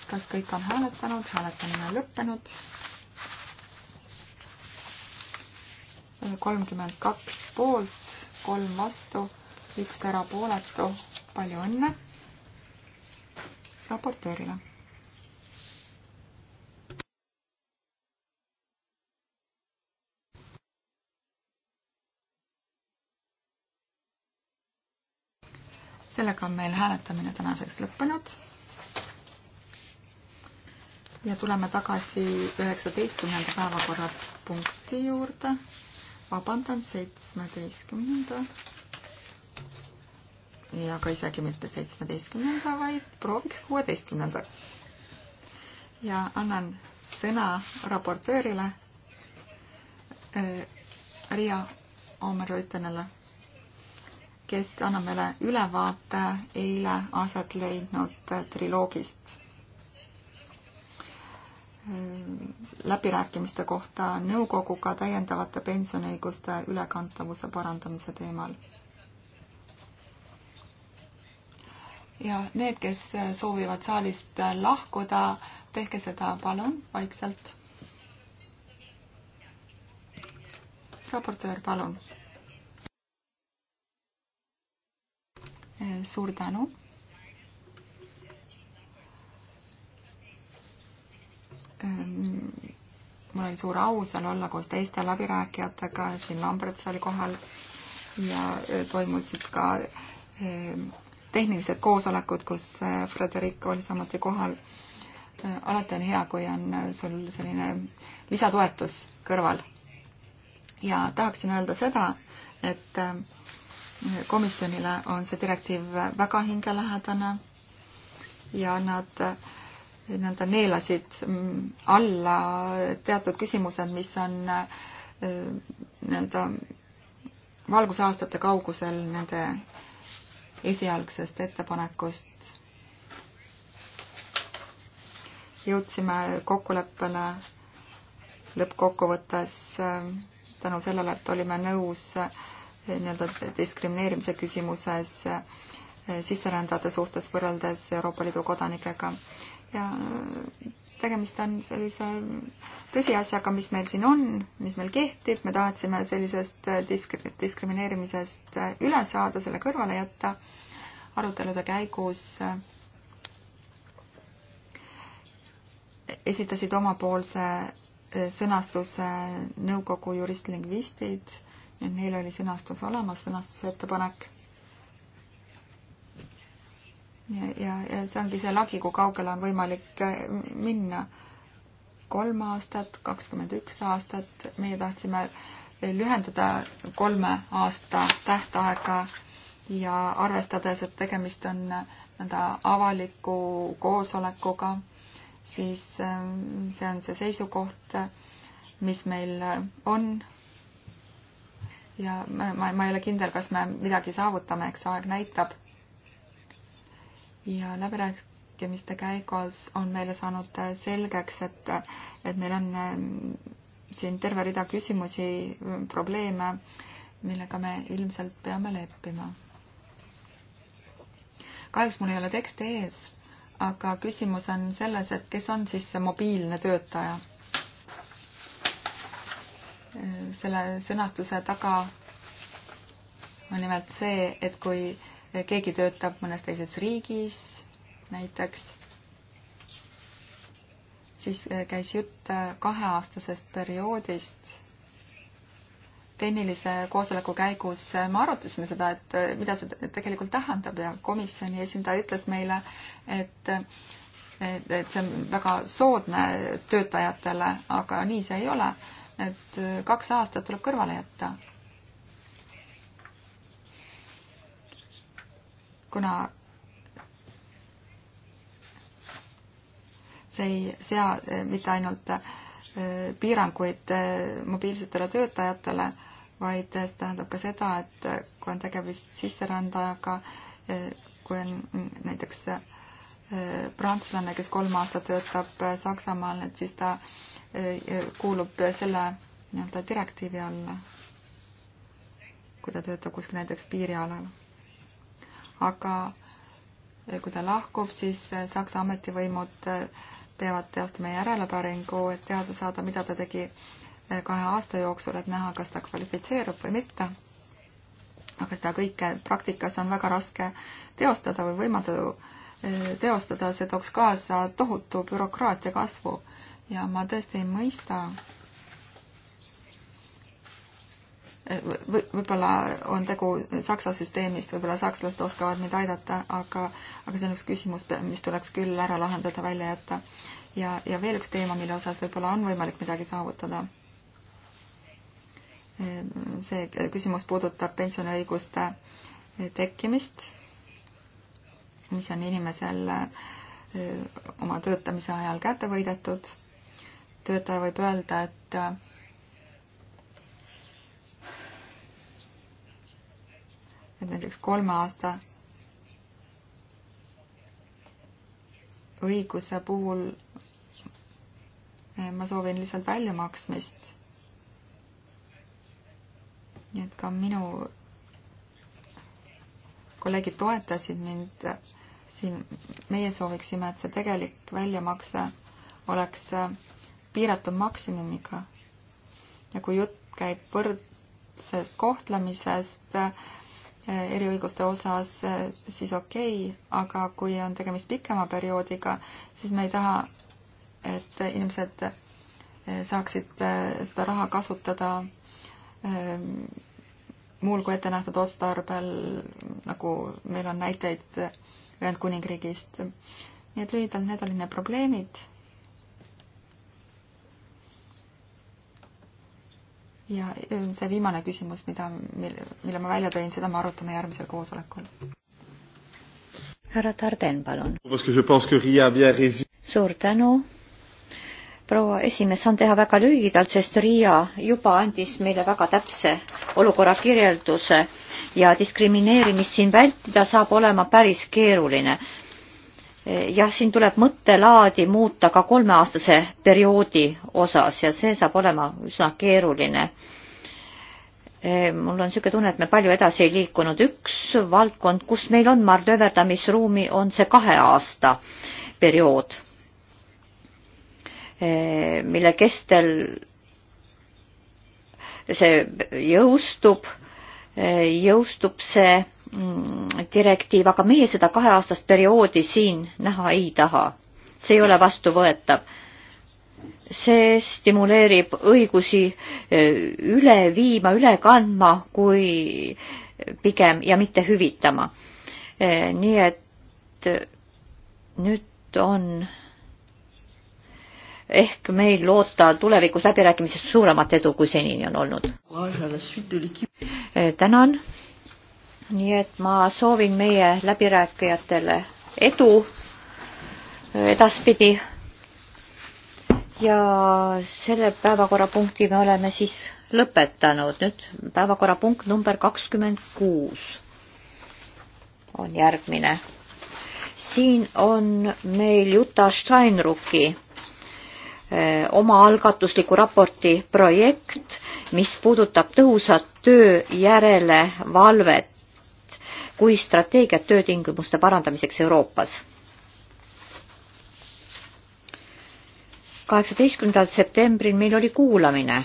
kas kõik on hääletanud, hääletamine on lõppenud? kolmkümmend kaks poolt, kolm vastu, üks erapooletu, palju õnne raportöörile sellega on meil hääletamine tänaseks lõppenud. ja tuleme tagasi üheksateistkümnenda päevakorrapunkti juurde. vabandan, seitsmeteistkümnenda. ja ka isegi mitte seitsmeteistkümnenda, vaid prooviks kuueteistkümnenda. ja annan sõna raportöörile äh, Riia Oomer-Rüütenele kes annab meile ülevaate eile aset leidnud triloogist läbirääkimiste kohta nõukoguga täiendavate pensioniõiguste ülekantavuse parandamise teemal. ja need, kes soovivad saalist lahkuda, tehke seda palun vaikselt. raportöör, palun Eh, suur tänu. Ehm, mul oli suur au seal olla koos teiste läbirääkijatega, Jean Lamberts oli kohal ja eh, toimusid ka ehm, tehnilised koosolekud, kus eh, Frederica oli samuti kohal. alati on hea, kui on sul selline lisatoetus kõrval. ja tahaksin öelda seda, et äh, komisjonile on see direktiiv väga hingelähedane ja nad nii-öelda neelasid alla teatud küsimused, mis on eh, nii-öelda valgusaastate kaugusel nende esialgsest ettepanekust. jõudsime kokkuleppele lõppkokkuvõttes eh, tänu sellele, et olime nõus äh, nii-öelda diskrimineerimise küsimuses eh, sisserändajate suhtes võrreldes Euroopa Liidu kodanikega. ja eh, tegemist on sellise tõsiasjaga, mis meil siin on, mis meil kehtib, me tahatsime sellisest eh, disk-, diskrimineerimisest üle saada, selle kõrvale jätta arutelude käigus esitasid omapoolse sõnastuse nõukogu juristlingvistid Neil oli sõnastus olemas, sõnastusettepanek. ja, ja, ja see ongi see lagi, kui kaugele on võimalik äh, minna. kolm aastat, kakskümmend üks aastat, meie tahtsime lühendada kolme aasta tähtaega ja arvestades, et tegemist on nii-öelda avaliku koosolekuga, siis äh, see on see seisukoht, mis meil on ja ma, ma, ma ei ole kindel, kas me midagi saavutame, eks aeg näitab. ja läbirääkimiste käigus on meile saanud selgeks, et, et meil on mm, siin terve rida küsimusi, probleeme, millega me ilmselt peame leppima. kahjuks mul ei ole teksti ees, aga küsimus on selles, et kes on siis see mobiilne töötaja selle sõnastuse taga on nimelt see, et kui keegi töötab mõnes teises riigis näiteks, siis käis jutt kaheaastasest perioodist. tehnilise koosoleku käigus me arutasime seda, et mida see tegelikult tähendab ja komisjoni esindaja ütles meile, et et see on väga soodne töötajatele, aga nii see ei ole et äh, kaks aastat tuleb kõrvale jätta. kuna see ei sea äh, mitte ainult äh, piiranguid mobiilsetele töötajatele, vaid see tähendab ka seda, et kui on tegemist sisserändajaga, kui on mm, näiteks prantslane, kes kolm aastat töötab Saksamaal, et siis ta äh, Äh, kuulub selle nii-öelda direktiivi alla, kui ta töötab kuskil näiteks piirialal. aga äh, kui ta lahkub, siis äh, Saksa ametivõimud peavad teostama järelepäringu, et teada saada, mida ta tegi kahe aasta jooksul, et näha, kas ta kvalifitseerub või mitte. aga seda kõike praktikas on väga raske teostada või võimatu teostada, see tooks kaasa tohutu bürokraatia kasvu ja ma tõesti ei mõista võib-olla on tegu Saksa süsteemist, võib-olla sakslased oskavad meid aidata, aga, aga see on üks küsimus, mis tuleks küll ära lahendada, välja jätta. ja, ja veel üks teema, mille osas võib-olla on võimalik midagi saavutada. see küsimus puudutab pensioniõiguste tekkimist, mis on inimesel eh, oma töötamise ajal kätte võidetud töötaja võib öelda, et äh, et näiteks kolme aasta õiguse puhul äh, ma soovin lihtsalt väljamaksmist. nii et ka minu kolleegid toetasid mind äh, siin, meie sooviksime, et see tegelik väljamakse oleks piiratud maksimumiga. ja kui jutt käib võrdsest kohtlemisest eh, eriõiguste osas, eh, siis okei okay,, aga kui on tegemist pikema perioodiga, siis me ei taha, et inimesed eh, saaksid seda raha kasutada muul kui ette nähtud otstarbel, nagu meil on näiteid Ühendkuningriigist. nii et lühidalt need olid need probleemid ja äh, see viimane küsimus, mida, mille ma välja tõin, seda me arutame järgmisel koosolekul. härra Tarden, palun. suur tänu. proua esimees, saan teha väga lühidalt, sest Riia juba andis meile väga täpse olukorra kirjelduse ja diskrimineerimist siin vältida saab olema päris keeruline jah, siin tuleb mõttelaadi muuta ka kolmeaastase perioodi osas ja see saab olema üsna keeruline. E, mul on niisugune tunne, et me palju edasi ei liikunud. üks valdkond, kus meil on manööverdamisruumi, on see kahe aasta periood, e, mille kestel see jõustub, e, jõustub see Mm, direktiiv, aga meie seda kaheaastast perioodi siin näha ei taha. see ei ole vastuvõetav. see stimuleerib õigusi eh, üle viima, üle kandma, kui pigem ja mitte hüvitama. Eh, nii et eh, nüüd on ehk meil loota tulevikus läbirääkimisest suuremat edu, kui senini on olnud. tänan nii et ma soovin meie läbirääkijatele edu äh, edaspidi. ja selle päevakorrapunkti me oleme siis lõpetanud, nüüd päevakorrapunkt number kakskümmend kuus on järgmine. siin on meil Juta Steinruki äh, omaalgatusliku raporti projekt, mis puudutab tõhusat töö järelevalvet kui strateegiat töötingimuste parandamiseks Euroopas. kaheksateistkümnendal septembril meil oli kuulamine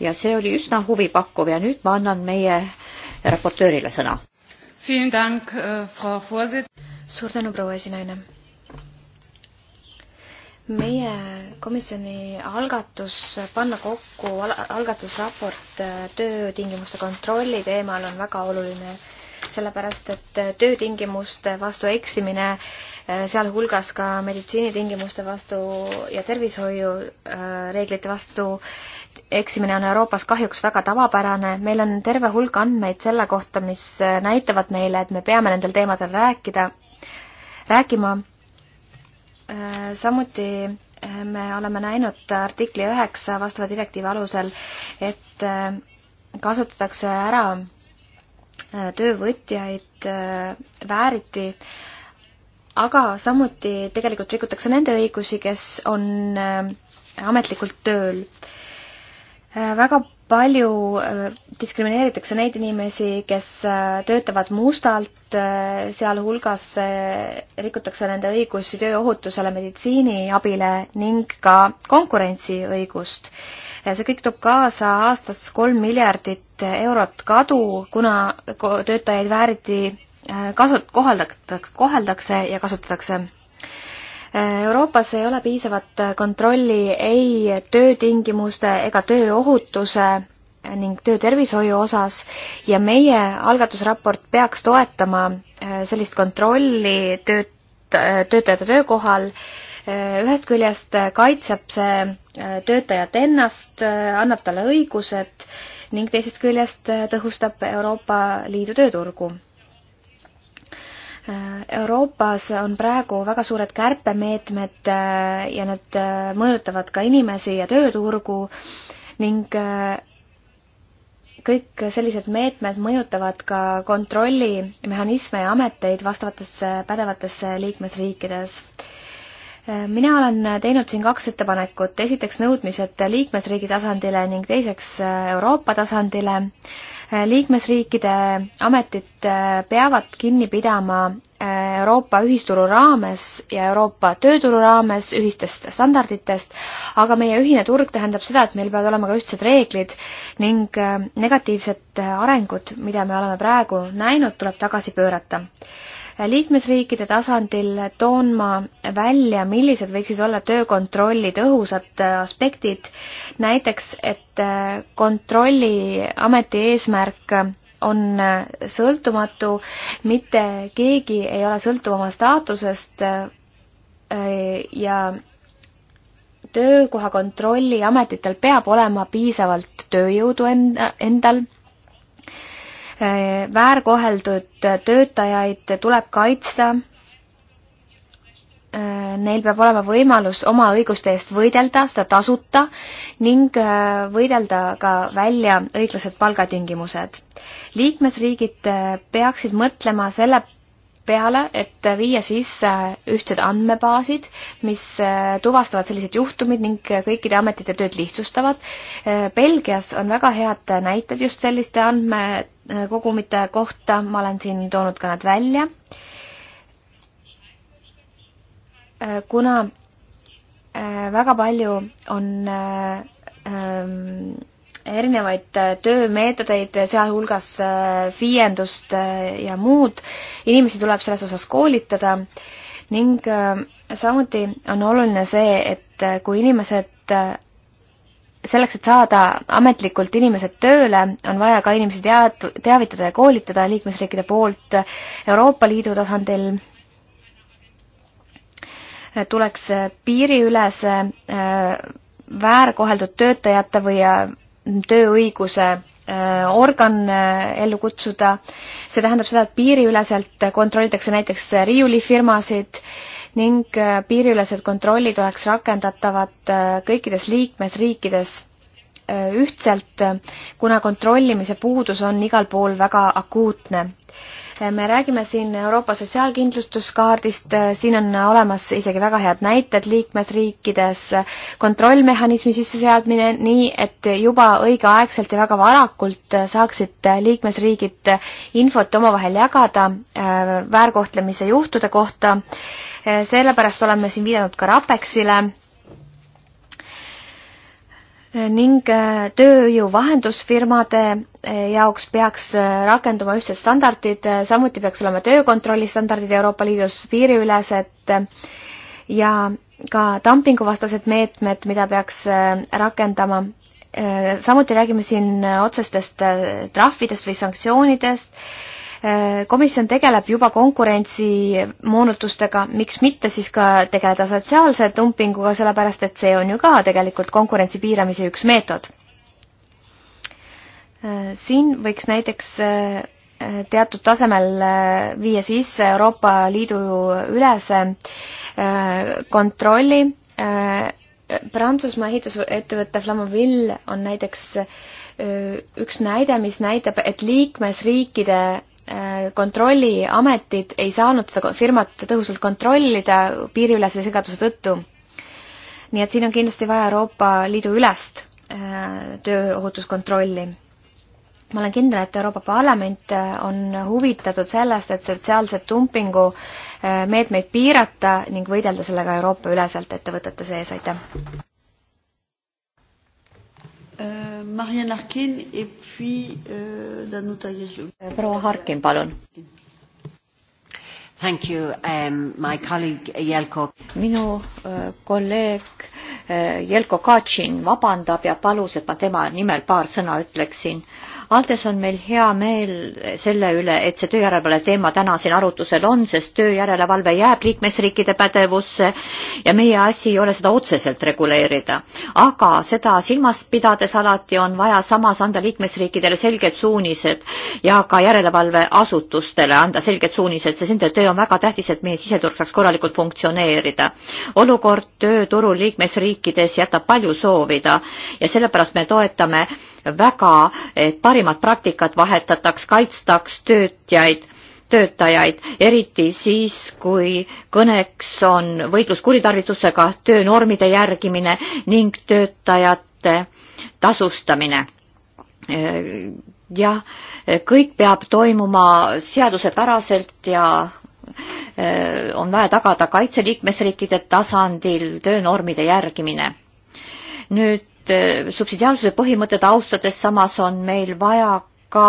ja see oli üsna huvipakkuv ja nüüd ma annan meie raportöörile sõna. Äh, suur tänu, proua esinaine meie komisjoni algatus panna kokku al algatusraport äh, töötingimuste kontrolli teemal on väga oluline sellepärast et töötingimuste vastu eksimine, äh, sealhulgas ka meditsiinitingimuste vastu ja tervishoiureeglite äh, vastu eksimine on Euroopas kahjuks väga tavapärane. meil on terve hulk andmeid selle kohta, mis äh, näitavad meile, et me peame nendel teemadel rääkida, rääkima. samuti me oleme näinud artikli üheksa vastava direktiivi alusel, et kasutatakse ära töövõtjaid äh, vääriti, aga samuti tegelikult rikutakse nende õigusi, kes on äh, ametlikult tööl. Äh, väga palju diskrimineeritakse neid inimesi, kes töötavad mustalt, sealhulgas rikutakse nende õigusi tööohutusele, meditsiiniabile ning ka konkurentsiõigust see kõik toob kaasa aastas kolm miljardit eurot kadu, kuna töötajaid vääriti äh, kasut-, kohaldatakse, koheldakse ja kasutatakse. Äh, Euroopas ei ole piisavat kontrolli ei töötingimuste ega tööohutuse ning töötervishoiu osas ja meie algatusraport peaks toetama äh, sellist kontrolli tööt-, töötajate töökohal äh, ühest küljest kaitseb see äh, töötajat ennast, äh, annab talle õigused ning teisest küljest äh, tõhustab Euroopa Liidu tööturgu. Euroopas on praegu väga suured kärpemeetmed ja need mõjutavad ka inimesi ja tööturgu ning kõik sellised meetmed mõjutavad ka kontrollimehhanisme ja ameteid vastavatesse pädevatesse liikmesriikides mina olen teinud siin kaks ettepanekut, esiteks nõudmised liikmesriigi tasandile ning teiseks äh, Euroopa tasandile. Äh, liikmesriikide ametid äh, peavad kinni pidama Euroopa ühisturu raames ja Euroopa tööturu raames ühistest standarditest, aga meie ühine turg tähendab seda, et meil peavad olema ka ühtsed reeglid ning negatiivsed arengud, mida me oleme praegu näinud, tuleb tagasi pöörata liikmesriikide tasandil toon ma välja, millised võiksid olla töökontrolli tõhusad aspektid. näiteks, et kontrolliameti eesmärk on sõltumatu, mitte keegi ei ole sõltuv oma staatusest äh, ja töökoha kontrolli ametitel peab olema piisavalt tööjõudu endal Äh, väärkoheldud töötajaid tuleb kaitsta. Äh, neil peab olema võimalus oma õiguste eest võidelda, seda tasuta ning äh, võidelda ka välja õiglased palgatingimused. liikmesriigid peaksid mõtlema selle peale, et viia sisse ühtsed andmebaasid, mis äh, tuvastavad sellised juhtumid ning kõikide ametite tööd lihtsustavad. Äh, Belgias on väga head näited just selliste andmekogumite kohta, ma olen siin toonud ka nad välja. Äh, kuna väga palju on ähm, erinevaid äh, töömeetodeid, sealhulgas äh, viiendust äh, ja muud. inimesi tuleb selles osas koolitada ning samuti on oluline see, et kui inimesed, selleks, et saada ametlikult inimesed tööle, on vaja ka inimesi tead-, teavitada ja koolitada liikmesriikide poolt Euroopa Liidu tasandil tuleks piiriülese väärkoheldud töötajate või tööõiguse äh, organ äh, ellu kutsuda. see tähendab seda, et piiriüleselt kontrollitakse näiteks riiulifirmasid ning äh, piiriülesed kontrollid oleks rakendatavad kõikides liikmesriikides Äh, ühtselt, kuna kontrollimise puudus on igal pool väga akuutne. Äh, me räägime siin Euroopa sotsiaalkindlustuskaardist, äh, siin on olemas isegi väga head näited liikmesriikides, kontrollmehhanismi sisseseadmine nii, et juba õigeaegselt ja väga varakult saaksid liikmesriigid infot omavahel jagada väärkohtlemise juhtude kohta, sellepärast oleme siin viidanud ka RAPEX-ile ning äh, tööjõu vahendusfirmade äh, jaoks peaks äh, rakenduma ühtsed standardid, samuti peaks olema töökontrolli standardid Euroopa Liidus piiriülesed ja ka dumpinguvastased meetmed, mida peaks rakendama. samuti räägime siin otsestest trahvidest või sanktsioonidest Äh, komisjon tegeleb juba konkurentsimoonutustega, miks mitte siis ka tegeleda sotsiaalse dumpinguga, sellepärast et see on ju ka tegelikult konkurentsi piiramise üks meetod. Äh, siin võiks näiteks äh, teatud tasemel viia sisse Euroopa Liidu ülese kontrolli. Prantsusmaa ehitusettevõte Flamanville on näiteks üks näide, mis näitab, et liikmesriikide Äh, kontrolliametid ei saanud seda firmat tõhusalt kontrollida piiriülese segaduse tõttu. nii et siin on kindlasti vaja Euroopa Liidu ülest äh, tööohutuskontrolli. ma olen kindel, et Euroopa Parlament äh, on huvitatud sellest, et sotsiaalse dumpingu meetmeid piirata ning võidelda sellega Euroopa üleselt ettevõtete sees, aitäh! Uh, Marianne Harkin et puis euh, Danuta Jeslu. proua euh, Harkin, palun. Thank you um,, my colleague uh, Jelko. minu uh, kolleeg uh, Jelko Katšin vabandab ja palus, et ma tema nimel paar sõna ütleksin uh, Aldes on meil hea meel selle üle, et see tööjärelevalve teema täna siin arutusel on, sest tööjärelevalve jääb liikmesriikide pädevusse ja meie asi ei ole seda otseselt reguleerida. aga seda silmas pidades alati on vaja samas anda liikmesriikidele selged suunised ja ka järelevalveasutustele anda selged suunised, sest nende töö on väga tähtis, et meie siseturg saaks korralikult funktsioneerida. olukord tööturul liikmesriikides jätab palju soovida ja sellepärast me toetame väga, et parimad praktikad vahetataks, kaitstaks töötjaid töötajaid, eriti siis, kui kõneks on võitlus kuritarvitusega, töönormide järgimine ning töötajate tasustamine. jah, kõik peab toimuma seadusepäraselt ja eh, on vaja tagada kaitse liikmesriikide tasandil töönormide järgimine. nüüd Äh, subsidiaalsuse põhimõtet austades samas on meil vaja ka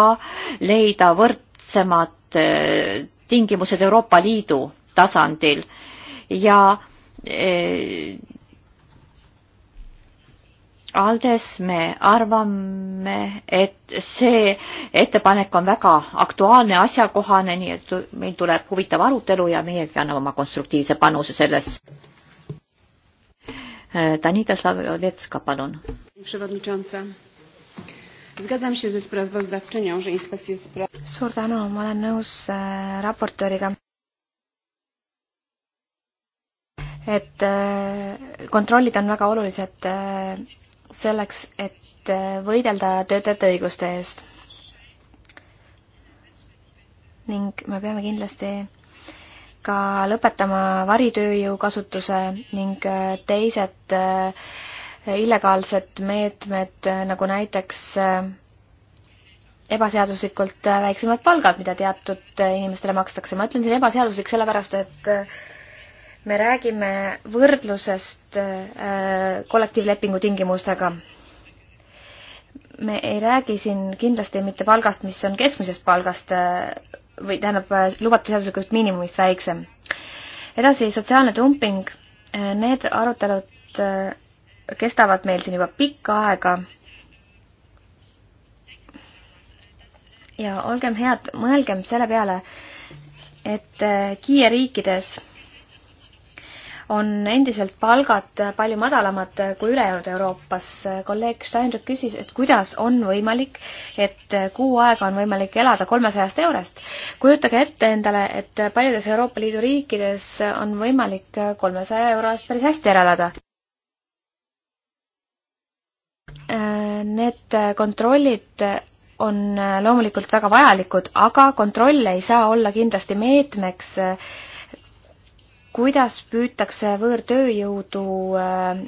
leida võrdsemad äh, tingimused Euroopa Liidu tasandil ja äh, Aldes me arvame, et see ettepanek on väga aktuaalne, asjakohane, nii et meil tuleb huvitav arutelu ja meiegi anname oma konstruktiivse panuse selles. Danita Slawiecka, palun. Zgadzam się ze sprawozdawczynią, że inspekcje spraw... Suur tänu, ma olen nõus äh, raportööriga. et äh, kontrollid on väga olulised äh, selleks, et äh, võidelda töötajate õiguste eest. ning me peame kindlasti ka lõpetama varitööjõu kasutuse ning äh, teised äh, illegaalsed meetmed, äh, nagu näiteks ebaseaduslikult väiksemad palgad, mida teatud inimestele makstakse. ma ütlen siin ebaseaduslik sellepärast, et me räägime võrdlusest kollektiivlepingu tingimustega. me ei räägi siin kindlasti mitte palgast, mis on keskmisest palgast või tähendab, äh, lubatud seaduslikust miinimumist väiksem. edasi, sotsiaalne dumping, äh, need arutelud äh, kestavad meil siin juba pikka aega. ja olgem head, mõelgem selle peale, et Kiie riikides on endiselt palgad palju madalamad kui ülejäänud Euroopas. kolleeg Steinrück küsis, et kuidas on võimalik, et kuu aega on võimalik elada kolmesajast eurost. kujutage ette endale, et paljudes Euroopa Liidu riikides on võimalik kolmesaja euro eest päris hästi ära elada. Need kontrollid on loomulikult väga vajalikud, aga kontroll ei saa olla kindlasti meetmeks äh, kuidas püütakse võõrtööjõudu äh,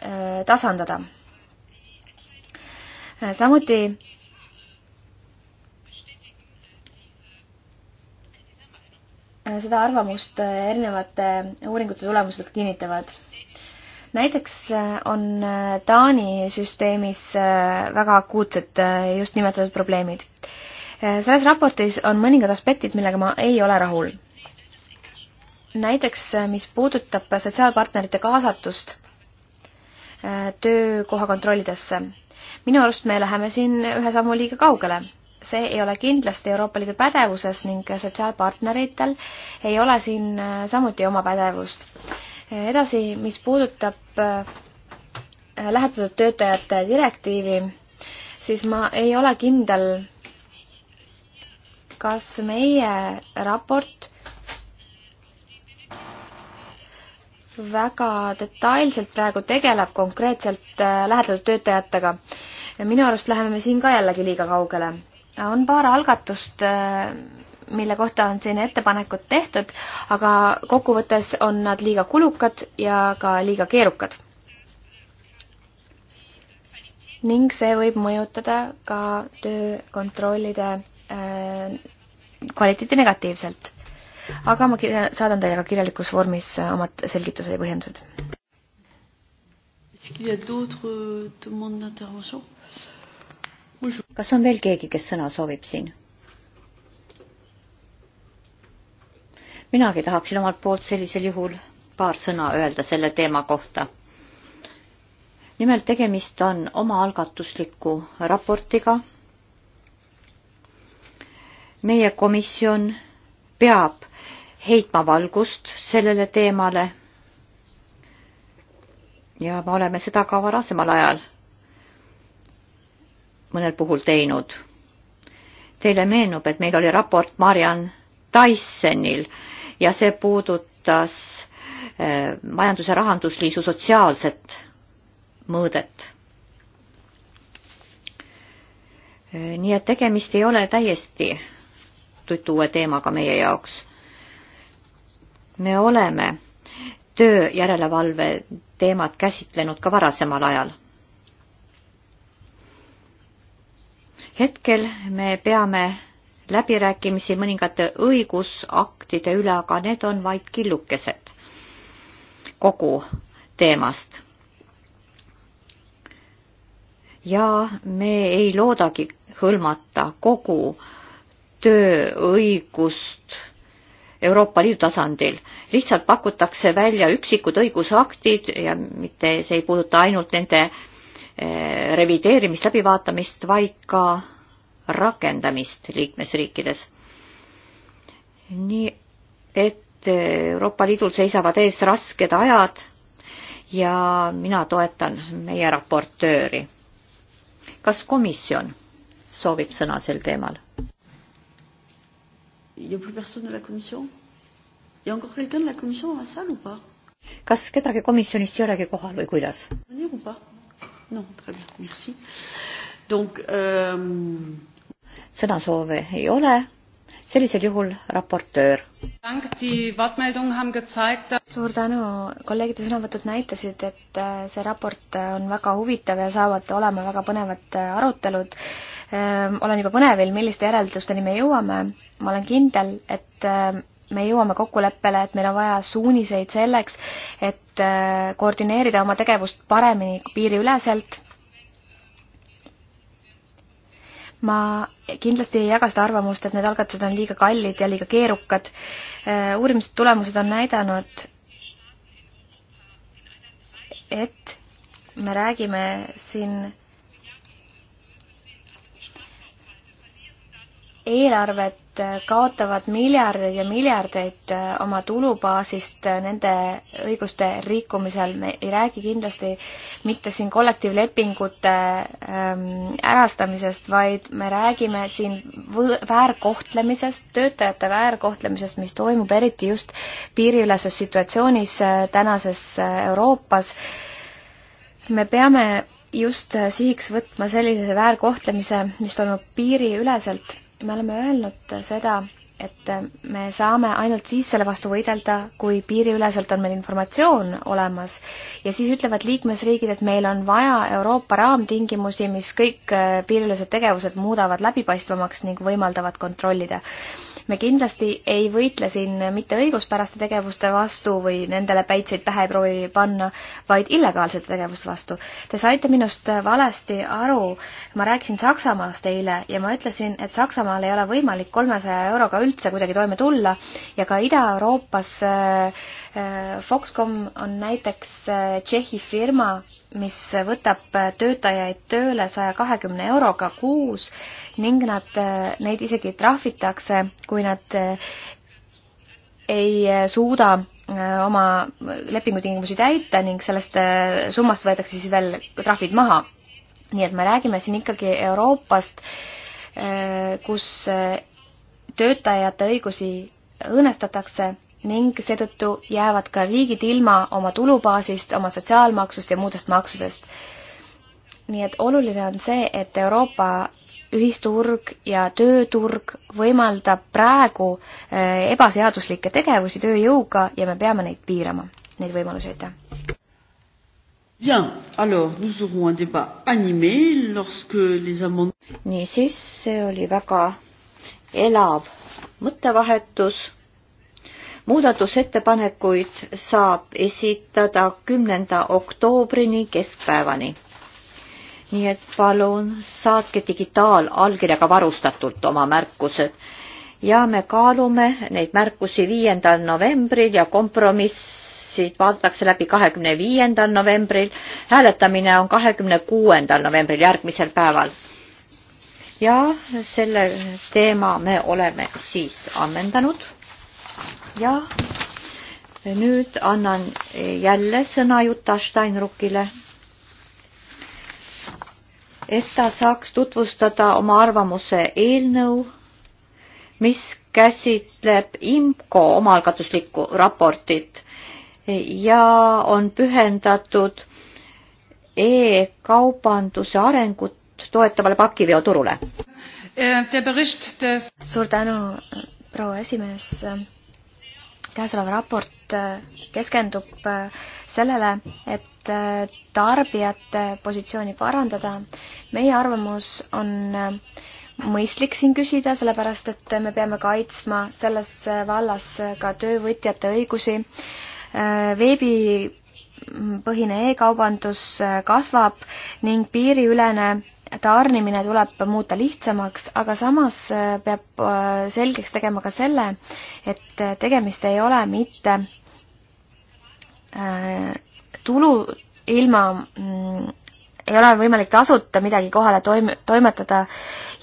äh, tasandada. Äh, samuti seda arvamust erinevate uuringute tulemused ka kinnitavad. näiteks on Taani süsteemis väga akuutsed just nimetatud probleemid. selles raportis on mõningad aspektid, millega ma ei ole rahul näiteks, mis puudutab sotsiaalpartnerite kaasatust äh, töökoha kontrollidesse. minu arust me läheme siin ühe sammu liiga kaugele. see ei ole kindlasti Euroopa Liidu pädevuses ning sotsiaalpartneritel ei ole siin äh, samuti oma pädevust. Äh, edasi, mis puudutab lähetatud töötajate direktiivi, siis ma ei ole kindel, kas meie raport väga detailselt praegu tegeleb konkreetselt äh, lähetatud töötajatega. minu arust läheme me siin ka jällegi liiga kaugele. on paar algatust, äh, mille kohta on siin ettepanekud tehtud, aga kokkuvõttes on nad liiga kulukad ja ka liiga keerukad. ning see võib mõjutada ka töökontrollide äh, kvaliteeti negatiivselt aga ma kirja, saadan teile ka kirjalikus vormis omad selgitused ja põhjendused. kas on veel keegi, kes sõna soovib siin? minagi tahaksin omalt poolt sellisel juhul paar sõna öelda selle teema kohta. nimelt tegemist on omaalgatusliku raportiga meie komisjon peab heitma valgust sellele teemale. ja me oleme seda ka varasemal ajal mõnel puhul teinud. Teile meenub, et meil oli raport Marian Tysonil ja see puudutas eh, majandus- ja rahandusliisu sotsiaalset mõõdet. Eh, nii et tegemist ei ole täiesti teatud uue teemaga meie jaoks. me oleme töö järelevalve teemat käsitlenud ka varasemal ajal. hetkel me peame läbirääkimisi mõningate õigusaktide üle, aga need on vaid killukesed kogu teemast. ja me ei loodagi hõlmata kogu äh, tööõigust Euroopa Liidu tasandil. lihtsalt pakutakse välja üksikud õigusaktid ja mitte see ei puuduta ainult nende eh, revideerimist, läbivaatamist, vaid ka rakendamist liikmesriikides. nii et Euroopa Liidul seisavad ees rasked ajad ja mina toetan meie raportööri. kas komisjon soovib sõna sel teemal? Il n'y a plus personne de la commission Il y a encore quelqu'un de la commission dans la salle ou pas kas kedagi komisjonist ei olegi kohal või kuidas? Euh, sõnasoove ei ole, sellisel juhul raportöör. suur tänu, kolleegide sõnavõtud näitasid, et äh, see raport äh, on väga huvitav ja saavad olema väga põnevad äh, arutelud Ehm, olen juba põnevil, milliste järeldusteni me jõuame. ma olen kindel, et ehm, me jõuame kokkuleppele, et meil on vaja suuniseid selleks, et ehm, koordineerida oma tegevust paremini piiriüleselt. ma kindlasti ei jaga seda arvamust, et need algatused on liiga kallid ja liiga keerukad. uurimistulemused on näidanud, et me räägime siin eelarved kaotavad miljardeid ja miljardeid äh, oma tulubaasist äh, nende õiguste rikkumisel. me ei räägi kindlasti mitte siin kollektiivlepingute ähm, ärastamisest, vaid me räägime siin väärkohtlemisest, töötajate väärkohtlemisest, mis toimub eriti just piiriüleses situatsioonis äh, tänases Euroopas. me peame just sihiks võtma sellise väärkohtlemise, mis toimub piiriüleselt me oleme öelnud seda, et me saame ainult siis selle vastu võidelda, kui piiriüleselt on meil informatsioon olemas ja siis ütlevad liikmesriigid, et meil on vaja Euroopa raamtingimusi, mis kõik piiriülesed tegevused muudavad läbipaistvamaks ning võimaldavad kontrollida me kindlasti ei võitle siin mitte õiguspäraste tegevuste vastu või nendele päitseid pähe ei proovi panna, vaid illegaalsete tegevuste vastu. Te saite minust valesti aru, ma rääkisin Saksamaast eile ja ma ütlesin, et Saksamaal ei ole võimalik kolmesaja euroga üldse kuidagi toime tulla ja ka Ida-Euroopas äh, äh, Foxcom on näiteks äh, Tšehhi firma, mis võtab töötajaid tööle saja kahekümne euroga kuus ning nad, neid isegi trahvitakse, kui nad ei suuda äh, oma lepingutingimusi täita ning sellest äh, summast võetakse siis veel trahvid maha. nii et me räägime siin ikkagi Euroopast, äh, kus töötajate õigusi õõnestatakse ning seetõttu jäävad ka riigid ilma oma tulubaasist, oma sotsiaalmaksust ja muudest maksudest. nii et oluline on see, et Euroopa ühisturg ja tööturg võimaldab praegu eh, ebaseaduslikke tegevusi tööjõuga ja me peame neid piirama, neid võimalusi, aitäh. Bien, alors nous aurons un débat animé lorsque les amendements. niisiis, see oli väga elav mõttevahetus muudatusettepanekuid saab esitada kümnenda oktoobrini keskpäevani. nii et palun saatke digitaalallkirjaga varustatult oma märkused ja me kaalume neid märkusi viiendal novembril ja kompromissid vaadatakse läbi kahekümne viiendal novembril. hääletamine on kahekümne kuuendal novembril, järgmisel päeval. ja selle teema me oleme siis ammendanud ja nüüd annan jälle sõna Juta Steinruckile, et ta saaks tutvustada oma arvamuse eelnõu, mis käsitleb IMCO omaalgatuslikku raportit ja on pühendatud e-kaubanduse arengut toetavale pakiveoturule. Äh, suur tänu, proua esimees käesolev raport äh, keskendub äh, sellele, et äh, tarbijate positsiooni parandada. meie arvamus on mõistlik siin küsida, sellepärast et me peame kaitsma selles vallas ka töövõtjate õigusi. veebipõhine e-kaubandus kasvab ning piiriülene tarnimine tuleb muuta lihtsamaks, aga samas äh, peab äh, selgeks tegema ka selle, et äh, tegemist ei ole mitte tulu ilma, mm, ei ole võimalik tasuta midagi kohale toim-, toimetada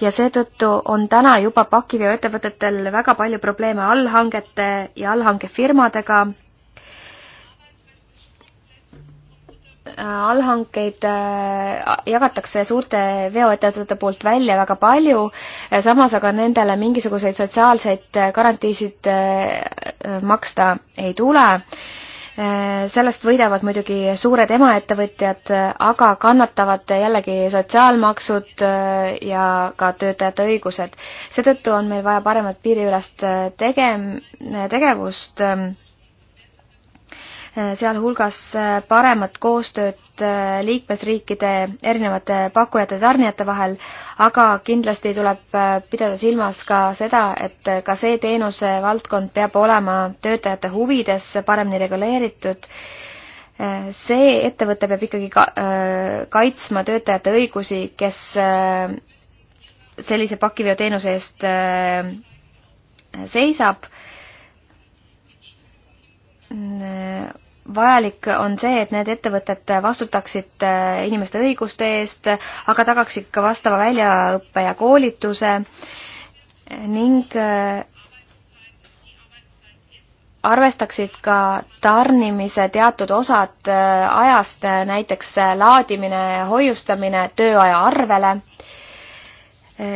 ja seetõttu on täna juba pakiveoettevõtetel väga palju probleeme allhangete ja allhankefirmadega allhankeid äh, jagatakse suurte veoettevõtete poolt välja väga palju, äh, samas aga nendele mingisuguseid sotsiaalseid garantiisid äh, maksta ei tule. sellest võidavad muidugi suured emaettevõtjad, aga kannatavad jällegi sotsiaalmaksud ja ka töötajate õigused. seetõttu on meil vaja paremat piiriülest tege-, tegevust ähm, Äh, sealhulgas äh, paremat koostööd äh, liikmesriikide erinevate pakkujate ja tarnijate vahel, aga kindlasti tuleb pidada silmas ka seda, et ka see teenusevaldkond peab olema töötajate huvides paremini reguleeritud. see ettevõte peab ikkagi ka, kaitsma töötajate õigusi, kes sellise pakiveoteenuse eest seisab vajalik on see, et need ettevõtted vastutaksid äh, inimeste õiguste eest, aga tagaksid ka vastava väljaõppe ja koolituse ning äh, arvestaksid ka tarnimise teatud osad äh, ajast, näiteks laadimine ja hoiustamine tööaja arvele.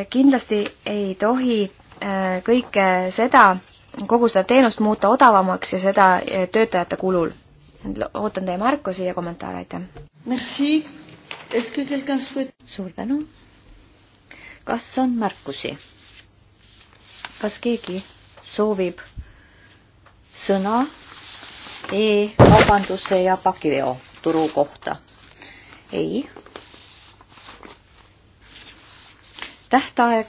kindlasti ei tohi kõike seda kogu seda teenust muuta odavamaks ja seda eh, töötajate kulul. ootan teie märkusi ja kommentaare, aitäh! suur tänu! kas on märkusi? kas keegi soovib sõna e-kaubanduse ja pakiveo turu kohta? ei. tähtaeg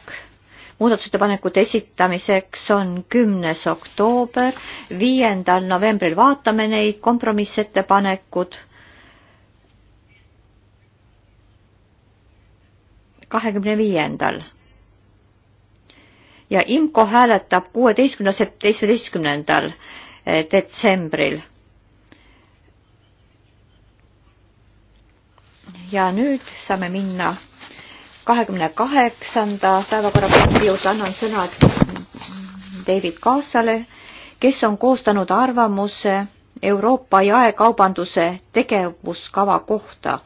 muudatusettepanekute esitamiseks on kümnes oktoober, viiendal novembril vaatame neid kompromissettepanekud. kahekümne viiendal. ja IMCO hääletab kuueteistkümnendal, seitsmeteistkümnendal eh, detsembril ja nüüd saame minna kahekümne kaheksanda päevakorrapunkti juurde annan sõna David Kaasale, kes on koostanud arvamuse Euroopa jaekaubanduse tegevuskava kohta,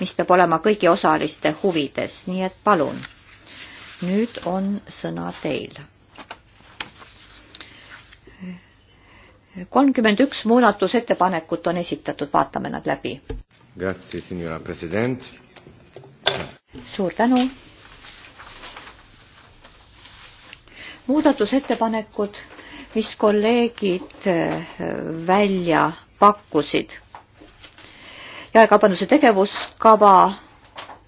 mis peab olema kõigi osaliste huvides, nii et palun, nüüd on sõna teil. kolmkümmend üks muudatusettepanekut on esitatud, vaatame nad läbi. Grazie, signora president suur tänu. muudatusettepanekud, mis kolleegid äh, välja pakkusid jaekaubanduse tegevuskava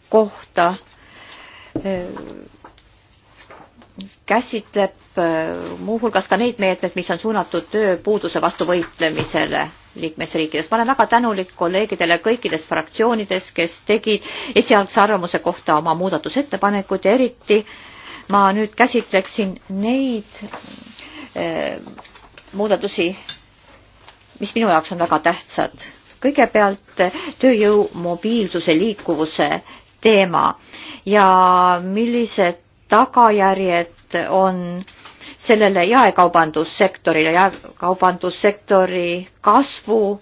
kohta äh, käsitleb äh, muuhulgas ka neid meetmeid, mis on suunatud tööpuuduse vastu võitlemisele liikmesriikides. ma olen väga tänulik kolleegidele kõikides fraktsioonides, kes tegid esialgse arvamuse kohta oma muudatusettepanekud ja eriti ma nüüd käsitleksin neid eh, muudatusi, mis minu jaoks on väga tähtsad. kõigepealt äh, tööjõu mobiilsuse liikuvuse teema ja millised tagajärjed on sellele jaekaubandussektorile, jaekaubandussektori kasvu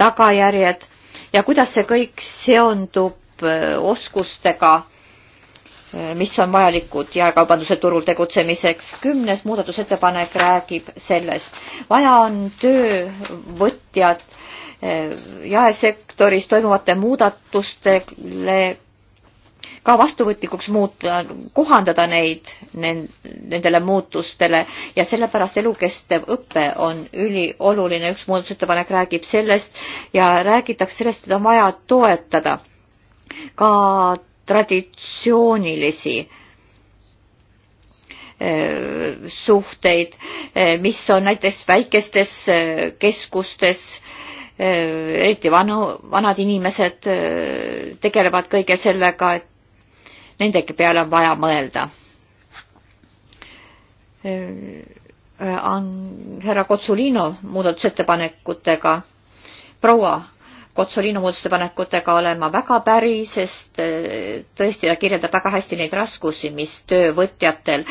tagajärjed ja kuidas see kõik seondub äh, oskustega, äh, mis on vajalikud jaekaubanduse turul tegutsemiseks. kümnes muudatusettepanek räägib sellest. vaja on töövõtjad äh, jaesektoris toimuvate muudatustele ka vastuvõtlikuks muuta, kohandada neid nendele muutustele ja sellepärast elukestev õpe on ülioluline. üks muudatusettepanek räägib sellest ja räägitakse sellest, et on vaja toetada ka traditsioonilisi äh, suhteid, äh, mis on näiteks väikestes äh, keskustes, eriti vanu, vanad inimesed tegelevad kõige sellega, et nendegi peale on vaja mõelda. Äh, härra Kotsulino muudatusettepanekutega, proua Kotsolinu muudatusettepanekutega olen ma väga päri, sest äh, tõesti ta kirjeldab väga hästi neid raskusi, mis töövõtjatel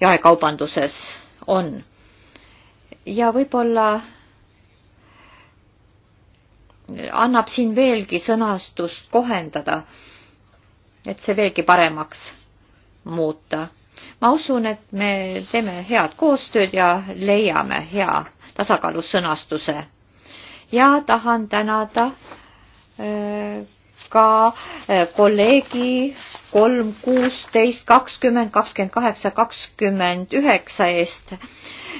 jaekaubanduses on. ja võib-olla annab siin veelgi sõnastust kohendada et see veelgi paremaks muuta. ma usun, et me teeme head koostööd ja leiame hea tasakaalus sõnastuse. ja tahan tänada äh, ka äh, kolleegi kolm, kuusteist, kakskümmend, kakskümmend kaheksa, kakskümmend üheksa eest.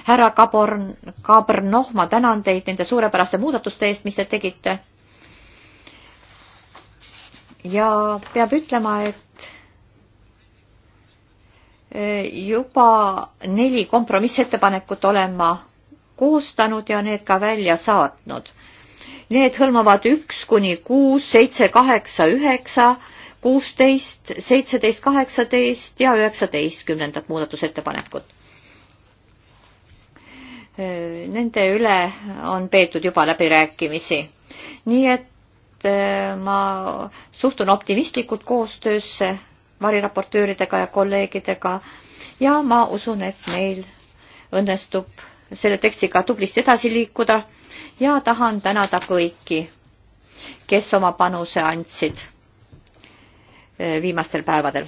härra Kabor, Kabrnoh, ma tänan teid nende suurepäraste muudatuste eest, mis te tegite ja peab ütlema, et eh, juba neli kompromissettepanekut olen ma koostanud ja need ka välja saatnud. Need hõlmavad üks kuni kuus, seitse, kaheksa, üheksa, kuusteist, seitseteist, kaheksateist ja üheksateistkümnendat muudatusettepanekut. Eh, nende üle on peetud juba läbirääkimisi. nii et et äh, ma suhtun optimistlikult koostöösse variraportööridega ja kolleegidega ja ma usun, et meil õnnestub selle tekstiga tublisti edasi liikuda ja tahan tänada kõiki, kes oma panuse andsid äh, viimastel päevadel.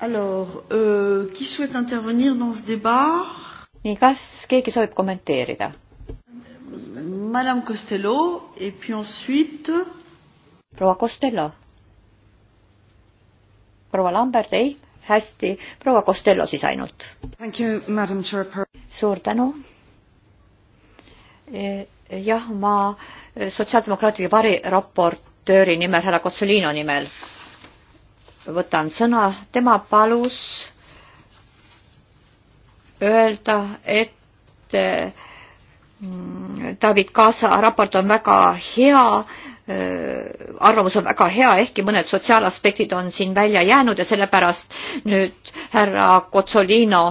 Alors, euh, qui souhaite intervenir dans ce débat? nii, kas keegi soovib kommenteerida? Madame Costello et puis ensuite. proua Costello. proua Lambert, ei, hästi, proua Costello siis ainult. suur tänu. E, jah, ma e, sotsiaaldemokraatide variraportööri nimel, härra Kotsolino nimel võtan sõna, tema palus öelda, et e, David Kaasa raport on väga hea, äh, arvamus on väga hea, ehkki mõned sotsiaalaspektid on siin välja jäänud ja sellepärast nüüd härra Kotsolino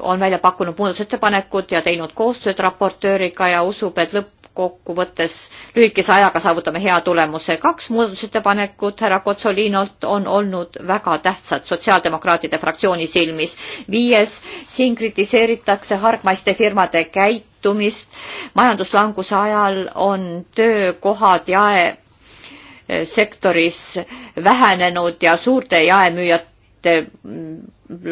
on välja pakkunud muudatusettepanekud ja teinud koostööd raportööriga ja usub, et lõppkokkuvõttes lühikese ajaga saavutame hea tulemuse. kaks muudatusettepanekut härra Kotsoliinolt on olnud väga tähtsad sotsiaaldemokraatide fraktsiooni silmis. viies, siin kritiseeritakse hargmaiste firmade käitumist. majanduslanguse ajal on töökohad jaesektoris vähenenud ja suurte jaemüüjate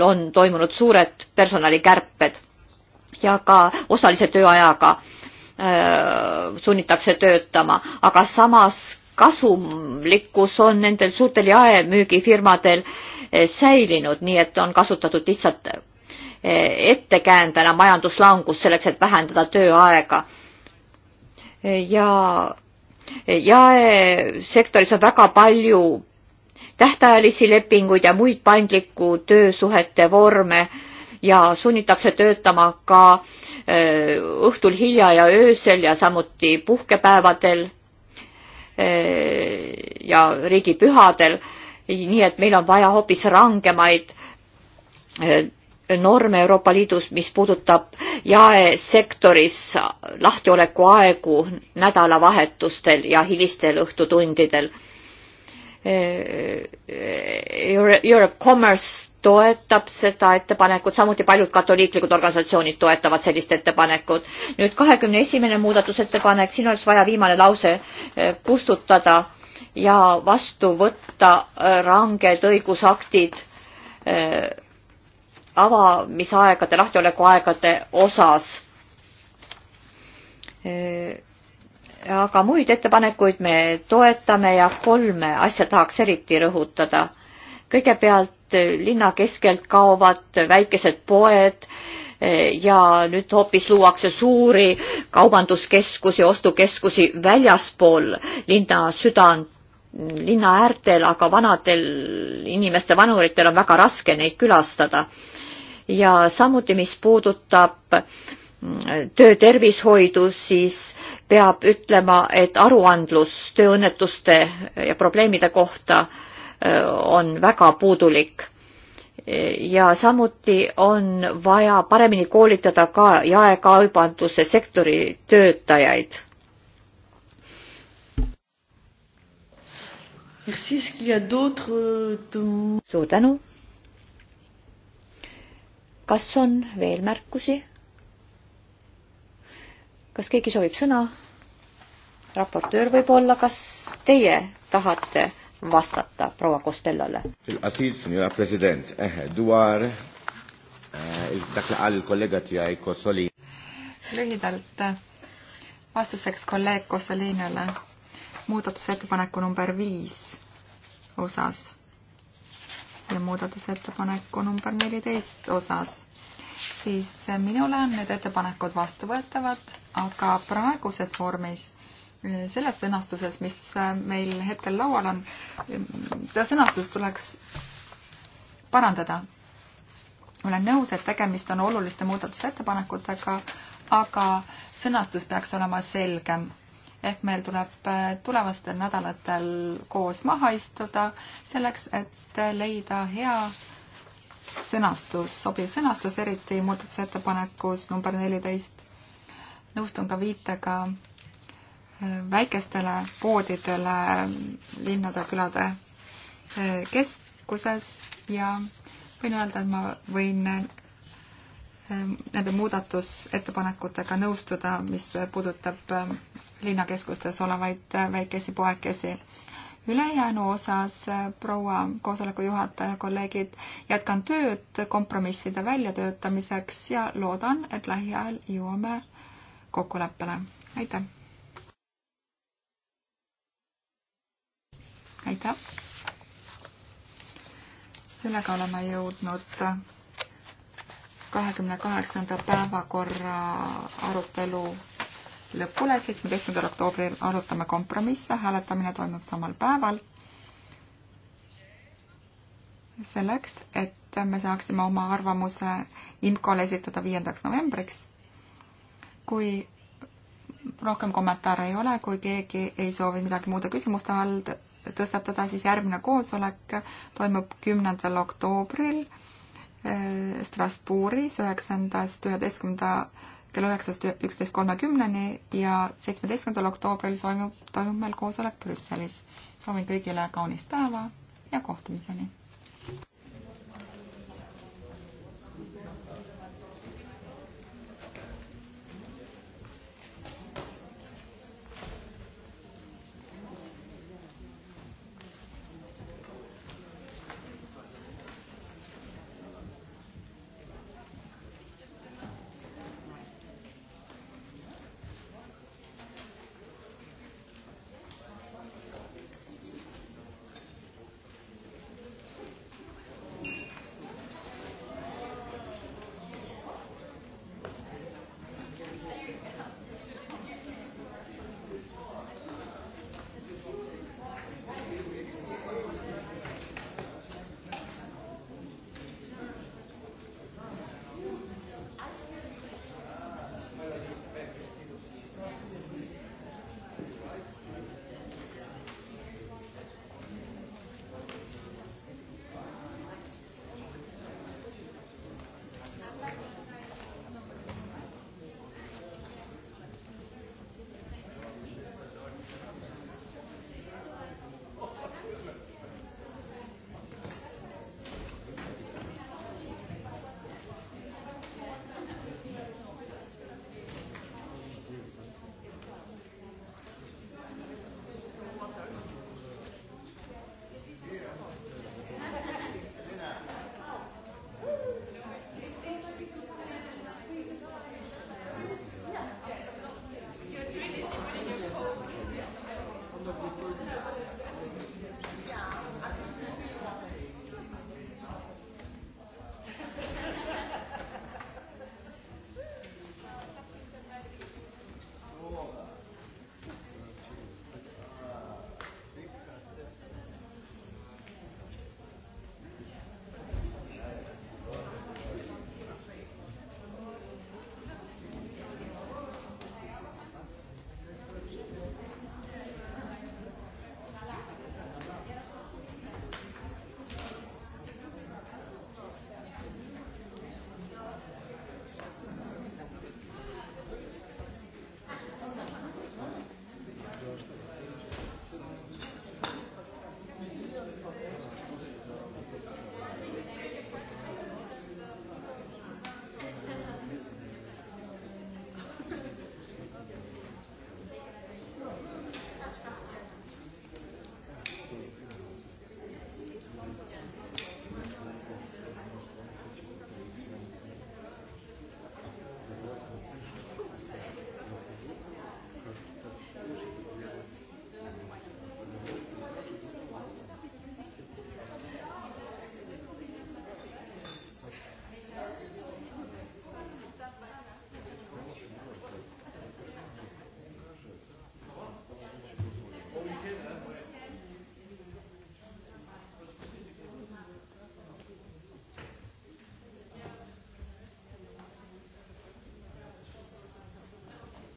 on toimunud suured personalikärped ja ka osalise tööajaga äh, sunnitakse töötama, aga samas kasumlikkus on nendel suurtel jaemüügifirmadel äh, säilinud, nii et on kasutatud lihtsalt äh, ettekäändena majanduslangust selleks, et vähendada tööaega. ja jaesektoris on väga palju tähtajalisi lepinguid ja muid paindliku töösuhete vorme ja sunnitakse töötama ka õhtul hilja ja öösel ja samuti puhkepäevadel ja riigipühadel. nii et meil on vaja hoopis rangemaid norme Euroopa Liidus, mis puudutab jaesektoris lahtioleku aegu nädalavahetustel ja hilistel õhtutundidel Eh, eh, Europe Commerce toetab seda ettepanekut, samuti paljud katoliiklikud organisatsioonid toetavad sellist ettepanekut. nüüd kahekümne esimene muudatusettepanek, siin oleks vaja viimane lause eh, kustutada ja vastu võtta ranged õigusaktid avamisaegade, lahtiolekuaegade osas aga muid ettepanekuid me toetame ja kolme asja tahaks eriti rõhutada. kõigepealt eh, linna keskelt kaovad väikesed poed eh, ja nüüd hoopis luuakse suuri kaubanduskeskusi, ostukeskusi väljaspool linna südant, linna äärtel, aga vanadel inimestel, vanuritel on väga raske neid külastada. ja samuti, mis puudutab mm, töötervishoidu, siis peab ütlema, et aruandlus tööõnnetuste ja probleemide kohta on väga puudulik. ja samuti on vaja paremini koolitada ka jaekaubanduse sektori töötajaid. Euh, suur tänu. kas on veel märkusi? kas keegi soovib sõna? raportöör võib-olla, kas teie tahate vastata proua Costellole? Eh, eh, lühidalt eh, vastuseks kolleeg Kosolinale muudatusettepaneku number viis osas ja muudatusettepaneku number neliteist osas siis minule on need ettepanekud vastuvõetavad, aga praeguses vormis, selles sõnastuses, mis meil hetkel laual on, seda sõnastust tuleks parandada. olen nõus, et tegemist on oluliste muudatusettepanekutega, aga sõnastus peaks olema selgem. ehk meil tuleb tulevastel nädalatel koos maha istuda selleks, et leida hea sõnastus, sobiv sõnastus, eriti muudatusettepanekus number neliteist. nõustun ka viitega äh, väikestele poodidele äh, linnade-külade äh, keskuses ja võin öelda, et ma võin nende muudatusettepanekutega nõustuda, mis puudutab linnakeskustes olevaid väikesi poekesi ülejäänu osas, äh, proua koosoleku juhataja, kolleegid, jätkan tööd kompromisside väljatöötamiseks ja loodan, et lähiajal jõuame kokkuleppele. aitäh! aitäh! sellega oleme jõudnud kahekümne kaheksanda päevakorra arutelu lõpule, seitsmeteistkümnendal oktoobril arutame kompromisse, hääletamine toimub samal päeval. selleks, et me saaksime oma arvamuse IMCO-le esitada viiendaks novembriks. kui rohkem kommentaare ei ole, kui keegi ei soovi midagi muude küsimuste all tõstatada, siis järgmine koosolek toimub kümnendal oktoobril eh, Strasbourgis üheksandast üheteistkümnenda kella üheksast üksteist kolmekümneni ja seitsmeteistkümnendal oktoobril toimub, toimub meil koosolek Brüsselis. soovin kõigile kaunist päeva ja kohtumiseni!